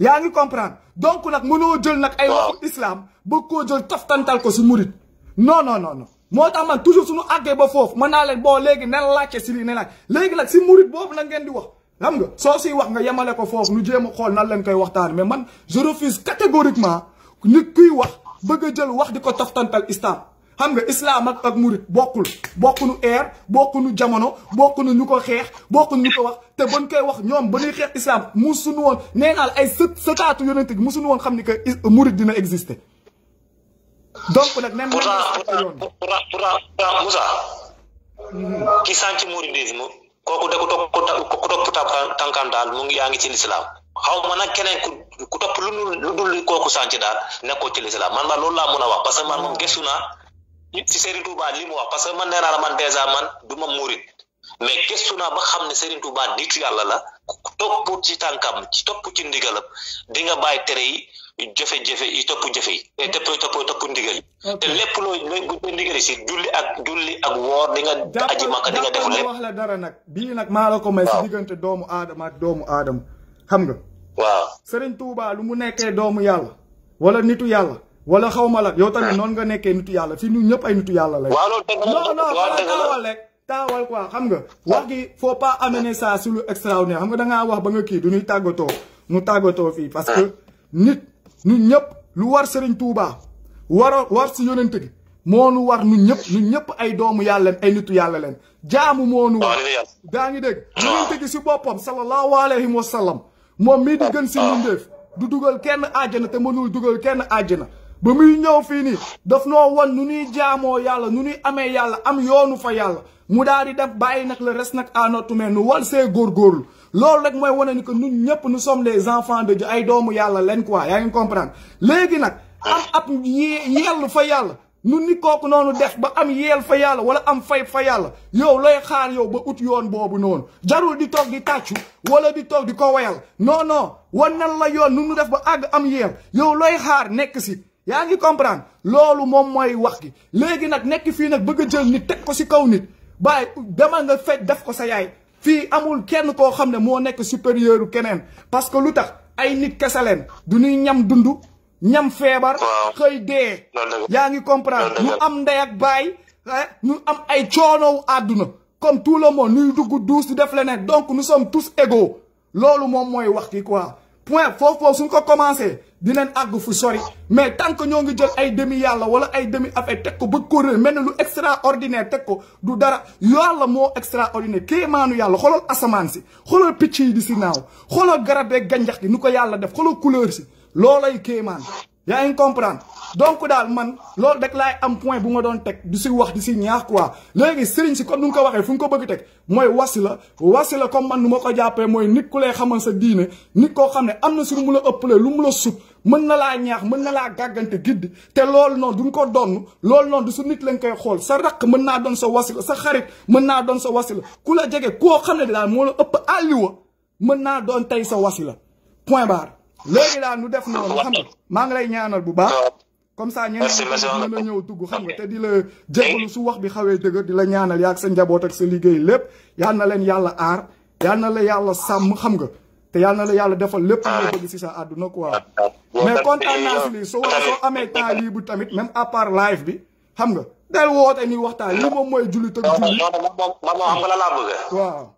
yaa ngi comprendre donc nag mënoo jël nag ay waxu islam bëgg koo jël toftantal ko si murit non non non moo tax man toujours su suñu àggee ba foofu mën naa leen boo léegi nan laajte si lii ne laaj léegi nag si murit boobu la ngeen di wax xam nga soo si wax nga yemale ko foofu nu jéem a xool nan leen koy waxtaan mais man je refuse catégoriquement nit kuy wax bëgg a jël wax di ko toftantal islam xam nga islam ak ak murit bokkul bokkunu air bokkunu jamono bokkunu ñu ko xeex bokkunu ñu ko wax te bañ koy wax ñoom ba ñuy xeex islam musuñu woon nee naal ay sët sëtaatu yonent bi musuñu woon xam ni que murit dina exister donc nag nen yoon pourtant pourtant Moussa ki sànci mouridisme kooku de ku topp ku topp tànkam daal mu ngi yaa ngi ci lislaam xaw ma nag keneen ku ku topp lu lu dul kooku sànci daal nekkoo ci lislaam man ma loolu laa mën a wax parce que man moom gëstu naa ci Serigne Touba li mu wax parce que man nee naa la man dèjà man du ma murid mais gëstu naa ba xam ne Serigne Touba nitu yàlla la ku topp ci tànkam ci topp ci ndigalam di nga bàyyi tere yi jafe-jafe yi topp jafe yi te eh, topp topp topp ndigal te lépp loo loo ndigal si julli ak julli ak woor di nga aji màkka di nga def lépp wax la dara nag bii nag maa la ko may si diggante doomu aadama ak doomu aadama xam nga waaw Sëriñ Tuubaa lu mu nekkee doomu yàlla wala nitu yàlla wala xaw ma la yow tamit hmm. noonu nga nekkee nitu yàlla fii ñun ñëpp ay nitu yàlla la waaw loolu dëgg la non non taawal quoi xam nga wax gi faut pas amener ça sur lu extraordinaire xam nga dangaa wax ba nga kii du ñuy tàggatoo mu tàggatoo fii parce que hmm. nit nu ñëpp lu war sëriñ Touba war war si yonent gi moo nu war ñun ñëpp ñun ñëpp ay doomu yàlla ay nitu yàlla leen jaamu moo nu war daa ngi dégg yonent gi si boppam sallallahu alayhi wa moom mii di gën si mbindéef du dugal kenn na te mënul dugal kenn na ba muy ñëw fii nii daf noo wan nu ñuy jaamoo yàlla nu nuy amee yàlla am yoonu fa yàlla mu daal di def bàyyi nag le reste nag à notre main nu war see góorgóorlu loolu rek mooy wane ni que ñun ñëpp nu sommes les enfants de Dieu ay doomu yàlla leen quoi yaa ngi comprendre léegi nag am ab yell fa yàlla nun ni kooku noonu def ba am yeel fa yàlla wala am fay fa yàlla yow looy xaar yow ba ut yoon boobu noonu jarul di toog di tàccu wala di toog di ko wayal non wan nan la yoon nu nu def ba àgg am yeel yow looy xaar nekk si yaa ngi comprendre loolu moom mooy wax gi léegi nag nekk fii nag bëgg a jël nit teg ko si kaw nit bàyyi demal nga fekk def ko sa yaay fi amul kenn ko xam mo nek supérieur kenen parce que lutax ay nit kessalen du ñuy ñam dundu ñam feebar xey dé yaa ngi comprendre ñu am nday ak bay hein? ñu am ay coonowu aduna comme tout le monde ñuy dugg douce di def leneen donc nous sommes tous égaux lolu mom moy wax ki quoi point foofu foofu suñ ko commencé dinañ àgg fu sori mais tant que ñoo ngi jël ay demi yàlla wala ay demi affaire teg ko ba ko mel ne lu extraordinaire teg ko du dara yàlla moo extraordinaire kéemaanu yàlla xoolal asamaan si xoolal picc yi di si naaw xoolal garab beeg gàncax gi ni ko yàlla def xoolal couleur si loolay kéemaan yaa ngi comprendre donc daal man loolu rek laay am point bu ma doon teg du si wax di si ñaax quoi léegi sëriñ si comme nu nga ko waxee fu nga ko bëgg teg mooy wasila wasila comme man nu ma ko jàppee mooy nit ku lay xamal sa diine nit koo xam ne am na si lu mu la ëppalee lu mu la sut mën na laa ñaax mën na laa gàggante gidd te loolu noonu duñ ko donn loolu noonu du su nit lañ koy xool sa rakk mën naa doon sa wasila sa xarit mën naa doon sa wasila ku la jege koo xam ne daal moo la ëpp àlliwa mën naa doon tey sa wasila point barre léegi daal nu def noonu xam nga maa ngi lay ñaanal bu baax comme ça ñeneen ñi mën a ñëw dugg xam nga te di la jéggalu su wax bi xawee dëgër di la ñaanal yaa ak sa njaboot ak sa liggéey lépp yal na leen yàlla aar yal na la yàlla sàmm xam nga te yal na la yàlla defal lépp nga bëgg si sa àdduna quoi mais kontaan naa si amee temps lii bu tamit même à part live bi xam nga del woote ni waxtaan lii moom mooy jullit ak jullit. waa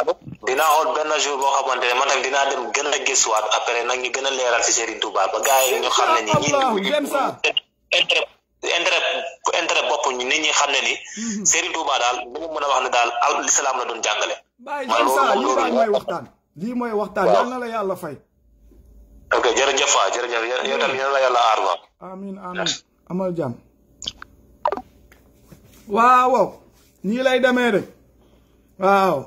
allo dinaa xool benn jour boo xamante ne man tam dinaa dem gën a gëstuwaat après nag ñu gën a leeral ci Serigne Touba ba gars yi ñu xam ne ni ñi intérêt intérêt bopp ñu nit ñi xam ne ni hmm. Serigne Touba daal bu mu mën a wax ne daal al islam la doon jàngale man loolu lii mooy waxtaan lii mooy waxtaan yal na la yàlla fay ok jërëjëf waa jërëjëf yow tam yal na la yàlla aar waa amin amin amal jàmm waaw nii lay demee de waaw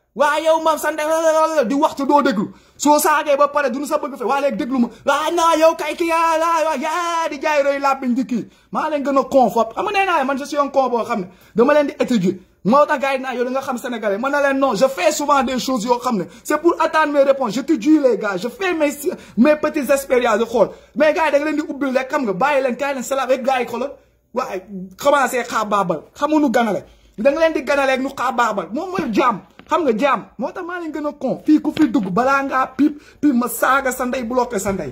wa yow mam sant di waxtu do déglu soo saagee ba pare duñu sa bëgg fe waa léegi déglu ma waa naa yow kay ki yaa laa yaa di jaay roy la di kii ma leen gëna a xam na na man je suis un con bo xam dama leen di étudier moo tax gars yi yow nga xam sénégalais man na leen non je fais souvent des choses yo xam c'est pour attendre mes réponses je te dis les gars je fais mes mes petites expériences de xool mais gars da nga leen di ubbil rek xam nga baye leen kaay leen salaam rek gars xol xoolal waaye commencé xaabaabal xamuñu ganale da nga leen di ganalé ak nu xaabaabal moom mo jam xam nga jam motax ma leen gëna a con fii ku fi dugg bala nga pip pi ma saga sa bloqué sa ndey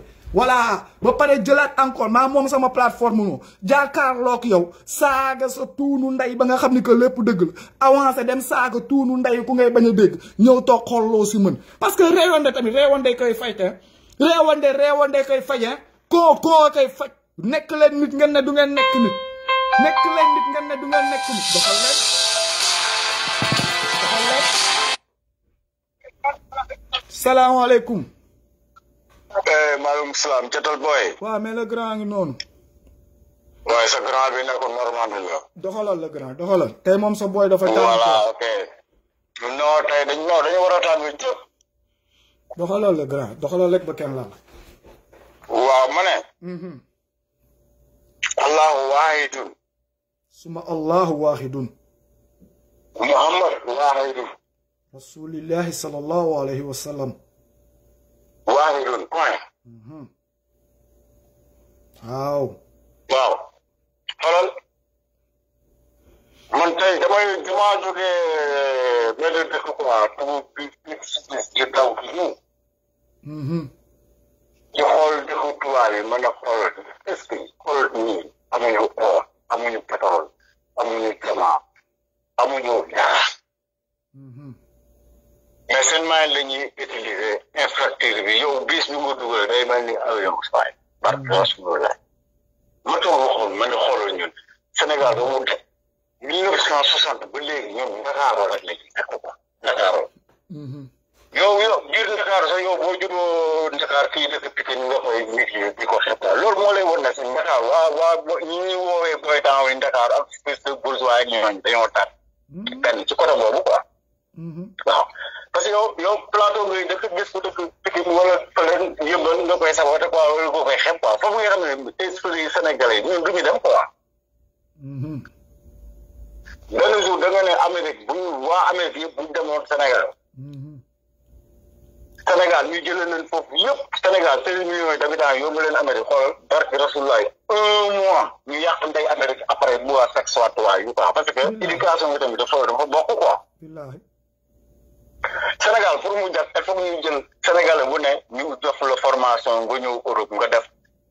ba paré jëlat encore ma mom sama plateforme jakar lok yow saga sa tuunu nday ba nga xamni ko lepp deug dëgg la avancé dem saga tuunu nday ku ngay baña deug ñew ñëw toog xolloo si mën parce que réewande tamit réewande koy fajte réewande réewande koy faje ko ko koy faj nek leen nit ngeen ne du ngeen nek nit nek leen nit ngeen ne du ngeen nek nit doxal leen salaamaaleykum. Eh, maaleykum salaam jotal booy. waaw mais le grand ngi noonu. waaye sa grand bi nekkul normal la. doxalal le grand doxalal. tey moom sa booy dafa. tànn voilà ok. non tey dañu non dañu war a tànn jëpp. doxalal grand doxalal rek ba kenn la. waaw ma mhm. allahu waaxidun. suma allahu waaxidun. muhammad waaxidun. رسول الله صلى الله عليه وسلم واحد waaw waaw xoolal man tey damay damaa jógee benn dëkk quoi tamu bi bis di taw bi ñu di xool dëkku tubaab yi mën a xool est-ce que xool nii amuñu or amuñu pétrole amuñu jamaa amuñu dara mais seen moyen la ñuy utiliser infrastructure bi yow bis bi nga day mel ni avion saay par rasmla ma toog waxoon ma ne xoolal ñun Sénégal ba mu de mille neuf cent soixante ba léegi ñun Ndakaaru rek la mm-hmm. loolu moo lay won na si Ndakaar waa waa ñi ñuy woowee boy temps yi Ndakaar ak fils de bourgeois ñooñu dañoo tar benn mm-hmm. ci côté boobu quoi waaw parce que yow yow plateau ngay dëkk gis ku dëkk Pikine wala fële yëmbal nga koy saboté quoi wala nga koy xeeb quoi foofu nga xam ne esprit sénégalais ñun du ñu dem quoi. Mm-hmm. benn jour da nga ne Amérique bu ñu waa Amérique yëpp bu ñu demoon Sénégal. Mm-hmm. Sénégal ñu jëlee leen foofu yëpp Sénégal seize yooyu d'habitants yóbbu leen Amérique xoolal barke Rasulullaay un mois ñu yàq ndey Amérique après bu waa sex soit waa yu quoi parce que éducation bi tamit dafa dafa bokk Sénégal pour mu jag il faut ñu jël Sénégal bu ne ñu jox la formation gu ñëw Europe nga def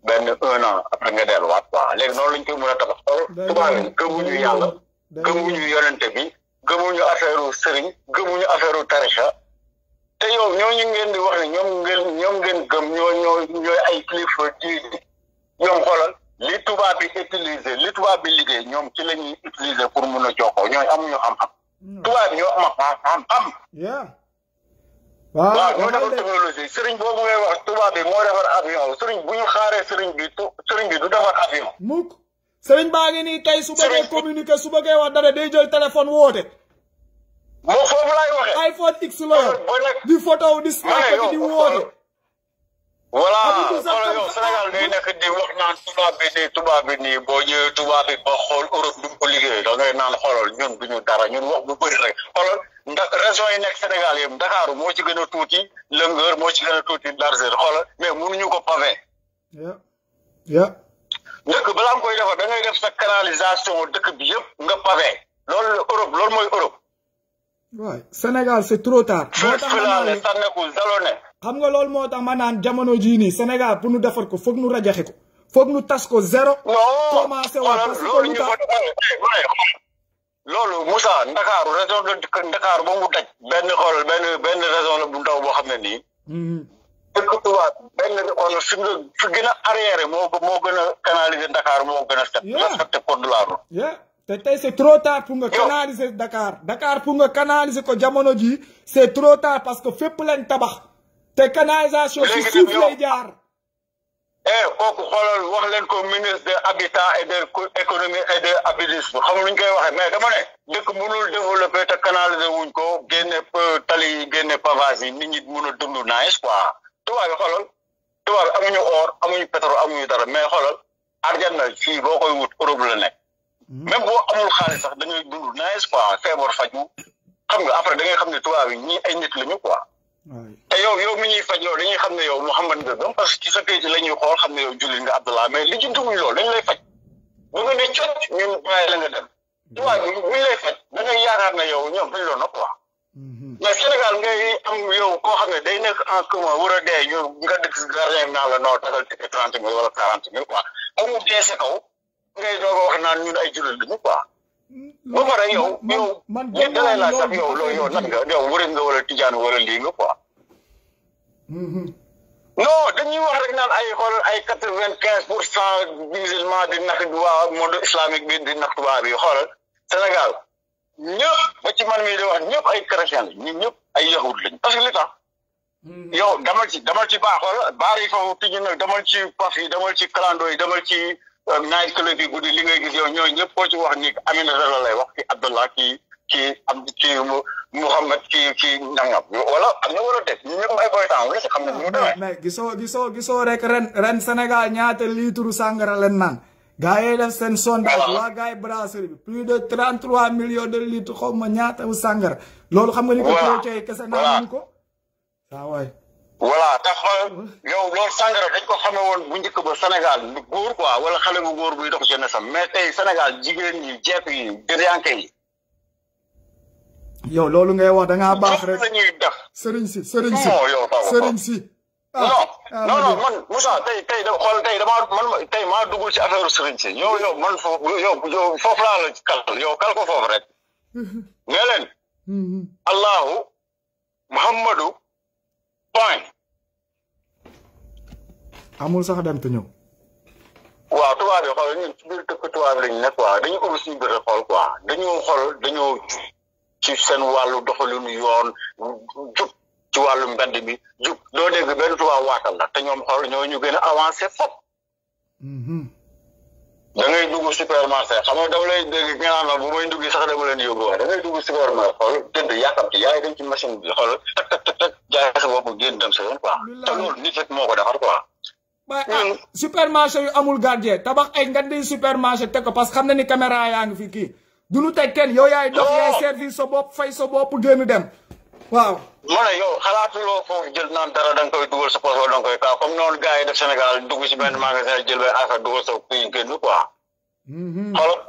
benn un an après nga delluwaat waaw léegi noonu lañ koy mën a tabax tubaab gëmuñu yàlla gëmuñu yonente bi gëmuñu affaire sëriñ gëmuñu affaire tarixa te yow ñooñu di wax ne ñoom ngeen ñoom ngeen gëm ñoo ñoo ñooy ay kilifa diine ñoom xoolal li tubaab bi utiliser li tubaab bi liggéey ñoom ci la ñuy utiliser pour mun a jokkoo ñooy amuñu xam-xam tubaab yi ñoo am xam-xam. waaw waaw ñoo defar technologie sëriñ boobu ngay wax tubaab bi moo defar avion sëriñ bu ñu xaaree sëriñ bi tu sëriñ bi du defar avion. mukk sëriñ baa ngi nii tey su bëggee communiquer su bëggee wax dara day jël téléphone woote. moo foofu laay iPhone X la di photo di snap di woote. voilà xoolal ah, yow Sénégal ah, ngay nekk di wax naan tubaab bi boo ñëwee tubaab bi ba xool Europe du ko liggéey da ngay naan xoolool ñun du ñu dara ñun wax bu bëri rek xoolal ndax région yi nekk Sénégal yëpp Dakar moo ci gën a tuuti longueur moo ci gën a tuuti largeur xoolal mais ñu ko pavé. ya dëkk balaa nga koy defar da def sa canalisation dëkk bi yëpp nga pavé lool Europe loolu mooy Europe. waaw Sénégal c'est trop tard. moo tax xam nga loolu moo tax ma naan jamono jii nii Sénégal pour nu defar ko foog nu rajaxe ko foog nu tas ko zéro. commencé waa parce que lu tax loolu Moussa Ndakaaru région de Dakar ba mu daj. benn xool benn benn région la bu ndaw boo xam ne nii. Mm-hmm. dëkk tubaab benn xool fi nga fi gën a arrière moo moo gën a canaliser Dakar moo gën a set. respecté code de la route. te tey c'est trop tard pour nga canaliser Dakar Dakar pour nga canaliser ko jamono jii c'est trop tard parce que fépp lañ tabax. te canalisation si suuf jaar. eh kooku xoolal wax leen ko ministre de l'habitat et de l'économie et de l'habitation xam luñ koy waxee mais dama ne. dëkk mënul développer te canaliser wuñ ko génne tali yi génne pavage yi nit ñi mën a dund naaj quoi. tubaab yi xoolal tubaab amuñu or amuñu pétrole amuñu dara mais xoolal arjana fii boo koy wut Europe la nekk. Hmm. même boo amul xaalis sax dañuy dund naaj quoi feebar faju xam nga après da xam ne tubaab yi ñii ay nit lañu quoi. te yow yow mi ñuy faj yow dañuy xam ne yow Mouhamad nga gëm parce sa kayit la xool xam ne yow jullit nga Abdallah mais li jëntuwuñ loolu dañ lay faj bu nga ne cot ñun bàyyi la dem mm-hmm. lay faj da ngay yaakaar ne yow ñoom dañ loo nopp ko mm-hmm. mais Sénégal ngay am yow koo xam ne day nekk en commun war a dee ñu nga dëkk si gardien naa la noo tagal ticket trente mille wala quarante mille quoi amul dee kaw ngay doog a wax naan ñun ay jullit lañu quoi ba pare yow yow ñun da ngay laaj yow loolu yow nan yow wërëj nga wala tijaan wala lii nga quoi. non dañuy wax rek naan ay xool ay quatre vingt quinze pour cent ma di nax waa monde islamique bi di nax tubaab bi xoolal Sénégal ñëpp ba ci man mii di wax ñëpp ay chrétien lañ ñëpp ay yahud lañ parce que li tax. Mhm. yow damal ci damal ci baax xoolal baar yi foofu tijji damal ci paf yi damal ci clando yi damal ci. naaj club yi guddi li ngay gis yow ñooñu ñëpp koo ci wax ni Aminata la lay wax ci Abdallah kii kii am kii Mouhamad kii kii nangam wala am na wala des ñu ñëpp ay boytan wala si xam ne mu demee mais gisoo gisoo gisoo rek ren ren Sénégal ñaata litre sàngara leen naan gaa yi def seen sondage waa gaa yi brasserie plus de 33 millions de litres xaw ma ñaata wu sàngara loolu xam nga ni ko tey kese naan ko saa waay voilà tax yow loolu sàngara dañ ko xamee woon bu njëkk ba Sénégal bu góor wala xale bu góor buy dox jeunesse am mais tey Sénégal jigéen ñi jekk yi dëriyanke yi. yow loolu ngay wax da ngaa baax rek la ñuy def. sëriñ si sëriñ tey tey xool tey damaa man tey maa duggul ci affaire sëriñ si yow yow man foofu yow la kal yow kal ko foofu rek. *laughs* nga mm-hmm. Allahu Muhammadu. point. amul sax dem te ñëw. waaw tubaab yi xool ñun ci biir dëkk lañ ne quoi dañu ubbi suñu bët xool quoi dañoo xool dañoo ci seen wàllu doxalinu yoon jub ci wàllu mbedd bi jub doo dégg benn tubaab waatal la te ñoom xool ñoo ñu gën a avancé fop mhm. da ngay dugg supermarché xam nga daf lay dégg nga naan dugg sax dama supermarché yaay dem ci machine bi xool tak ko defar quoi. Ah, hmm. supermarché yu amul gardien tabax ay nga di supermarché teg ko parce que xam na ni caméra yaa ngi fi kii du lu teg yaay dox yaay service sa bopp fay sa bopp génn dem. waaw ma yow xalaatuloo foofu jël naan dara da nga koy dugal sa poche wala da nga koy kaa comme noonu gars def Sénégal dugg si benn magasin jël benn affaire dugal sa kuy génn quoi mm-hmm.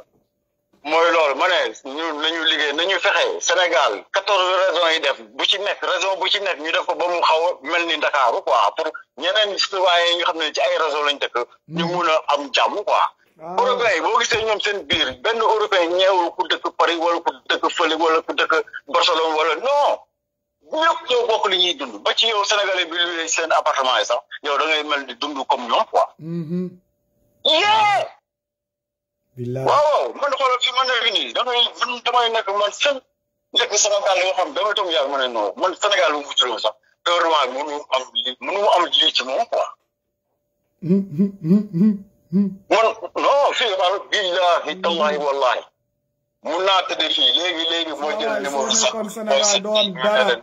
mooy loolu ma ne ñun nañu liggéey nañu fexe Sénégal quatorze régions yi def bu ci nekk région bu ci nekk ñu def ko ba xaw a mel ni Ndakaaru quoi pour ñeneen citoyens yi nga xam ne ci ay région lañ dëkk ñu mm-hmm. mun a am jàmm quoi ah. européens yi boo gisee ñoom seen biir benn européen ñeewul ku dëkk Paris wala ku dëkk fële wala ku dëkk ñëpp ñoo bokk li ñuy dund ba ci yow sénégalais bi luy seen appartement yi sax yow da ngay mel di dund comme ñoom quoi. Mm-hmm. yee. billaay waaw man xoolal fi man nekk nii damay man damay nekk man seen nekk Sénégal yoo xam damay toog yàlla ma ne non man Sénégal bu mu juróom sax gouvernement bi mënu am li mënu am lii ci moom quoi. Mm-hmm. Mm-hmm. man non fii xam nga billahi tallahi wallahi mun naa tëdd fii léegi léegi moo jël numéro sax.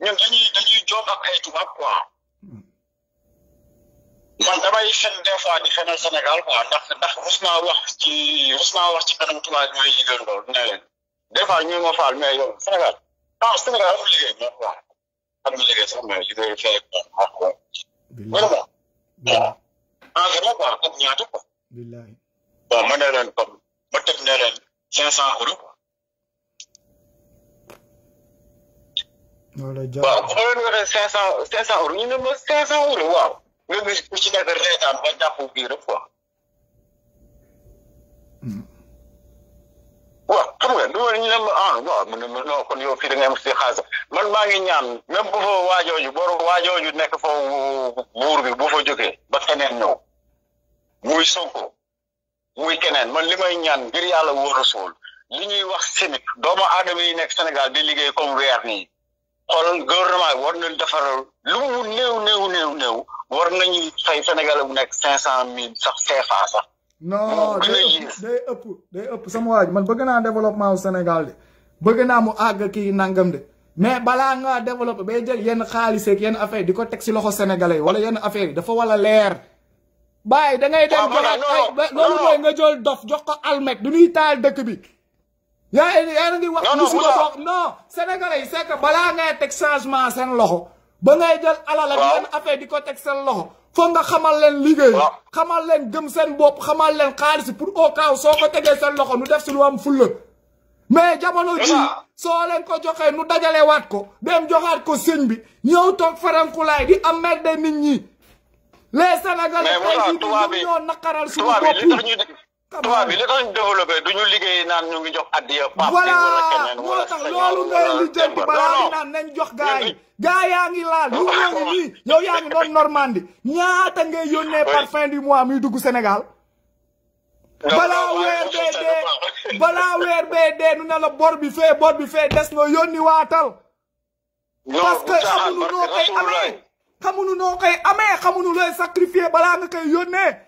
ñun dañuy dañuy jóg ak ay tubaab hmm. man damay fen des fois di fenal Sénégal quoi ndax ndax mos naa wax ci mos naa wax yi may liggéey lool faal mais Sénégal ah Sénégal amul liggéey ñoom quoi am na liggéey sax moom vraiment ah, en gros quoi ma ne leen comme ma teg ne leen cinq cent euros waaw bu ma leen waxee cinq cent cinq cent euros ñu ne ma ci nekk reetaan ba jàpp biir quoi hmm. waaw xam nga du ma ñu ne ma ah waaw mu ne ma non si xaalis man maa ngi ñaan même bu fa waajooju bor waajooju nekk foofu buur bi bu fa jógee ba keneen ñëw muy Sonko muy keneen man li may ñaan ngir yàlla wóor a suul li ñuy wax simik doomu aadama yi nekk Sénégal di liggéey comme weer nii xoolal gouvernement war na defaral lu mu néew néew néew war nañu fay Sénégalais nekk cinq cent mille sax CFA sax. non day ëpp day ëpp sama waaj man bëgg naa développement wu Sénégal de bëgg naa mu àgg kii nangam de mais balaa ngaa développé bay jël yenn xaalis ak yenn affaire di ko teg si loxo sénégalais wala yenn affaire yi dafa wala leer. bàyyi da ngay dem jëlaat ay loolu nga jël dof jox ko almet du ñuy taal dëkk bi. yaa ngi yaa ngi wax. non non non non Sénégalais yi c'est que balaa ngay teg changement seen loxo. ba ngay jël alal ak yenn affaire di ko teg seen loxo. foog nga xamal leen liggéey. xamal leen gëm seen bopp xamal leen xaalis pour au cas soo ko tegee seen loxo nu def si lu am fulla mais jamono ji soo leen ko joxee nu dajalewaat ko. dem joxaat ko sëñ bi ñëw toog farankulaay di am mel de nit ñi. les Sénégalais. mais voilà tubaab bi ñoo naqaral suñu bopp tubaab bi li tax ñu développé du ñu liggéey naan ñu ngi jox addiya pape wala keneen wala tax loolu ngay li jënd balaa di naan nañ jox gaa yi gaa yaa ngi laal ñu ñoo ngi nii yow yaa ngi noon Normandie ñaata ngay yónnee par fin du mois muy dugg Sénégal balaa weer bee dee *laughs* balaa weer bee dee nu ne la bor bi fee bor bi fee des na yónni waatal parce que xamuñu noo koy amee xamuñu noo koy amee xamuñu looy sacrifier balaa nga koy yónnee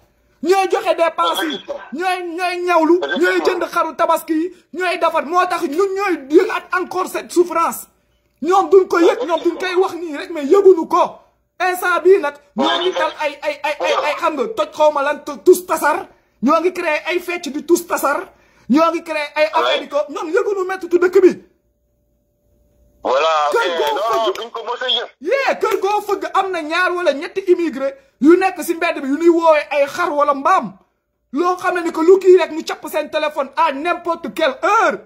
ñooy joxe dépense yi ñooy ñooy ñawlu ñooy jënd xaru tabaski yi ñooy defar moo tax ñun ñooy yëgaat encore cette souffrance ñoom duñ ko yëg ñoom duñ koy wax nii rek mais yëguñu ko instant bii nag ñoo ngi tal ay ay ay ay xam nga toj xaw ma lan tus tasar ñoo ngi créé ay fecc di tus tasar ñoo ngi créé ay affaire di ko ñoom yëguñu métti tu dëkk bi voilà kër goo fëgg yee kër goo fëgg am na ñaar wala ñetti immigré yu nekk si mbedd bi yu ñuy woowee ay xar wala mbam. loo xam que lu kii rek ñu capp téléphone à n'importe quelle heure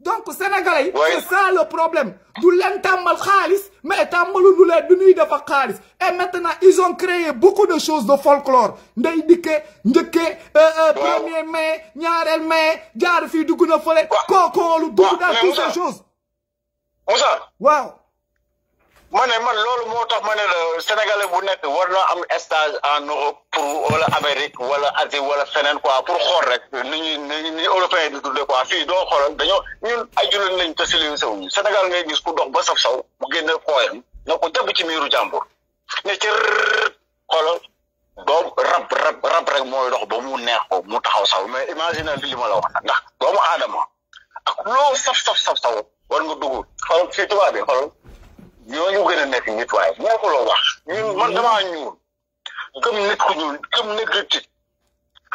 donc sénégalais c'est ça le problème du leen tàmbal xaalis mais tàmbalu du leen du ñuy defar xaalis et maintenant ils ont créé beaucoup de choses de folklore nday euh, njëkkee euh, premier mai ñaareel mai jaar fi dugg na fële kookoolu dugg daal toutes ces choses Moussa. waaw. ma ne man loolu moo tax ma ne la sénégalais bu nekk war na am stage en Europe pour wala Amérique wala Asie wala feneen quoi pour xool rek ni ñuy ni ñuy européen di dundee quoi fii doo xoolal dañoo ñun ay jullit nañ te civilisé wu ñu ngay gis ku dox ba saf saw bu génne xooyam na ko jàpp ci miiru jàmbur ne ci xoolal doomu rab rab rek mooy dox ba mu neex ko mu taxaw saw mais imagine li ma la wax ndax doomu aadama ak loo saf saf saf saw. war nga dugg xool si tubaab bi xool ñooñu gën a nekk nit waaye moo ko wax ñun man damaa ñuul gëm nit ku ñuul gëm négritude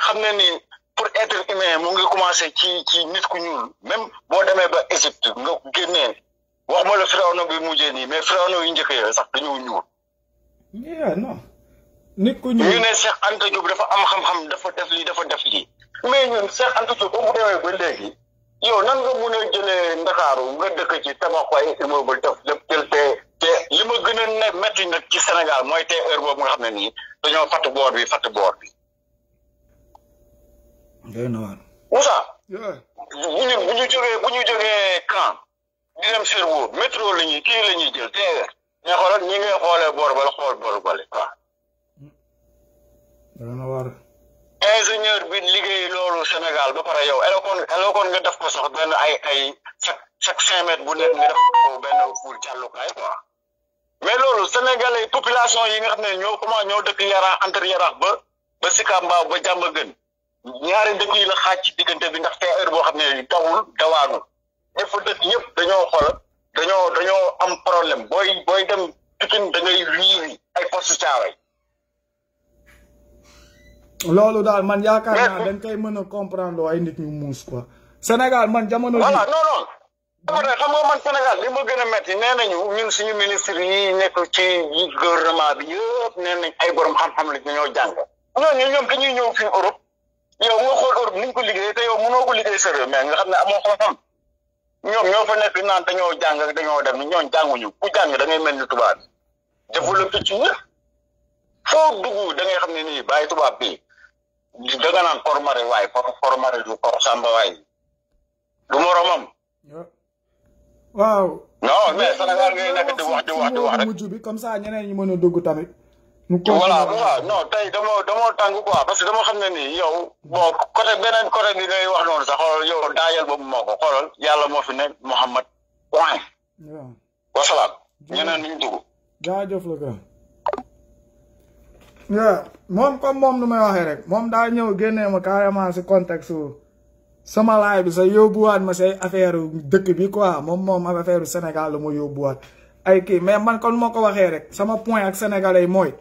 xam ne ni pour être humain mu ngi commencé ci ci nit ku ñuul même boo demee ba Égypte nga génnee wax ma la firawna bi mujjee nii mais firawna yu njëkk yooyu sax dañoo ñuul non nit ku ñuul ñu ne Cheikh Anta Diop dafa am xam-xam dafa def lii dafa def lii mais ñun Cheikh Anta Diop ba mu demee ba léegi yow nan nga mun a jëlee Ndakaaru nga dëkk ci tabax ay immeuble def lépp jël te li ma gën a nag ci senegal mooy te heure boobu nga xam ne nii dañoo fatt boor bi fatt boor bi. Moussa. bu ñu bu ñu jógee bu ñu jógee camp di dem Cherbourg métro la ñuy kii la ñuy jël TER. mais xoolal ñi ngay xoolee boor bal xool boor bale waaw. ingénieur bi liggéey loolu Sénégal ba pare yow elokoon elokoon nga def ko sox benn ay ay chaque chaque cinq mètres bu nekk nga def ko benn fuul jàllukaay quoi mais loolu sénégalais population yi nga xam ne ñoo comment ñoo dëkk yaraax entre yaraax ba ba Sicap Mbao ba jàmba gën ñaari dëkk yi la xaaj ci diggante bi ndax te heure boo xam ne dawul dawaanu ñëpp fo dëkk ñëpp dañoo xool dañoo dañoo am problème booy booy dem Pikine da ngay ay poste caaray lolu dal man yaakaar eh, na dañ koy mën comprendre ay nit ñu muus quoi Sénégal man jamono. voilà non non. xam nga man Sénégal li ma gëna metti nenañu ñun suñu ministre yi nekk ci gouvernement bi yëpp nenañ ay borom xam-xam li ñoo jàng. ñooñu ñoom dañuy ñëw fi Europe yow nga xol Europe ni ñu ko liggéey te yow mënoo ko liggéey sa réew mais nga xam ne amoo xam-xam ñoom ñoo fa nekk naan dañoo jàng dañoo dem ñoom jànguñu ku jàng da ngay mel ni tubaab développé ci ñëpp foo dugg da ngay xam ne nii bàyyi tubaab bi danga naan kormari waay por kormari du por samba waay du moromam. waaw. non mais Sénégal ngay nekk di wax di wax di wax rek. mujj bi comme ça ñeneen ñu mën dugg tamit. voilà voilà non tey dama dama tàng quoi parce que dama xam ne nii yow bon côté beneen côté bi ngay wax noonu sax xoolal yow daayal boobu moo ko xoolal yàlla moo fi nekk Mouhamad. waaw. wasalaam. ñeneen ñu dugg. jaajëf la moom comme moom nu may waxee rek moom daa ñëw génnee ma carrément si contexte sama laay sa yóbbuwaat ma si ay affaire dëkk bi quoi moom moom affaire Sénégal la ma yóbbuwaat ay kii mais man kon ma ko waxee rek sama point ak sénégalais yi mooy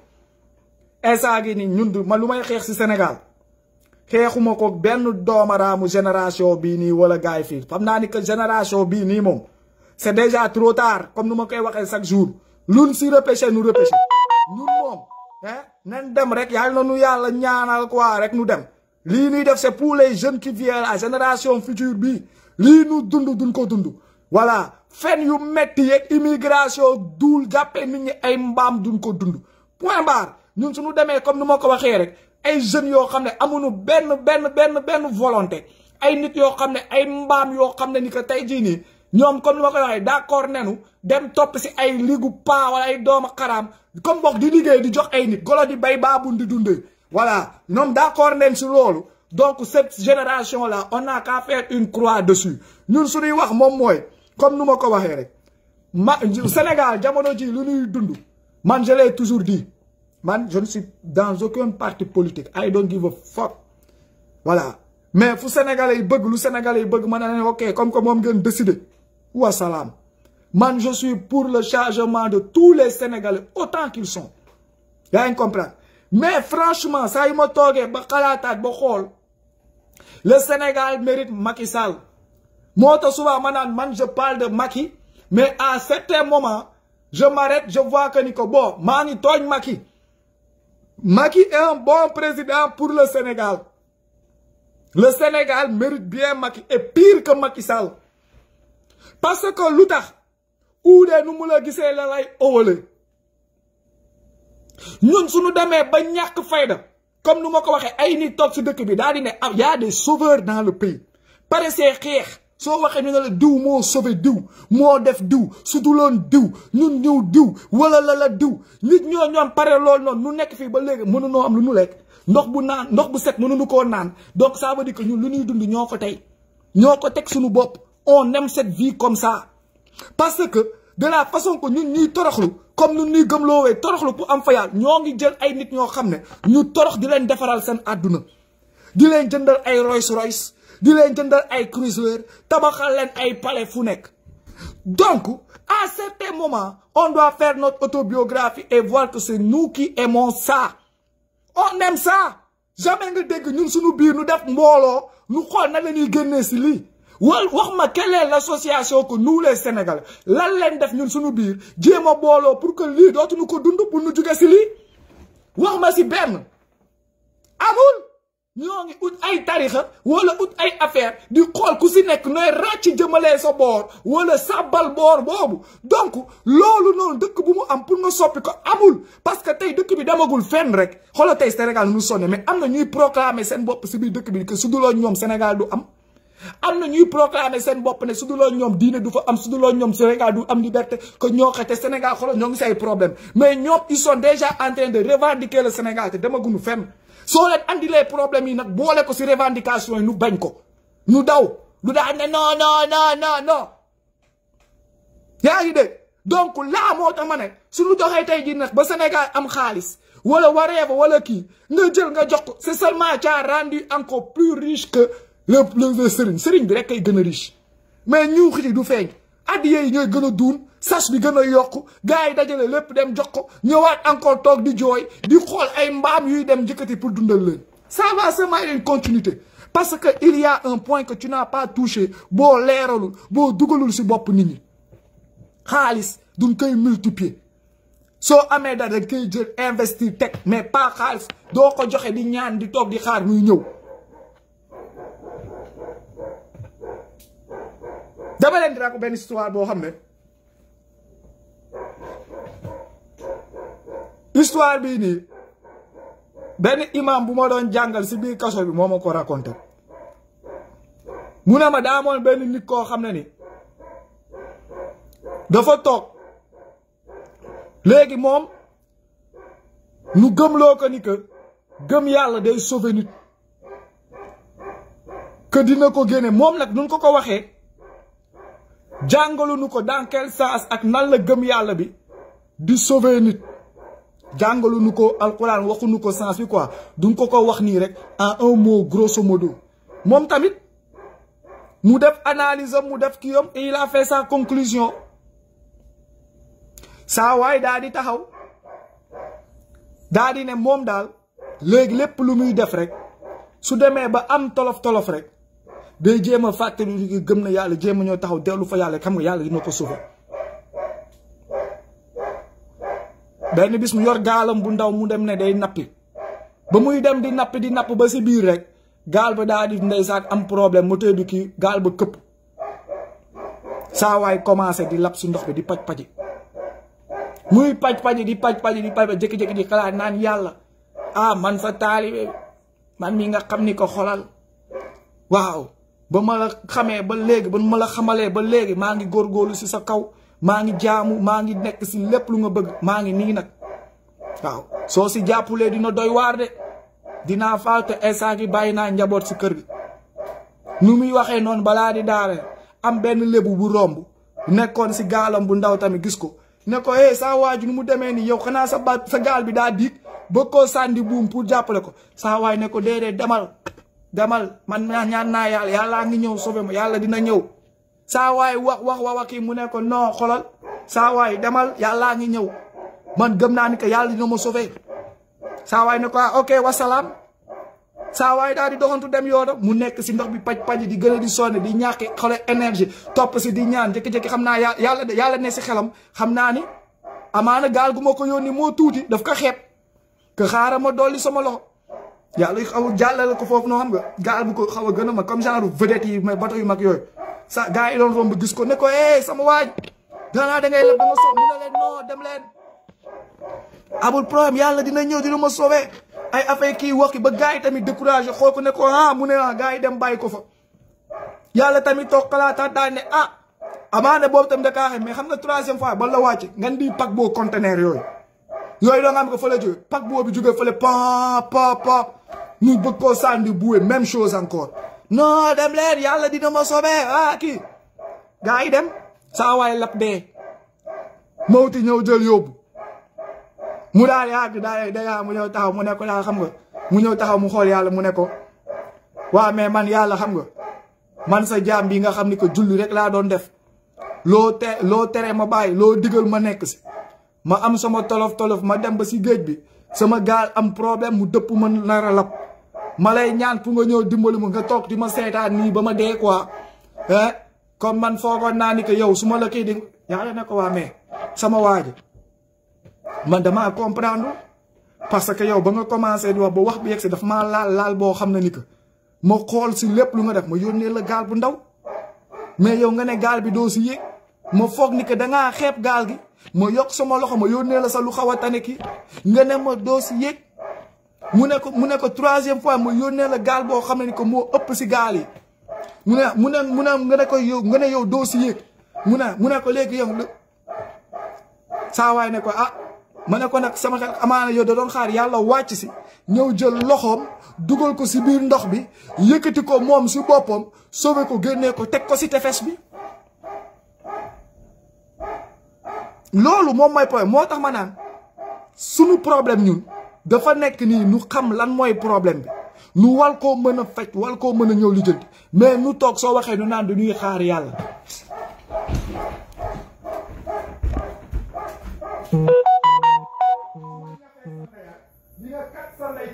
instant gi ni ñun du ma lu may xeex si Sénégal xeexuma ko benn doomaraamu génération bii nii wala gars yi fii xam naa ni que génération bii nii moom c'est déjà trop tard comme nu ma koy waxee chaque jour luñ si repêché nu repêché ñun nan dem rek yàlla na nu yàlla ñaanal quoi rek nu dem lii nuy def c'est pour les jeunes qui viennent la génération future bii lii nu dund duñ ko dund voilà fen yu metti ye immigration duul jàppee mi ñi ay mbaam duñ ko dund point barre ñun suñu demee comme ni ma ko waxee rek ay jeunes yoo xam ne amu amuñu benn benn benn benn volonté ay nit yoo xam ne ay mbaam yoo xam ne ni que tey jii nii ñom comme li ma koy d'accord nenu dem top ci ay ligu pa wala ay doomu xaraam comme bok di liggéey di jox ay nit golo di bay baabun di dundee voilà ñom d'accord nenu ci lolu donc cette génération là on a qu'à faire une croix dessus ñun suñuy wax mom moy comme nu ma ko waxee rek ma Sénégal jamono ji lu ñuy dund man je l'ai toujours dit man je ne suis dans aucun parti politique I don't give a fuck voilà mais fou Sénégalais yi bëgg lu Sénégalais yi bëgg ma ne ok comme comme mom ngeen décider Ouassalam. Man, je suis pour le chargement de tous les Sénégalais, autant qu'ils sont. a une mais franchement ça le Sénégal mérite Macky Sall Moi souvent je parle de Macky mais à certains moments je m'arrête je vois que Nico, bon Macky Macky est un bon président pour le Sénégal le Sénégal mérite bien Macky et pire que Macky Sall parce que lu tax uudee nu mu la gisee la lay owale ñun suñu demee ba ñàkk fayda comme nu ma ko il y a des si dëkk bi daal di ne am ah, y a des sauveurs dans le pays pare see xeex soo ñu ne la diw moo sauvé diw moo def diw sutuloon diw ñun ñëw diw wala la la diw nit ñoo ñoom pare lool noonu nu nekk fii ba léegi mënunoo am lu nu lekk ndox bu naan ndox bu set mënunu koo naan donc ça veut dire que ñun lu ñuy dund ñoo ko tey ñoo suñu bopp on aime cette vie comme ça parce que de la façon que nous nous sommes comme nous nous gëmloowee toroxlu pour am nous nous ngi nous ay nit nous nous ñu torox di leen Rolls Royce di leen Chrysler ay palais donc à certains moments on doit faire notre autobiographie et voir que c'est nous qui aimons ça on aime ça jamais nous sommes ñun suñu biir ñu def Nous nous nous wal wax ma quelle est l'association que nous les Sénégalais lan leen def ñun suñu biir jéem a booloo pour que lii dootuñu ko dund pour ñu jóge si lii wax ma si benn amul ñoo ngi ut ay tarixa wala ut ay affaire di xool ku si nekk nooy ràcc jëmalee sa boor wala sàbbal boor boobu donc loolu noonu dëkk bu mu am pour nga soppi ko amul parce que tey dëkk bi demagul fenn rek xoola tey Sénégal nu sonné mais am na ñuy programme seen bopp si biir dëkk bi que su duloo ñoom Sénégal du am am na ñuy proclamer seen bopp ne su duloo ñom diine du fa am su duloo ñom Sénégal du am liberté que ñoo xete Sénégal xoolal ñoo ngi say problème mais ñoom ils sont déjà en train de revendiquer le Sénégal té dama demaguñu fenn soo leen les problèmes yi nak bo lé ko ci revendication ñu bañ ko ñu daw du da né non non non non non yaa dé donc la moo tax ma ne suñu joxé tay ji nak ba Sénégal am xaalis wala waré ba wala ki nga jël nga jox ko c'est seulement ça rendu encore plus riche que lépp le sëriñ sëriñ bi kay gëna riche mais ñu yi du feñ addiya ñoy gëna gën a sas bi gëna a yokk gars yi dajale lépp dem jox ko ñëwaat encore tok di joy di xol ay mbam yu dem jëkëti pour dundal leen ça va semer une continuité parce que il y a un point que tu n'as pas touché bo leeralul bo dugalul ci bop nit ñi khalis duñ koy multiplier so amé da rek kay jël investir teg mais pas khalis do ko joxe di ñaan di tok di xaar muy ñëw dama leen di raconter benn histoire boo xam ne histoire bii nii benn imam bu ma doon jàngal si biir kaso bi moo ma ko raconté mu ne ma daa amoon benn nit koo xam ne ni dafa toog léegi moom nu loo ko ni que gëm yàlla day sauver nit que dina ko génne moom nag nun ko ko waxee nu ko dans quel sens ak nan la gëm yàlla bi di sauver nit jàngaluñu ko alxuraan waxuñu ko sens bi quoi duñ ko ko wax nii rek a un mot grosso modo moom tamit mu def analyse mu def kii am il a fait sa conclusion saa waay daa di taxaw daa di ne moom daal léegi lépp lu muy def rek su demee ba am tolof tolof rek. day jema fatte fàttali gëm na yalla jema ñoo taxaw delu fa yalla xam nga yalla dina ko suufa ben bis mu yor galam bu ndaw mu dem ne day nappi ba muy dem di nappi di napp ba si biir rek gal ba daal di am problème mo bi ki gal ba kep sa way commencé di lap si ndox bi di paj paji muy paj di paj paji di paj ba jek di xala nan yalla ah man fa talibé man mi nga xamni ko xolal waaw ba ma xamee ba léegi ba ma la xamalee ba léegi maa ngi góor góorlu si sa kaw maa ngi jaamu maa ngi nekk si lépp lu nga bëgg maa ngi nii nag waaw soo si jàppulee dina doy waar de dinaa faal te instant bi bàyyi naa njaboot si kër gi. nu muy waxee noonu balaa di daare am benn lébu bu romb nekkoon si gaalam bu ndaw tamit gis ko ne ko eh saa waaju nu mu demee nii yow xanaa sa ba sa gaal bi daa diig ba koo sànni buum pour jàppale ko saa waay ne ko déedéet demal. damal man ñaan na yalla yalla nga ñew sobe ma yalla dina ñew sa way wax wax wax wax mu ne ko non xolal sa way damal yalla nga ñew man gëm na ni que yalla dina ma sobe sa way ne ko ah ok salam sa way da di doxantu dem yoonam mu nekk ci ndox bi paj paj di gën di sonn di ñàkk xolé énergie top ci di ñaan jek jek xamna yalla yalla ne ci xelam xamna ni amana gal gu yoni mo tuti daf ko xeb ke xara ma doli sama loxo. yàlla xaw a ko foofu noo xam bu ko xaw a gën a mag comme genre vedette yi mais bateau yu mag yooyu sa gis ko ne eh, sama waaj danaa da ngay dem leen amul yàlla dina ñëw dina ma sauver ay affaire kii wax ba gars yi tamit découragé xool ko ne ko ah mu ne ah gars dem bàyyi ko fa yàlla tamit toog xalaataat daan ne ah amaana boobu tamit da kaa xam mais xam nga troisième fois ba la wàcce ngan di pack boo conteneur yooyu yooyu doo nga am ko fële jóge pack boo bi jóge fële pop pop ñu pouvons koo sànni boue, même chose encore non dem leen yàlla dina ma sobe, ah kii gaa yi dem saa de lap dee mawti ñëw jël yóbbu mu daal d'a daal daya mu ñëw taxaw mu ne ko daal xam nga mu ñëw taxaw mu xool yàlla mu ne man yàlla xam nga man sa jam bi nga xam ni ko julli rek la doon def lo te lo tere ma bàyyi lo digal ma nekk si ma am sama tolof tolof ma dem ba si géej bi sama gal am problème mu depp ma nar a malay ñaan fu nga ñew dimbali mu nga tok di ma seetaan ni bama ma quoi hein eh, comme man foogoon nani ni yow suma la kii di ya la nako wa mais sama waji man dama comprendre parce que yow ba nga commencé di wax ba wax bi daf ma laal laal bo xamna ni ke mo xol si lepp lu nga def ma yónnee la gal bu ndaw mais yow nga ne gal bi do ci mo ni da nga xeeb gal gi ma yokk sama loxo ma yónnee la sa lu xaw a tane ki nga ne ma doo si yéeg mu ne ko mu ne ko troisième fois ma yónnee la gaal boo xam ko moo ëpp si gaal yi mu ne mu ne mu ne nga ne ko yow nga ne yow doo si yéeg mu ne mu ne ko léegi yow saawaay ne ko ah ma ne ko nag sama xel amaana yow da doon xaar yàlla wàcc si ñëw jël loxoom dugal ko si biir ndox bi yëkkati ko moom si boppam sauvé ko génnee ko teg ko si tefes bi loolu mom moy problème motax manan suñu problème ñun dafa nek ni nu xam lan moy problème bi nu wal ko mën fajj wal ko mën a li jënd mais nu toog soo waxee nu naan dañuy xaar yalla mm-hmm. nga lay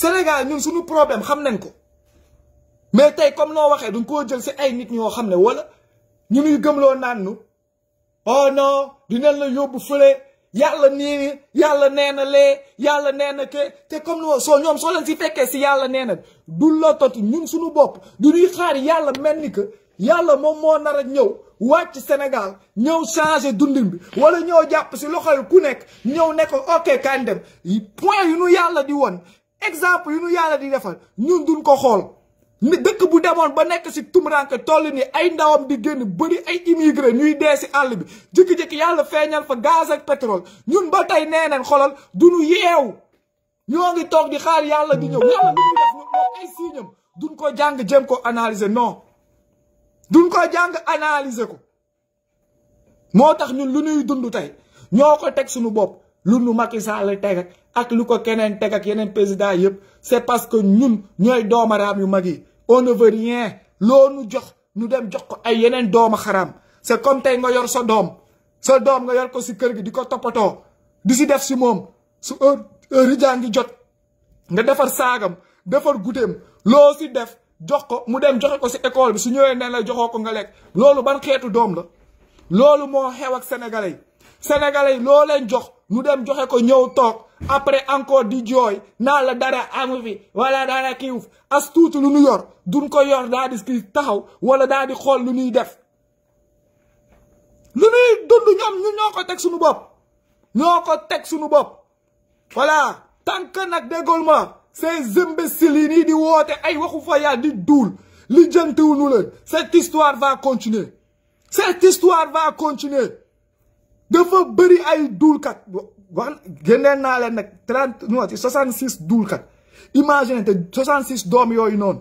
Sénégal ñun suñu problème xam nañ ko mais tey comme noo waxee duñ koo jël si ay nit ñoo xam ne wala ñu nuy gëmloo naan nu oh non dinañ la yóbbu fële yàlla nii yàlla nee na lee yàlla nee na ke te comme noo soo ñoom soo leen si fekkee si yàlla nee na du la tot ñun suñu bopp du ñuy xaar yàlla mel ni que yàlla moom moo nar a ñëw wàcc Sénégal ñëw changé dundin bi wala ñëw jàpp si loxo ku nekk ñëw ne ko ok kañ dem point yu nu yàlla di woon exemple yu nu yàlla di defal ñun duñ ko xool ni dëkk bu demoon ba nekk si tumuranke toll nii ay ndawam di génn bëri ay immigré ñuy dee si àll bi jëkki-jëkki yàlla feeñal fa gaz ak pétrole ñun ba tey nee nañ xolal duñu yeew ñoo ngi toog di xaar yàlla di ñëw yàlla lu duñ ko jàng jéem ko analyser non duñ ko jàng analyser ko moo tax ñun lu ñuy dund tey ñoo ko teg suñu bopp lu nu Macky Sall teg ak ak lu ko keneen teg ak yeneen président yëpp c'est parce que ñun ñooy doomaraam yu mag yi on ne veut loo nu jox nu dem jox ko ay yeneen dooma xaram c'est comme tey nga yor sa doom sa doom nga yor ko si kër gi di ko toppatoo di si def si moom su heure heure jaa ngi jot nga defar saagam defar guteem loo si def jox ko mu dem joxe ko si école bi su ñëwee ne la joxoo ko nga lekk loolu ban xeetu doom la loolu moo xew ak sénégalais yi loo leen jox. ñu dem joxe ko ñëw toog après encore di jooy naa la dara amu fi wala dara kiiwuf as tuuti lu ñu yor duñ ko yor daa di ki taxaw wala daa di xool lu ñuy def lu ñuy dund ñoom ñu ñoo ko teg suñu bopp ñoo ko teg suñu bopp voilà tant nag déggool ma ces imbéciles nii di woote ay waxu fa yaa di duul li jëntiwuñu leen cette histoire va continuer cette histoire va continuer dafa bëri ay duulkat wax génneen naa la nag trente non ci soixante six duulkat imagine te soixante six doom yooyu noonu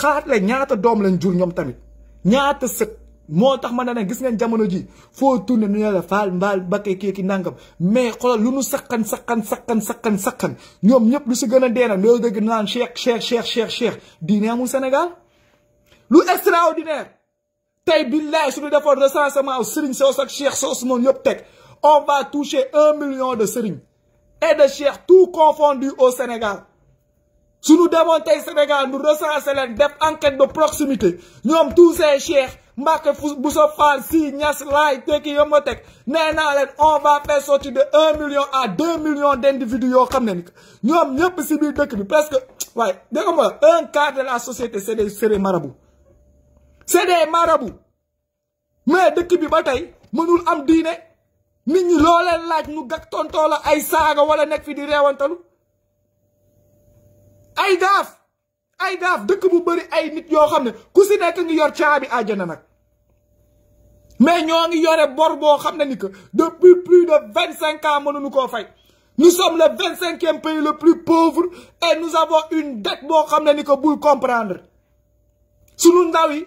xaat la ñaata doom lañ jur ñoom tamit ñaata sët moo tax ma na ne gis ngeen jamono ji foo tourné nu ne la faal mbaal bakke kii ki nangam mais xoolal lu nu sakkan sakkan sakkan sakkan sakkan ñoom ñëpp lu si gën a deena loolu dëgg naan cheikh cheikh cheikh cheikh cheikh diine amul Sénégal lu extraordinaire tey billahi su ñu defoon recensement Serigne soos ak Cheikh soos noonu yëpp teg on va toucher 1 million de Serigne et de Cheikh tout confondu au Sénégal su ñu demoon Sénégal nous recenser leen def enquête de proximité ñom tous ces Cheikh Mbacke Bousso Fall si Niass Laay Tekki yëpp ma teg nee on va faire sortir de 1 million à 2 millions d'individus yo xamné ñom ne ci ñoom ñëpp dëkk bi presque waaye dégg nga un quart de la société c'est des des marabouts c'est des marabouts mais dëkk bi ba tey mënul am diine nit ñi loo laaj ñu gag tontoo la ay saaga wala nekk fi di reewantalu ay daaf ay daaf dëkk bu bëri ay nit yoo xam ne ku si nekk ngi yor caabi àjjana nag mais ñoo ngi yore bor boo xam ne ni que depuis plus de vingt cinq ans mënuñu koo fay nous sommes le vingt cinquième pays le plus pauvre et nous avons une dette boo xam ne ni que bul comprendre sunu ndaw yi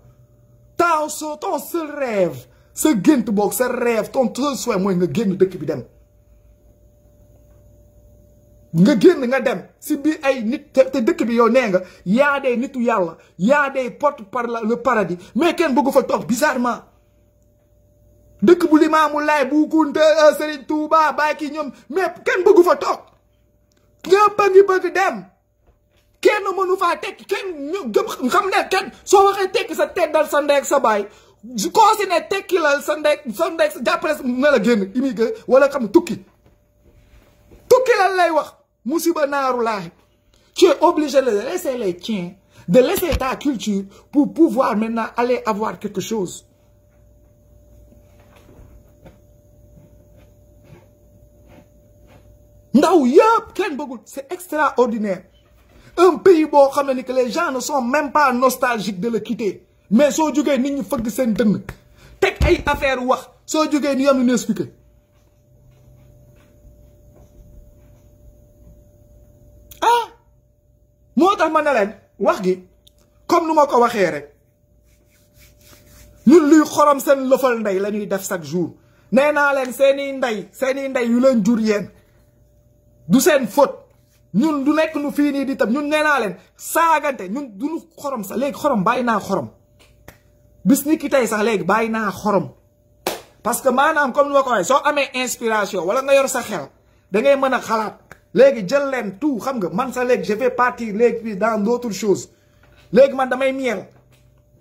Tao so ton se rêve se gint bok se rêve ton seul souhait moi nga génn de bi dem nga génn nga dem si bi ay nit te dëkk bi yow nee nga yaa dee nitu yalla yaa porte par le paradis mais ken bëggu fa toog bizarrement dëkk bu Limaamu Laay bu Kunta eh, Serigne Touba Mais ki ñoom mais kenn bëggu fa toog ñëpp a bëgg dem Quel mënu nous tekki kenn quel gëm xam ne kenn soo waxee tekki sa teddal sa ndeeg sa baay koo si ne tekki la sa ndeeg sa ndeeg sa na la génn immigré wala xam tout qui, lan lay wax musiba naaru laahi tu es obligé de laisser les tiens de laisser ta culture pour pouvoir maintenant aller avoir quelque chose ndaw yëpp kenn bëggul c'est extraordinaire un pays qui que les gens ne sont même pas nostalgiques de le quitter mais ce jugee nit ñi fëgg seen ay affaire wax so jugee ni am ah moi nous ma wax gi comme nous nous ko rek ñun luy xorom seen leufal chaque jour néna len ndey Nous yu leen jur faute ñun du nekk nu fii nii di tam ñun neenaa naa leen saagante ñun duñu xorom sax léegi xorom bàyyi naa xorom bis ni ki tey sax léegi bàyyi naa xorom parce que maanaam comme ni ma ko waxee soo amee inspiration wala nga yor sa xel dangay mën a xalaat léegi jël leen tout xam nga man sax léegi je partie partir léegi dans d'autres choses léegi man damay miel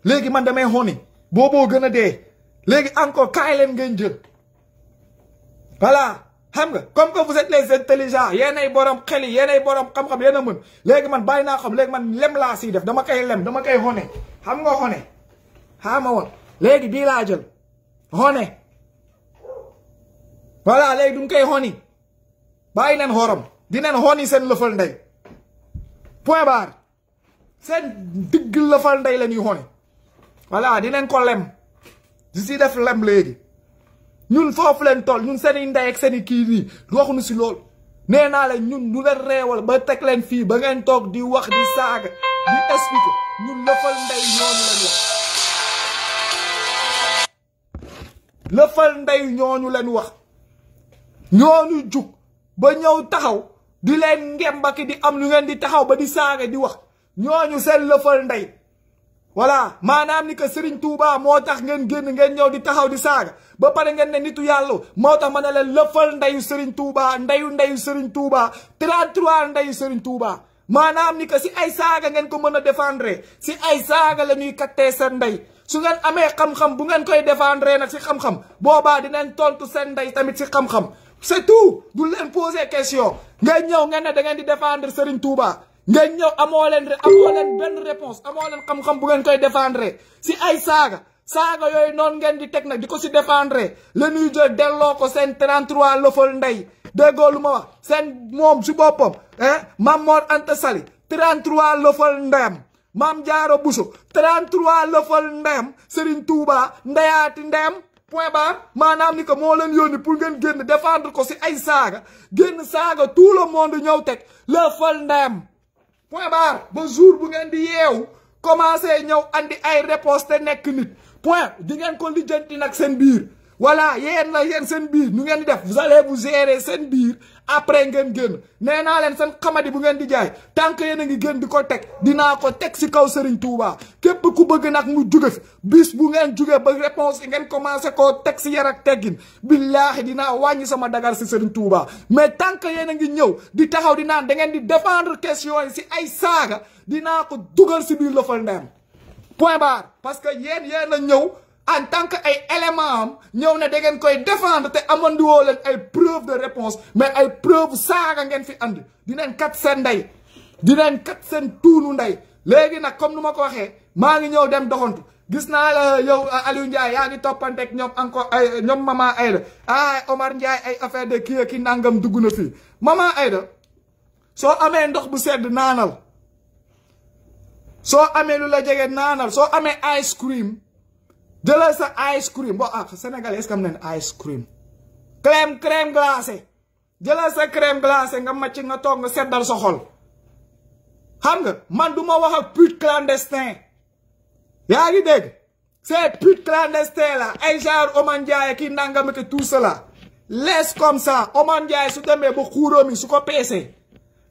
léegi man damay xoni booboo gën a dee léegi encore kaay leen ngeen jël voilà xam comme que vous êtes les intelligents yéenay borom xel yi yéenay borom xam-xam yéen a mën léegi man bàyyi naa xam léegi man lem laa siy def dama koy lem dama koy xone xam nga xone xaama woon léegi bii laa jël xone voilà léegi duñ koy xoni bàyyi leen xorom dinañ xoni seen lëfal ndey point barre seen digg lëfal ndey la ñuy xone voilà dinañ ko lem di si def lem léegi. ñun foofu leen toll ñun seen ndey ak seeni kii nii waxuñu si lool nee naa la ñun lu leen reewal ba teg leen fii ba ngeen toog di wax di saaga di expliquer ñun lëfal ndey ñooñu leen wax. lëfal ndey ñooñu leen wax ñooñu jug ba ñëw taxaw di leen ngembaki di am lu ngeen di taxaw ba di saaga di wax ñooñu seen lëfal ndey. voilà maanaam ni que Serigne Touba moo tax ngeen génn ngeen ñëw di taxaw di saaga ba pare ngeen ne nitu yàlla moo tax ma ne leen lëfal ndeyu Serigne Touba ndeyu ndeyu Serigne Touba 33 ndeyu Serigne Touba maanaam ni que si ay saaga ngeen ko mën a défendre si ay saaga la ñuy kattee seen ndey su ngeen amee xam-xam bu ngeen koy défendre nag si xam-xam di dinañ tontu seen ndey tamit si xam-xam c'est tout du leen poser question ngay ñëw ngeen ne da ngeen di défendre Serigne Touba. ngeen ñëw amoo leen amoo leen benn réponse amoo leen xam-xam bu ngeen koy défendre si ay saaga saaga yooyu noonu ngeen di teg nag di ko si défendre la ñuy jël delloo ko seen 33 lëfal ndey déggoo lu ma wax seen moom si boppam Mame Mor Anta Sali 33 lëfal ndeyam Mame Diarra Bousso 33 lëfal ndeyam Serigne Touba ndeyaati ndeyam point barre maanaam ni ko moo leen yónni pour ngeen génn defendre ko si ay saaga génn saaga tout le monde ñëw teg lëfal ndeyam point barre ba jour bu ngeen di yeewu commencé ñëw andi ay réponse te nekk nit point di ngeen ko lijjanti nag seen biir voilà yéen la yéen sen bir nu ngeen def vous allez vous gérer sen bir après ngeen génn nee len sen seen xamadi bu ngeen di jaay tant que ngi génn di ko teg ko teg si kaw Serigne Touba képp ku bëgg nag mu juge bis bu ngeen jugee ba réponse yi ngeen commencé koo teg si yar teggin billaahi dinaa wàññi sama dagar si Serigne Touba mais tant que yéen ngi ñëw di taxaw di naan da ngeen di défendre question yi si ay saaga dinaa ko dugal si biir lëfal ndeyam point barre parce que yéen yéen a ñëw. en tant que ay élément am ñëw ne da ngeen koy défendre te amandiwoo ay preuve de réponse mais ay preuve saaga ngeen fi andi dineen kat seen ndey dineen kat seen tuunu ndey léegi nag comme nu ma ko waxee maa ngi ñëw dem doxantu gis naa la yow euh, Aliou Ndiaye yaa ngi toppanteeg ñoom encore ay euh, ñoom maman Aida ah Omar Ndiaye ay affaire de kii ki nangam dugg na fii maman Aida soo amee ndox bu sedd naanal soo amee lu la jege naanal soo amee ice cream jëlal sa ice cream boo a ah, Sénégal est-ce que am nañ ice cream crème crème jëlal sa crème glacée nga màcc nga toog nga seddal sa xol xam nga man duma ma put ak pute clandestin yaa ngi dégg ces putes clandestins là ay genre Oman Ndiaye kii nangam ak tout cela laisse comme ça Oman Ndiaye su demee ba xuuróom yi su ko peesee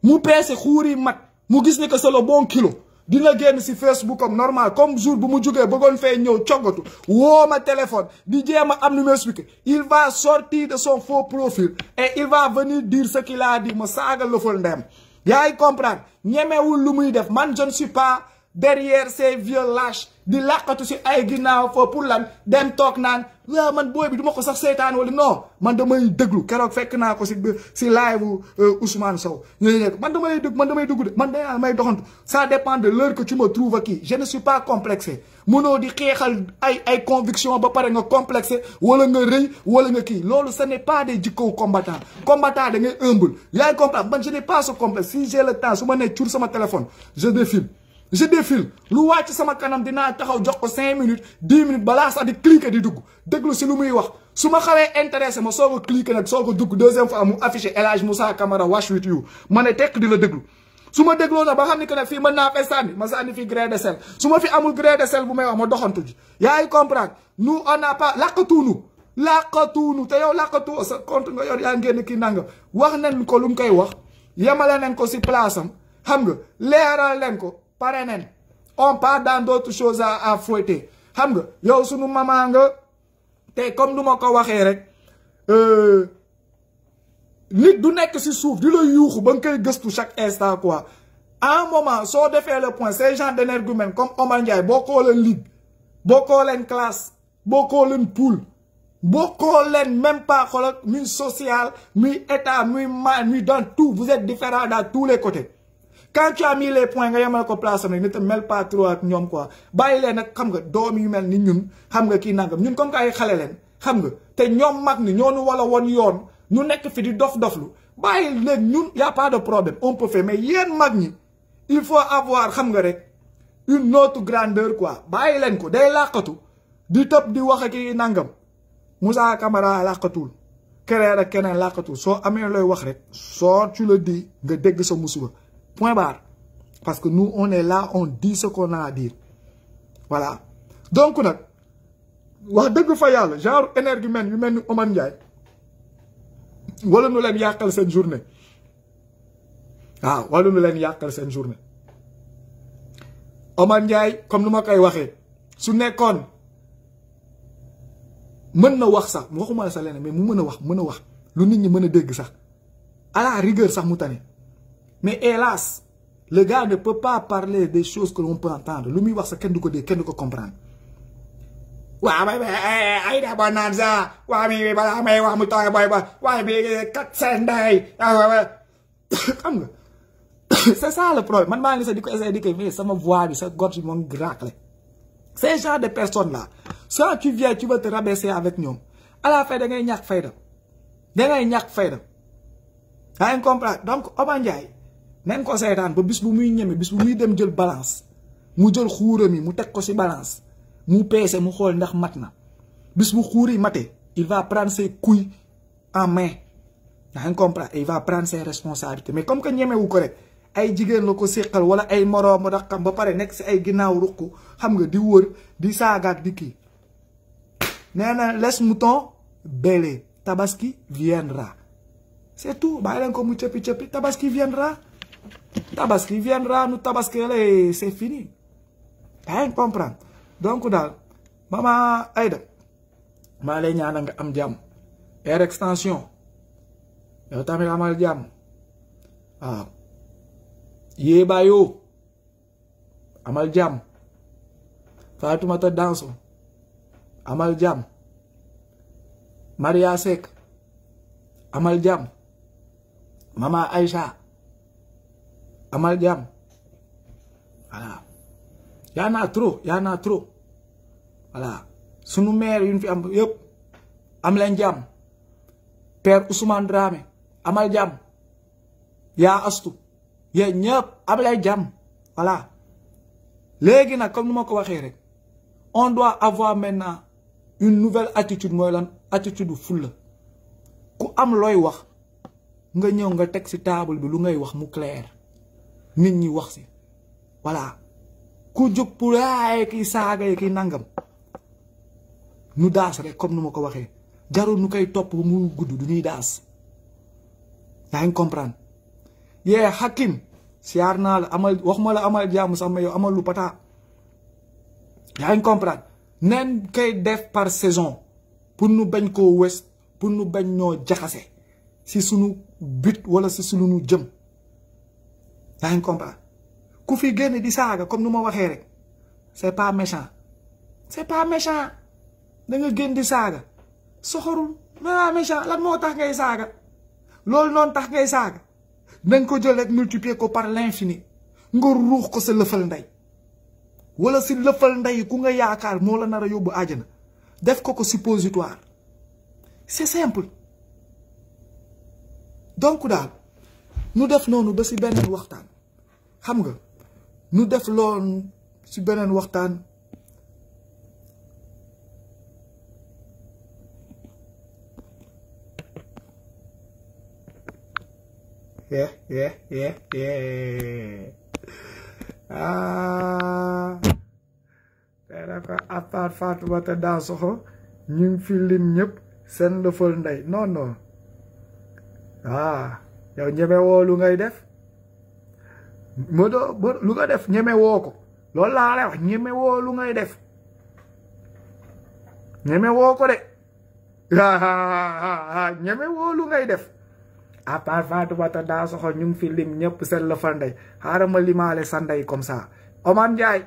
mu peese xuur yi mat mu gis ni que c'est le bon kilo dina génn si Facebook am normal comme jour bu mu jugee bëggoon fee ñëw cogatu woo ma téléphone di jéem a am nu ma expliqué il va sortir de son faux profil et il va venir dire ce qu'il a ma saaga lëfal ndem yaay comprendre ñemewul lu muy def man je ne derrière ces vieux lâches di làqatu tu ay ginnaaw fo pour lan dem tok nan, waaw man boy, bi du ma ko sax setan wala non man damay déglu keroog fekk naa ko si ci live euh, Ousmane Sow ñooñu nekk man damay deug man damay deug man day may doxantu ça dépend de l'heure que tu me trouves aquí je ne suis pas complexé mënoo di xeexal ay ay conviction ba pare nga complexé wala nga reuy wala nga ki loolu ce n'est pas des jikkow combattant combattant da ngay humble yaay comprendre man je n'ai pas ce complexe si j'ai le temps su ma nee sama téléphone je défile je défile lu wàcc sama kanam dina taxaw jox ko cinq minutes dix minutes bala sax di cliquer di dugg déglu si lu muy wax Suma xawé intéressé ma soo cliquer nak soo dugg deuxième fois mu afficher Elage Moussa Camara Wash with you Mané ne dila di Suma déglu su ba xamni que ne fii mën naa fay ma sànni fii grain de sel Suma fi amul grain de sel bu may wax ma doxantu ji yaa comprendre nous on n'a pas làqatuunu làqatuunu te yow laqatu sa compte nga yor ya ngeen ki nang. wax nañ ko lu ngui wax Yamala nañ ko si place am xam nga leeral len ko par on part dans d'autres choses à à fouetter xam yo yow sunu maman nga comme nous ma ko waxee rek euh, nit du nekk si suuf di la yuuxu ba nga chaque instant quoi à un moment soo faire le point ces gens d'énergumène comme Omar beaucoup bokkoo leen ligue bokkoo classe beaucoup leen poule beaucoup leen même pas xoolal muy social muy état ni mal dans tout vous êtes différent dans tous les côtés. quand tu as mis les points nga yemal ko place am rek ni te mel pas ak ñoom quoi bàyyi leen nag xam nga doom yu mel ni ñun xam nga kii nangam ñun comme que xale leen xam nga te ñoom mag ni ñoo nu wala woon yoon ñu nekk fi di dof-doflu bàyyi leen ñun y' a pas de problème on peut faire mais yéen mag ñi il faut avoir xam nga rek une autre grandeur quoi bàyyi leen ko day làqatu di tëb di wax ak kii nangam Moussa Camara làqatul keneen ak keneen làqatul soo amee looy wax rek soo tu di nga dégg sa musuba Point barre. Parce que nous, on est là, on dit ce qu'on a à dire. Voilà. Donc, on a... de genre énergumène yu mel ni Oman Ndiaye wala nu leen yakal journée Ah, wala nous leen yakal cette journée Oman Ndiaye comme nous ma koy waxee su nekkoon mën wax sax waxuma la sa mais mu mën wax mën wax lu nit ñi a sax à la rigueur sax mu mais hélas, le gars ne peut pas parler des choses que l'on peut entendre. Lui, il quelqu'un quelqu'un comprendre. c'est ça le problème man voix gorge ces genre de personnes là soit tu viens tu vas te rabaisser avec nous, à la fin da ngay des, fayda da ngay fayda Tu donc nañ ko seetaan ba bis bu muy ñeme bis bu muy dem jël balance mu jël xuuram yi mu teg ko ci balance mu peese mu xool ndax mat na bis bu xuur yi matee il va prendre ses couilles en main yaa ngi comprendre il va prendre comme que ñemewu ko rek ay jigéen la ko séqal wala ay moroomu rakkam ba pare nekk ci ay ginnaaw ruq xam nga di wër di saagaak di kii nee na laisse mouton bêler tabaski viendra c'est tout bàyyi leen ko mu cëppi cëppi tabaski viendra Tabas qui viendra, nous tabasquerons c'est fini. Rien comprendre. Donc, dal, mama aide. Eh, ma le ñaanal nga am diam. air extension yow tamit amal ah, ye yée bàyyoo amal Fatou mata Danso amal jam, Maria Sek, amal jam, Mama Aisha. amal jàmm voilà y en a trop y en a trop voilà sunu maire yu ñu fi am yëpp am leen jàmm père Ousmane Dramé amal jàmm yaa astu yéen ñëpp am leen jàmm voilà léegi nag comme ni ma ko waxee rek on doit avoir maintenant une nouvelle attitude mooy lan attitude fulla ku am looy wax nga ñëw nga teg ci table bi lu ngay wax mu clair. nit ñi wax si voilà ku jóg pour ay kii saaga yi nangam nu daas rek comme nu ma ko jarul nu kay top mu gudd du ñuy daas ngi comprendre ye hakim si amal waxuma la amal jaamu sama yow amal lu pata yaa ngi comprendre nen kay def par saison pour nu bagn ko wes pour nu bagn ñoo jaxasse si sunu but wala si sunu jëm yaa ngi ku fi génn di saaga comme nu ma waxee rek c'est pas méchant c'est pas méchant da nga génn di saaga soxorul mais méchant lan moo tax ngay saaga loolu noonu tax ngay saaga da ko jël rek multiplier ko par l'infini nga ruux ko sa lëfal ndey wala si lëfal ndey ku nga yaakaar moo la nar a yóbbu na def ko ko suppositoire c'est simple donc daal nu def noonu ba si beneen waxtaan. xam nga nu def loolu ci beneen waxtaan yeah yeah yeah yeah ah tey da ko à part Fatoumata ñu ngi fi lim ñëpp seen lëfal ndey non non ah yow ñeme woolu ngay def moo doo lu nga def ñeme woo ko loolu laa lay wax ñeme woo lu ngay def ñeme woo ko de ñeme woo lu ngay def à part Fatou Bata daa soxo ñu ngi fi lim ñëpp seen ờ, ờ, la fa ndey xaaral ma limaale sa ndey comme ça Omar Ndiaye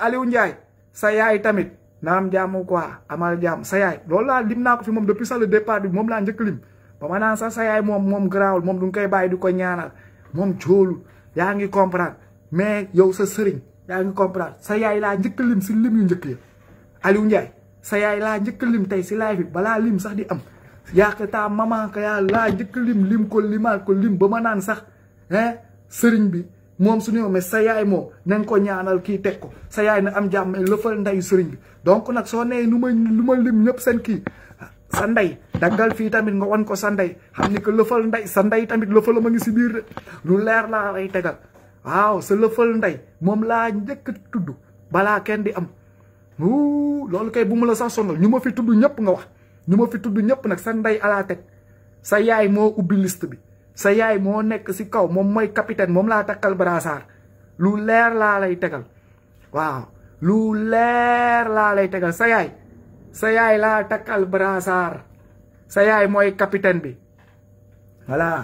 Aliou Ndiaye sa yaay tamit naam jaamu quoi amal jaam sa yaay loolu laa lim naa ko fi moom depuis ça le départ bi moom laa njëkk lim ba ma naan sax sa yaay mom moom garaawul moom du nga koy bàyyi di ko ñaanal moom joolul yaa ngi comprendre mais yow sa sëriñ yaa ngi comprendre sa yaay laa njëkk lim si lim yu njëkk ya Aliou sa yaay laa njëkk lim tey si live bi balaa lim sax di am yaaka taa maman ka yaa laa njëkk lim lim ko limaat ko lim ba ma naan sax hein sëriñ bi moom su ñëw mais sa yaay moo nañ ko ñaanal kii teg ko sa yaay na am jàmm lëfal ndeyu sëriñ bi donc nag soo nee nu ma lu ma lim ñëpp seen kii sandai dagal fi tamit nga won ko sa xamni sandai ni que lëfal tamit lëfalam ma ngi ci bir lu leer la ay tegal waaw se lëfal ndey mom la ñeek tuddu bala ken di am wuu lolou kay bu mu la sax sonal ñuma fi tuddu ñep nga wax ñuma fi tuddu ñep nak sa ala tek sa yaay mo ubbi liste bi sa yaay mo nek si kaw mom moy capitaine mom la takal brassard lu leer la lay tegal waaw lu leer la lay tegal sa yaay saya ialah Takal Berasar. Saya moy kapitan bi. lo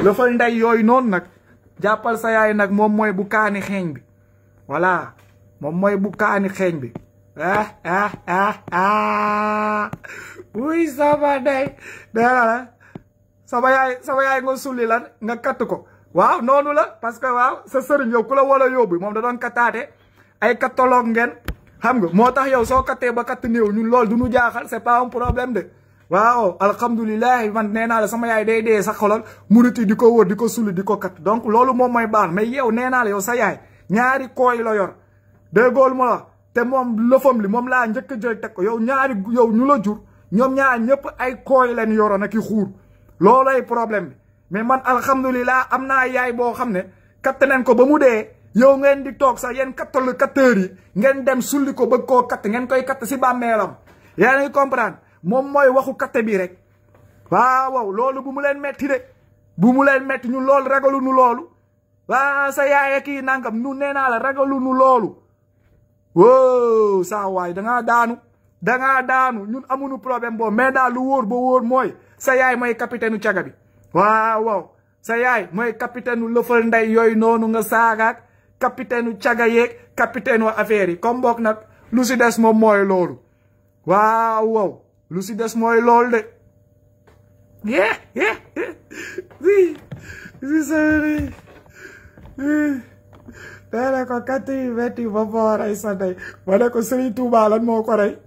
Lofal nday yoy non nak. jappal sa yaay nag moom mooy bu kaani xeeñ bi wala mom moy bu kaani xeeñ bi ah ah ah ah wuy sama day dara sama yaay sama yaay nga sulli lan nga kat ko waaw nonu la parce que waaw sa serigne yow kula wala yobbi mom da don katate ay katolog ngene xam nga moo tax yow soo kattee ba katt néew ñun loolu du ñu jaaxal c'est pas un problème de waaw alhamdulilah man nee naa la sama yaay day dee sax xolal munuti di ko wër di ko suli di ko kat donc loolu moom mooy baax mais yow nee naa sa yaay ñaari kooy la yor déggool ma la te moom lëfam li moom laa njëkk a jël teg ko yow ñaari yow ñu la jur ñoom ñaar ñëpp ay kooy leen yoroon ak i xuur loolay problème bi mais man alhamdulilah am naa yaay boo xam ne katt nañ ko ba mu dee. yow ngeen di toog sax yéen kattalu katteurs yi ngeen dem sulli ko bëgg ko katt ngeen koy katt si bàmmeelam yaa ngi comprendre moom mooy waxu katte bi rek waaw loolu bu mu leen metti de bu mu leen metti ñu loolu ragalu nu loolu waa sa yaay kii nangam nu nee naa la ragalu loolu wóo saa waay dangaa daanu dangaa daanu ñun amuñu problème boobu mais daal lu wóor ba wóor mooy sa yaay mooy capitaine u caga bi waaw sa yaay mooy capitaine u lëfal ndey yooyu noonu nga saagaak capitaine u capitaine wa affaire yi comme boog nag lu si des moom mooy loolu waaw wow lu si des mooy loolu de yeah yeah si si eh, eh, ko katt yi wetti rey sa ndey ma ne ko Serigne Touba lan moo ko rey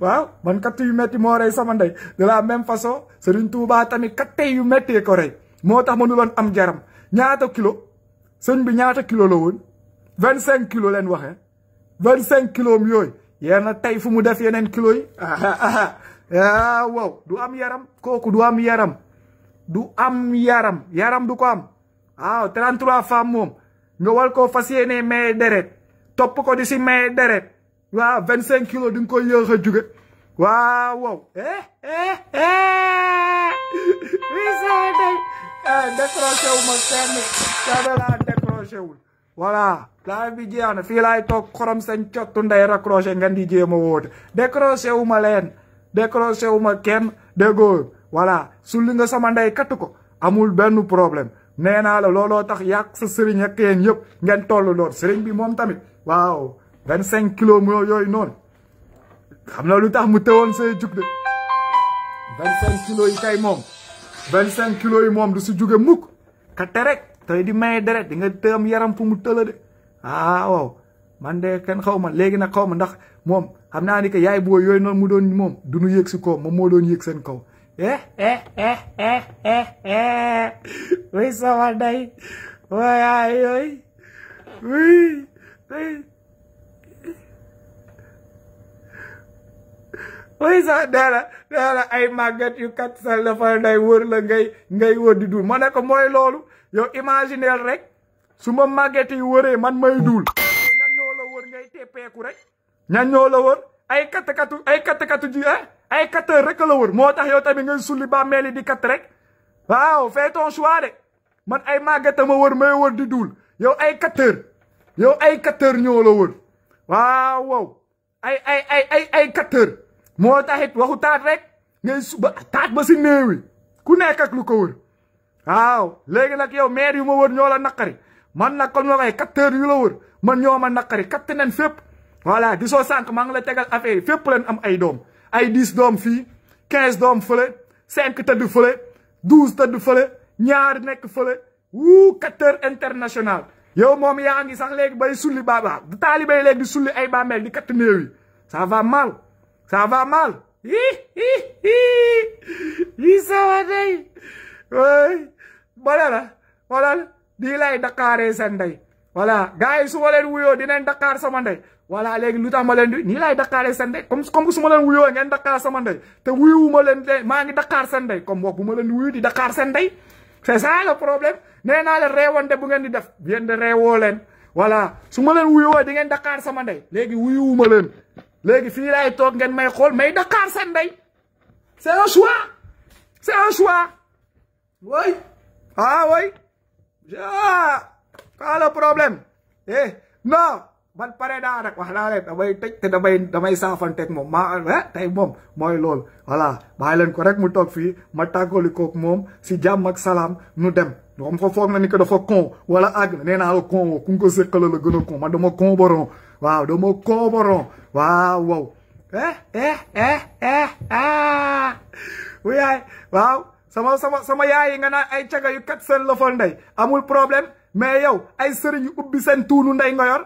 waaw man katt yu moo rey sama ndey de la même façon Serigne Touba tamit katte yu metti ko rey moo tax mënu loon am jaram ñaata kilo sëñ bi ñaata kilo la woon vingt cinq kilo leen waxee vingt cinq kilo am yooyu na a tey fu mu def yeneen kilo yi *laughs* ah du am yaram kooku du am yaram du am yaram yaram du ko am waaw 33 femmes moom nga war koo fas yéenee maye deret topp ko di si maye deret waaw vingt cinq kilo di nga koy yéex a juge waaw waaw eh eh eh *laughs* ah, décroché wu ma fenn raccroché wul voilà live bi jeex na fii laay toog xorom seen cottu nday raccroché ngeen di jéem a woote décroché wu ma leen décroché wu ma kenn déggoo voilà sulli nga sama ndey kattu ko amul benn problème nee naa la looloo tax yàq sa sëriñ ak yéen yëpp ngeen toll lool sëriñ bi moom tamit waaw vingt cinq kilos mo yooyu noonu xam na lu tax mu teewoon say jug de vingt cinq kilos yi kay moom vingt cinq kilos yi moom du si juge mukk ka rek tới đi me deret dinga teum yaram fu mu teule de ah waaw man de kenn xaw ma léegi nag xaw ma ndax moom xam naa ni que yaay boo yooyu noonu mu doon moom du nu yëg si kaw moom moo doon yëg seen kaw eh eh eh eh eh eh oui sama day waaye yooyu oui oui oui sama dara dara ay màggat yu kat sa dafa day wër la ngay ngay wër di dul ma ne ko mooy loolu yow imagineel rek su ma màgget yi wëree man may duul ñan ñoo la wër ngay teppeeku rek ñan ñoo la wër ay katakatu ay katakatu ji ah, ay katteur rek la wër moo tax yow tamit ngay sulli bàmmeel yi di kat rek waaw fais ton choix de man ay màggeta ma wër may wër di duul yow ay katteur yow ay katteur ñoo la wër waaw wow ay ay ay ay ay katteur moo taxit waxu taat rek ngay suba taat ba si néewi ku nekk ak lu ko wër waaw léegi nag yow maire yu ma ñoo la naqari man nag comme ñoo koy quatre heures yu la wër man ñoo ma naqari katt nen fépp. voilà gisoo sànq maa ngi la tegal affaire yi fépp leen am ay doom ay diis doom fii quinze doom fële cinq tëdd fële douze tëdd fële ñaar nekk fële wuu quatre international. yow moom yaa ngi sax léegi bay sulli baabaa taalibe yi léegi di sulli ay bàmmeel di katt néew sa ça va mal ça va mal. hi hi hi hi bale la walal dii lay dakaaree seen ndey voilà gars yi su ma leen wuyoo dinañ dakaar sama ndey voilà léegi lu tax ma leen di nii laay dakaaree seen ndey comme comme su ma leen wuyoo ngeen dakaar sama ndey te wuyuwu ma leen de maa ngi dakaar seen ndey comme boog bu ma leen di wuyu di dakaar seen ndey c'est le problème nee naa leen reewante bu ngeen di def yéen de reewoo leen voilà su ma leen wuyoo di ngeen dakaar sama ndey léegi wuyuwu ma leen léegi fii laay toog ngeen may xool may dakaar seen ndey c'est un choix c'est ah oui ah quoi le problème eh man pare naa nag wax naa leen damay tëj te damay moom maa eh, tey moom mooy lool voilà bàyyi leen ko rek mu toog fii ma tàggali koog moom si jàmm ak salaam nu dem. moom fa na ni que dafa con wala àgg na nee naa la con ko sëkkale la gën a con man dama con boron waaw dama con boron waaw wow eh eh eh eh ah. waaw. sama sama sama yaay yi nga naa ay caga yu kat seen lëfal ndey amul problème mais yow ay sëriñ yu ubbi seen tuunu ndey nga yor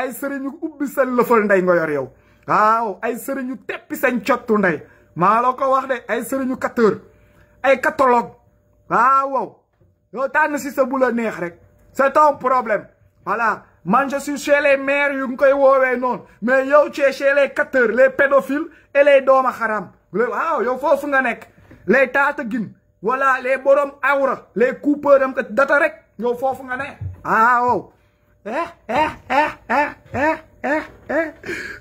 ay sëriñ yu ubbi seen lëfal ndey nga yor yow waaw ay sëriñ teppi seen cottu ndey maa la ko wax de ay sëriñu katteur ay catalogue waaw wow yow tànn si sa bu neex rek c'est ton problème voilà man je suis chez les maires yu ngi koy woowee noonu mais yow tu es chez les capteurs les pédophiles et dooma xaram waaw yow foofu nga nekk les gin wala les borom awra les coupeurs am kat data rek yow fofu nga ah, oh. eh eh eh eh eh eh eh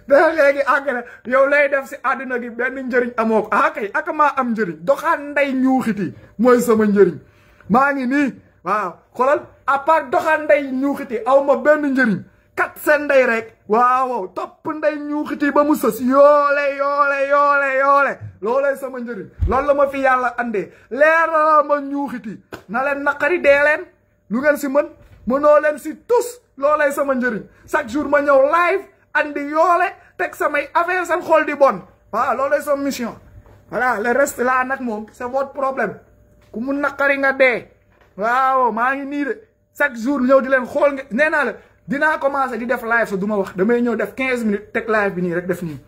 ba léegi àgg yo yow lay def si aduna gi ben njëriñ amoko ah kay ak ma am njëriñ doxaan nday ñuuxiti moy sama njëriñ ma ngi ni waaw xolal a part doxaan nday ñuuxiti aw ma benn kat sen wow, rek waaw top nday ñuuxiti ba mu sës yo yo loolay sama njëriñ loolu la ma fi yàlla andee leeralal ma ñuuxiti na leen naqari dee leen lu ngeen si mën mënoo leen si tous loolay sama njëriñ chaque jour ma ñëw live andi yoole teg samay affaire seen xool di bon waaw loolay sama mission voilà le reste là nag moom c'est votre problème ku mu naqari nga dee waaw maa ngi nii de chaque jour ñëw di leen xool nga nee naa la dinaa commencé di def live sa du ma wax damay ñëw def quinze minutes teg live bi nii rek def nii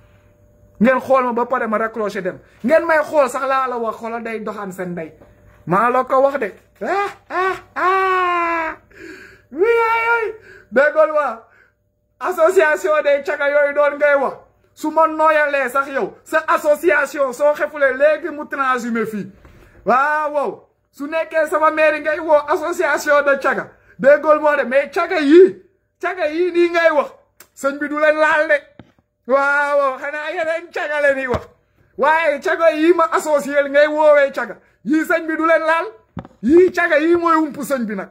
ngeen xool ma ba pare ma raccroché dem ngeen may xool sax laa la wax xoolal day doxaan seen ndey maa la ko wax de ah ah ah oui ay déggool day caga yooyu doon ngay wax su ma nooyalee sax yow sa association soo xefulee léegi mu transhumé fii waaw wow su nekkee sama mairie ngay woo association de caga déggool moo de mais caga yi caga yi nii ngay wax sëñ bi du leen laal de waaw xanaa yeneen caga la wa wax waaye caga yii ma associé ngay woowee caga yii sëñ bi du leen laal yii caga yii mooy ump sëñ bi nag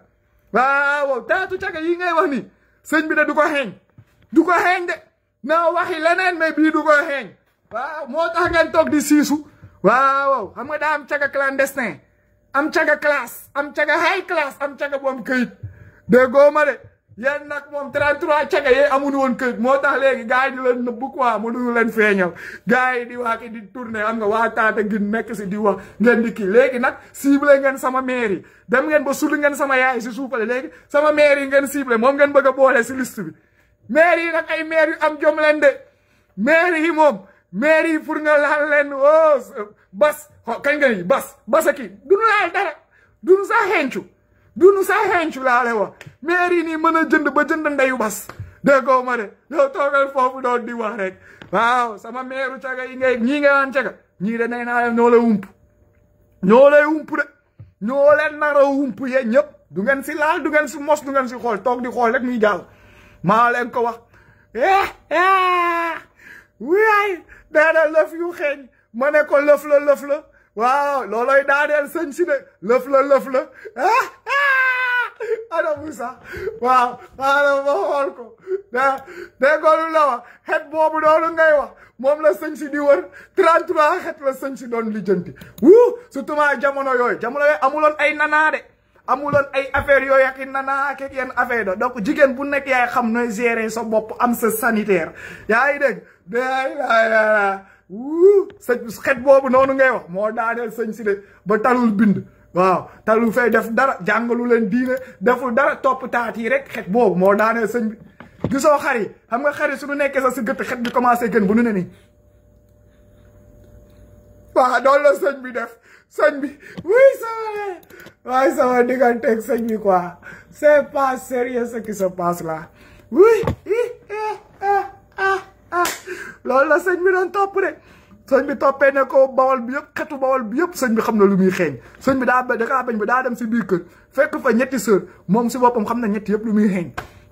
waaw taatu caga yii ngay wax ni sëñ bi de du ko xeeñ du ko xeeñ de naa waxi leneen mais bii du ko xeeñ waaw moo tax ngeen toog di siisu waaw xam nga daa am caga clandestin am caga classe am caga high classe am caga bu am këyit déggoo ma de yen nak mom 33 caga ye amuñu won kër motax legi gaay di len neub quoi mo duñu len feñal gaay di wax di tourner am nga wa tata gi nek ci di wax ngeen di kii léegi nag ngeen sama mairie dem ngeen ba suul ngeen sama yaay ci suufale legi sama mairie ngeen cible mom ngeen bëgg boole ci liste bi mairie nak ay maire yu am jom len de mairie mom mairie pour nga laal len oh bas kañ nga ni bas bas duñu laal dara duñu sa xencu dunu saa xencu laa lay wax mairie nii mën a jënd ba jënd ndeyu bas déggoo ma de yow toogal foofu doon di wax rek waaw sama meeru caga yi ngay ñii ngay naan caga ñii de nay naa ñoo lay ump ñoo lay ump de ñoo leen a ump yéen ñëpp du ngeen si laal du ngeen si mos du ngeen si xool toog di xool rek muy jàll maa leen ko wax eh, eh. waay daana lëf yu xeeñ ma ne ko lëf la la waaw looloy daaneel sëñ si de lëf la lëf la ah, ah. ana Moussa waaw ana la wax xet boobu noonu ngay wax moom la sëñ si di wër 33 xet la sëñ si doon lijjanti wuu surtout ma jamono yooyu jamono amuloon ay nanaa de amuloon ay affaire yooyu ak nanaa ak yenn affaire do donc jigéen bu nekk yaay xam nooy gérer sa bopp am sa sanitaire yaa ngi dégg day wuu sëñ xet boobu noonu ngay wax moo daaneel sëñ si de ba talul bind waaw talul fay def dara jàngalu leen diine deful dara topp taat yi rek xet boobu moo daaneel sëñ bi gisoo xar yi xam nga xar yi suñu nekkee sax si gëtt xet bi commencé gën bu nu ne nii waaw doon sëñ bi def sëñ bi oui sama waaye sëñ bi quoi c'est pas sérieux ce qui se passe là ah loolu la sëñ bi doon topp rek sëñ bi toppee ne ko bawal bi yëpp xetu bawal bi yëpp sëñ bi xam na lu muy xeeñ sëñ bi daa da kaa bañ bi daa dem si biir kër fekk fa ñetti sër moom si boppam xam na ñetti yëpp lu muy xeeñ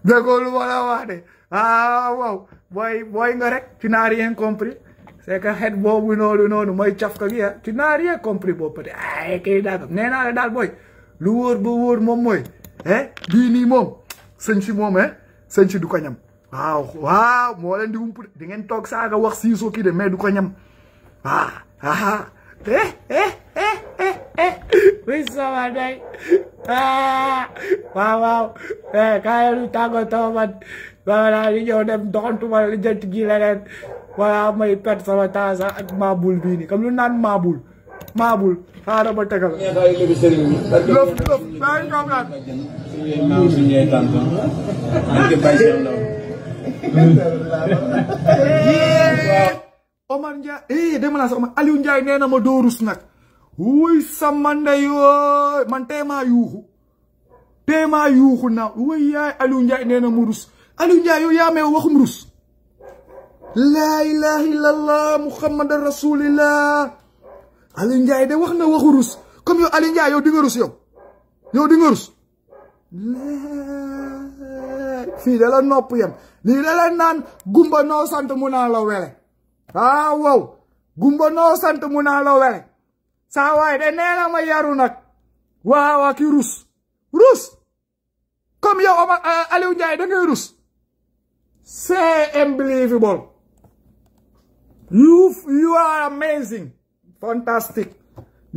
dégg lu ma la wax ah, booy booy nga rek tu n'as rien compris c'est que xet boobu noonu noonu mooy cafka gi ah tu n'as rien compris boobu peut ay kii daa nee naa daal booy lu wóor ba wóor moom mooy eh bii nii moom sëñ si moom eh sëñ si waaw waaw mo len di wump di ngeen toog saaga wax Siisoo ki de mais du ko ñam ha ah, ah, ha ah. eh eh eh eh eh oui sama day ah waaw waaw eh kaay lu tàggatoo man voilà li ñëw dem doxantu ma li jent gi leneen wala may perte sama temps sax ak maabul bi ni comme lu naan maabul maabul xaaral ma tegal lëf lëf maa ngi xam naan *laughs* Omar Ndiaye eh dama laa sax Omar Aliou Ndiaye nee na ma doo rus nag wuy sama ndeyooy man teemaa yuuxu teemaa yuuxu na wuy yaay Aliou Ndiaye nee na rus Aliou Ndiaye yaa mee waxum rus laa ilaha illallah muhammadan rasulillah Aliou Ndiaye de wax na waxu rus comme yow Aliou Ndiaye yow di rus yow yow di nga rus fii da la yem lii naan gumba noo sant mu naa la wele ah gumba noo sant mu naa la saa waay de nee ma yaru nag waaw ak rus rus comme yow Omar euh, Aliou Ndiaye da ngay rus c'est unbelievable you you amazing fantastique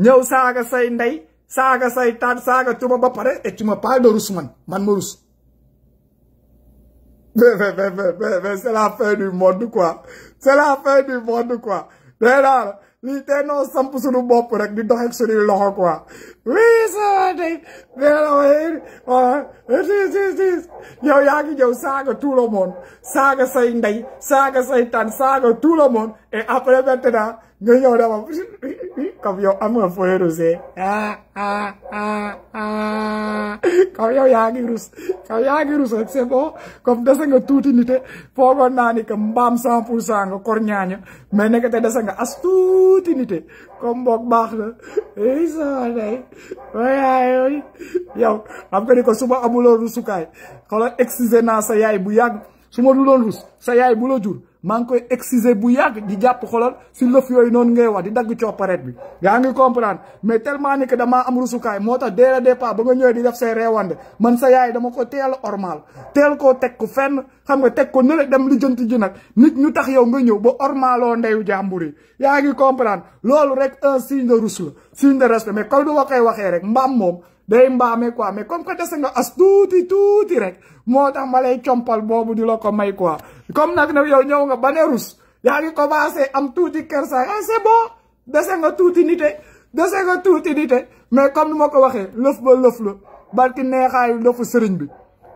ñëw saaga say ndey saaga say taat saaga tuba ba pare et tu me parles rus man man ma rus Mais, mais, mais, mais, mais c'est la fin du monde, quoi. C'est la fin du monde, quoi. lii tey noo samp suñu bopp rek di dox ak suñuy loxo quoi wii saa tey yow yaa ngi ñëw saaga tout le monde saaga say ndey saaga say tan saaga tout le monde et après Yo lloraba. apa amor fueron, sé. Ah, ah, ah, ah. yo ya girus. kau ya girus. sebo. bo. Kom desa tuh tuti nite. Pogo nani kembam sampu sam pulsa nga kornyanyo. Mene kete desa nga astuti nite. kau bok bah na. Eh, sore nay. Waya yo Yow. Am kau ko suba amulon rusukay. Kala exize na sa yay bu yag. rus. saya ibu bulo jur. maa ngi koy exciser bu yàgg di jàpp xolal si lëf yooyu noonu ngay wax di dagg coppareet bi yaa ngi comprendre mais tellement ni que damaa am rusukaay moo tax dès le départ ba nga ñëwee di def say reewande man sa yaay dama ko teel ormal teel koo teg ko fenn xam nga teg ko nële dem lu jënt ji nag nit ñu tax yow nga ñëw ba ormaloo ndeyu jàmbur yi yaa ngi comprendre loolu rek un signe de rus la signe de respect mais comme du ma koy waxee rek mbaam moom day mbaame quoi mais comme que dese nga as tuuti tuuti rek moo tax ma lay compal boobu di la ko may quoi comme nag nag yow ñëw nga ba ne rus yaa ngi commencé am tuuti kersa ah c'est bon dese nga tuuti nite dese nga tuuti nite mais comme ni ma ko waxee lëf ba lëf la barki neexaayu lëfu sëriñ bi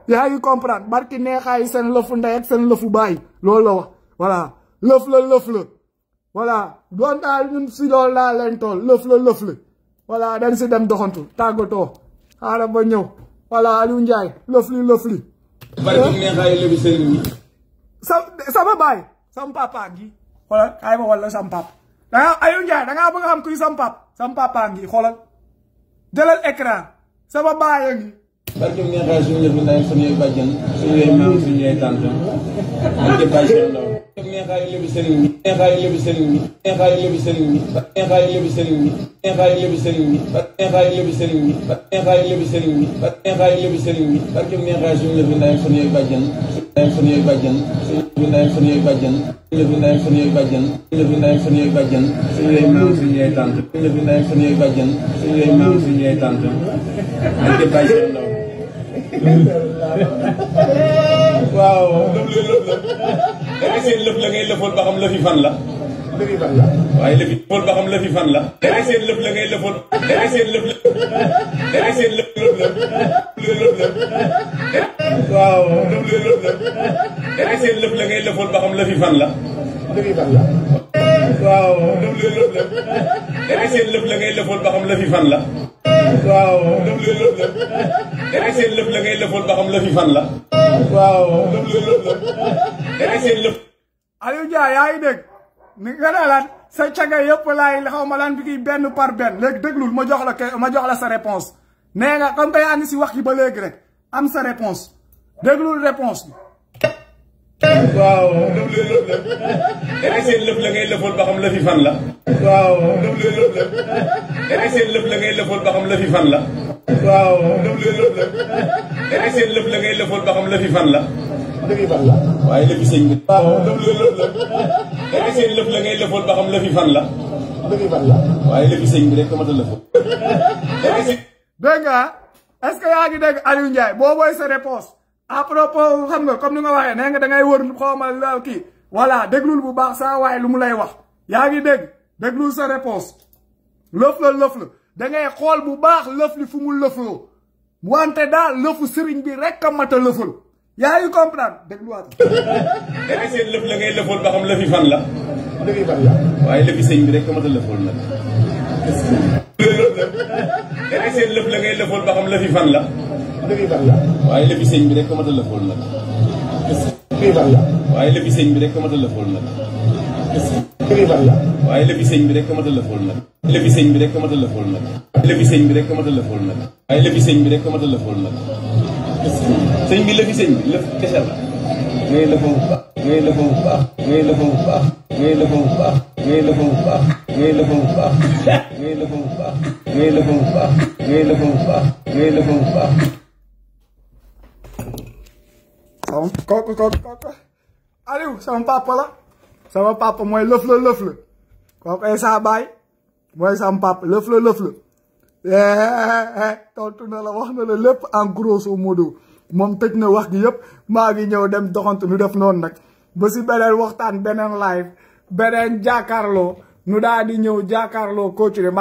yaa ngi comprendre barki neexaayu seen lëfu ndey ak seen lëfu baay loolu la wax voilà lëf la lëf la voilà doon daal ñun si loolu laa leen tool lëf la voilà dañ si dem doxantu tàggatoo xaaral ba ñëw voilà Aliou Ndiaye lofli lofli. bari bu neexaay lebi sëriñ bi. sa sama baay sam papa gi xoolal kaay ma wala sam papa da ngaa Aliou Ndiaye da bëgg xam kuy sam papa sam papa ngi xoolal jëlal écran sama baay a ngi. suñu yéen maam suñu yéen tante ak di bàyyi seen ndaw. neexaayu lébu sëriñ bi neexaayu lébu sëriñ bi neexaayu lébu sëriñ bi neexaayu lébu sëriñ bi neexaayu lébu sëriñ bi neexaayu lébu sëriñ bi neexaayu lébu sëriñ bi neexaayu lébu sëriñ bi barke neexaay suñu lëfi ndaay fan yooyu bàjjan ndaay fan yooyu bàjjan suñu lëfi ndaay fan yooyu bàjjan suñu lëfi ndaay fan yooyu bàjjan suñu lëfi ndaay fan yooyu bàjjan suñu lay maam suñu lay tante suñu lëfi ndaay fan yooyu bàjjan suñu lay maam suñu lay tante ak di bàyyi seen ndaw waaw lëf la lëf la da ngay seen lëf la ngay lëfoon ba xam lëfi fan la. lëfi fan la waaye lëfi lëfoon ba xam lëfi fan la. da ngay seen lëf la ngay lëfoon da ngay seen lëf la da ngay seen lëf lëf la lëf la waaw lëf la lëf la da ngay seen lëf la ngay lëfoon ba xam lëfi fan la. lëfi fan la waaw lëf la lëf la da ngay seen lëf la ngay lëfoon ba xam lëfi fan la. waaw lëf la lëf la dangay seen lëf la ngay lëfoon ba xam lëfi fan la. waaw lëf la lëf la nga ne sa caga yëpp laay xaw ma lan bi kii benn par benn léegi déglul ma jox la ke ma jox la sa réponse nee nga comme que yaa si wax yi ba léegi rek am sa réponse déglul réponse bi. waaw daf lay lëf lëf dangay seen lëf la ngay lëfoon ba xam lëfi fan la waaw daf lay lëf lëf dangay seen lëf la ngay lëfoon ba xam lëfi fan la waaw daf lay lëf lëf dangay seen lëf la ngay lëfoon ba xam lëfi fan la lëfi fan la waaye lëfi sëñ bi waaw daf lay lëf lëf dangay seen lëf la ngay lëfoon ba xam lëfi fan la lëfi fan la waaye lëfi sëñ bi rek mat a lëfoon dégg nga est-ce que yaa ngi dégg Aliou Ndiaye boo booy sa réponse à propos xam nga comme ni nga waxee nee nga dangay ngay wër xoomal la kii voilà déglul bu baax saa waaye lu mu lay wax yaa ngi dégg déglul sa réponse lëf la lëf la da xool bu baax lëf li fu mu lëfloo wante daal lëfu sëriñ bi rek a mat a lëfal yaa ngi comprendre dégluwaat. *laughs* léegi seen lëf la ngay lëfal ba xam lëfi fan la. lëfi fan la waaye lëfi sëñ bi rek a mat a lëfal nag. est-ce *laughs* que. léegi seen lëf la ngay lëfal la. riibal la waaye lëfi sëñ bi rek ko ma téléphone nag riibal la waaye lëfi sëñ bi rek ko ma téléphone nag riibal la waaye lëfi sëñ bi rek ko ma téléphone nag lëfi sëñ bi rek ko ma téléphone nag lëfi sëñ bi rek ko ma téléphone nag waaye lëfi sëñ bi rek ko ma téléphone nag sëñ bi lëfi sëñ bi lëf kese la ngay lëfa bu baax ngay lëfa bu baax ngay lëfa bu baax ngay lëfa bu baax ngay lëfa bu baax ngay lëfa bu baax ngay lëfa bu baax ngay lëfa bu baax ngay lëfa bu baax ngay lëfa bu baax Sama koko koko koko. Aliou sama papa la sama papa mooy lëf la lëf la kooku ay eh, saa baay mooy sama papa lëf la lëf eh, la eh, tontu na la wax na la lépp en grosso modo moom tëj na wax gi yëpp maa ngi ñëw dem doxantu nu def noonu nag ba si live beneen jàkkaarloo nu daal di ñëw jàkkaarloo continuer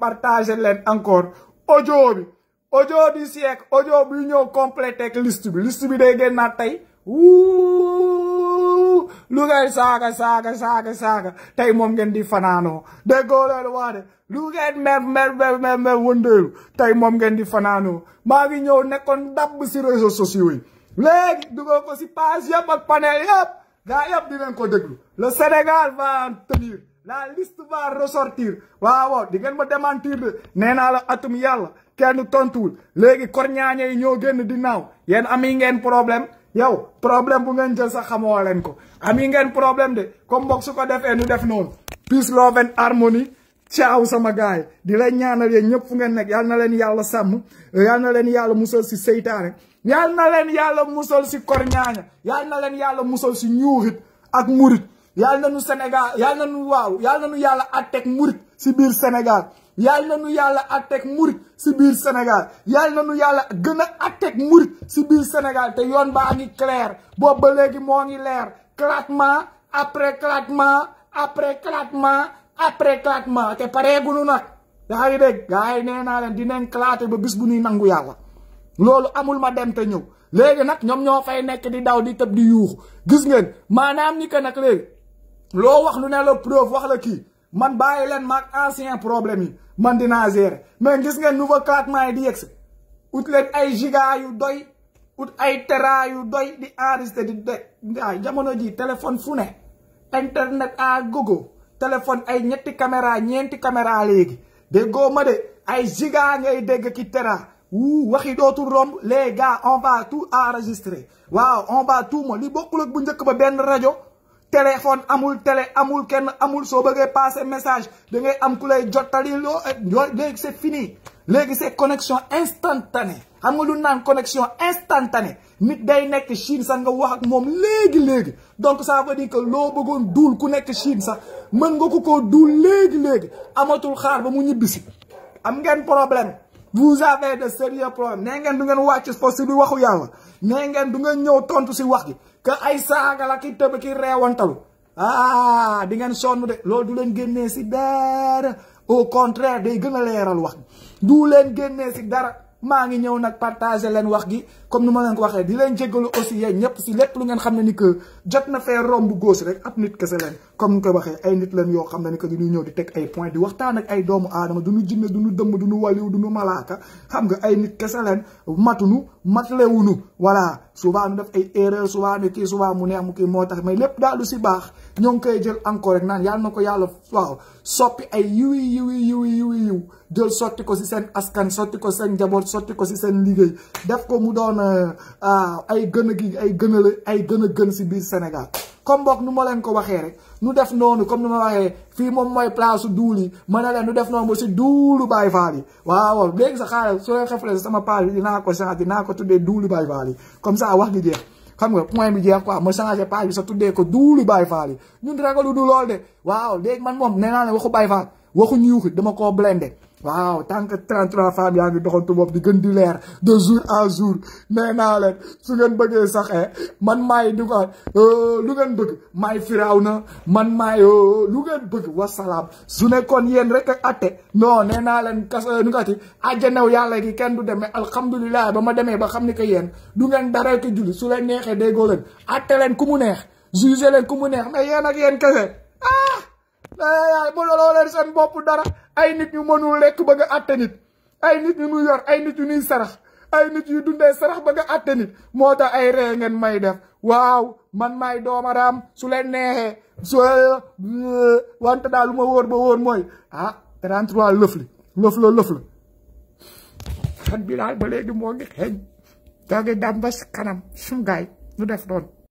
partager encore audio audio du siècle audio bi ñëw complété ak list bi liste bi day génnaat tey wuu lu ngay saaka saaga saaka saaga tey moom ngeen di fanaanoo déggoo leen waa de lu ngeen mer mer mer mer wëndeelu tey moom ngeen di fanaanoo maa ngi ñëw nekkoon dabb si réseaux sociaux yi léegi dugal ko si page yëpp ak panel yëpp gaa yëpp dinañ ko déglu la Sénégal va en la liste va ressortir waaw waaw di ngeen ma démentir de nee naa la atum yàlla kenn tontuwul léegi kor korñaañe yi ñoo génn di naaw yéen am yi ngeen problème yow problème bu ngeen jël sax xamoo leen ko am yi ngeen problème de comme mbokk su ko defee nu def noonu peace love and harmony ciao sama gars di leen ñaanal yéen ñëpp fu ngeen nekk yal na leen yàlla sàmm yal na leen yàlla musal si seytaane yal na leen yàlla musal si korñaaña yal na leen yàlla musal si ñuuxit ak murit yal na nu Sénégal yal na nu waaw yal na nu yàlla àtteeg murit si biir Sénégal yalla na nu yàlla atteeg murit si Senegal. Sénégal yàlla na nu yàlla gën a atteeg Senegal. si biir te yoon baangi clair bo ba legi mo ngi leer claquement après claquement après claquement après claquement te pareegunu nag yaa ngi dégg gaay yi nee di leen claté ba bis bu ni nangu yalla lolu amul ma dem te ñew legi nak ñom ño fay nekk di daw di tëb di yuux gis ngeen manam ni que nak legi lo wax lu ne lo prof wax la ki man bàyyi len mak ancien problème yi man dinaa gérer mais gis ngeen nouveau carte maa di yegg si ut ay giga yu doy ut ay tera yu doy di enregistré di de ay jamono ji téléphone fu ne internet à gogo téléphone ay ñetti caméra ñeenti caméra léegi déggoo ma de ay giga ngay dégg ki tera wuu waxi dootul romb les gars on va tout enregistrer waaw on tout mo li bokkul ak bu njëkk ba benn rajo téléphone amul télé amul ken amul so bëggee passer message da ngay am ku jotali lo, loo eh, c'est fini léegi c'est connexion instantanée xam nga lu connexion instantanée nit day nek Chine sa nga wax ak moom léegi léegi donc ça veut dire que lo bëggoon doul ku nek Chine ça mën nga ko koo duul léegi léegi amatul xaar ba mu ñibbisi am ngeen problème vous avez de sérieux problèmes nee ngeen du possible wàcc fo si du waxu yàlla nee ngeen du tontu si wax que ay saaga la ki tëb ki reewantalu ah di ngeen sonn de lool du leen génnee si dara au contraire day gën a leeral wax du leen génnee si dara maa ngi ñëw nag partager leen wax gi comme nu ma leen ko waxee di leen jéggalu aussi yéen ñëpp si lépp lu ngeen xam ne ni que jot na fee romb góos rek ab nit kese leen comme nu koy waxee ay nit leen yoo xam ne ni que duñuy ñëw di teg ay point di waxtaan ak ay doomu aadama duñu jinne duñu dëmm duñu waliw duñu malaaka xam nga ay nit kese leen matunu matlewunu voilà souvent nu def ay erreur souvent ne kii souvent mu neex mu kii moo tax may lépp daal si baax ñoo ngi koy jël encore rek naan yàlla na ko yàlla waaw soppi ay yiwi yiwi yiwi yiwi yiw jël sotti ko si seen askan sotti ko seen njaboot sotti ko si seen liggéey def ko mu doon euh, euh, ay gën a ay gën a la ay gën a gën si biir Sénégal comme mbokk nu ma leen ko waxee rek nu def noonu comme nu ma waxee fii moom mooy place duul yi ma ne leen nu def noonu ba si duulu Baay Faal yi waaw léegi sa xaaral soo xefle sama page dinaa ko changé dinaa ko tuddee duulu Baay Faal yi comme ça wax gi jeex xam nga point bi ji quoi ma changé page bi sa dee ko duulu baay Fall yi ñun ragalu du lool de waaw léegi man moom nee naa ne waxu Baye Fall waxu ñuuxi dama koo blende waaw tant que 33 femmes yaa ngi doxantu bopp di gën di leer de jour en jour nee naa leen su ngeen bëggee sax eh, man maay di ko euh, lu ngeen bëgg maay na man maay euh, lu ngeen bëgg wasalaam su nekkoon yéen rek ak atte non nee naa leen kas euh, nu nga ti àjjanaw yàlla gi kenn du demee alhamdulilah ba ma demee ba xam ni que yéen du ngeen dara ko julli su leen neexee déggoo leen atte leen ku mu neex jugé leen ku mu neex mais yéen ak yéen kese ah yaay bu loo leen seen bopp dara ay nit ñu mënul lekk ba a àtte nit ay nit ñu nu yor ay nit ñu nuy sarax ay nit yu dundee sarax bëgg a àtte nit moo tax ay ree ngeen may def waaw man may doomaraam su leen neexee su euh, wante daal lu ma wóor ba wóor mooy ah 33 lëf li lëf la lëf la xet bi daal ba léegi moo ngi xeeñ daa ngi dàmbas kanam sum gaay ñu def doon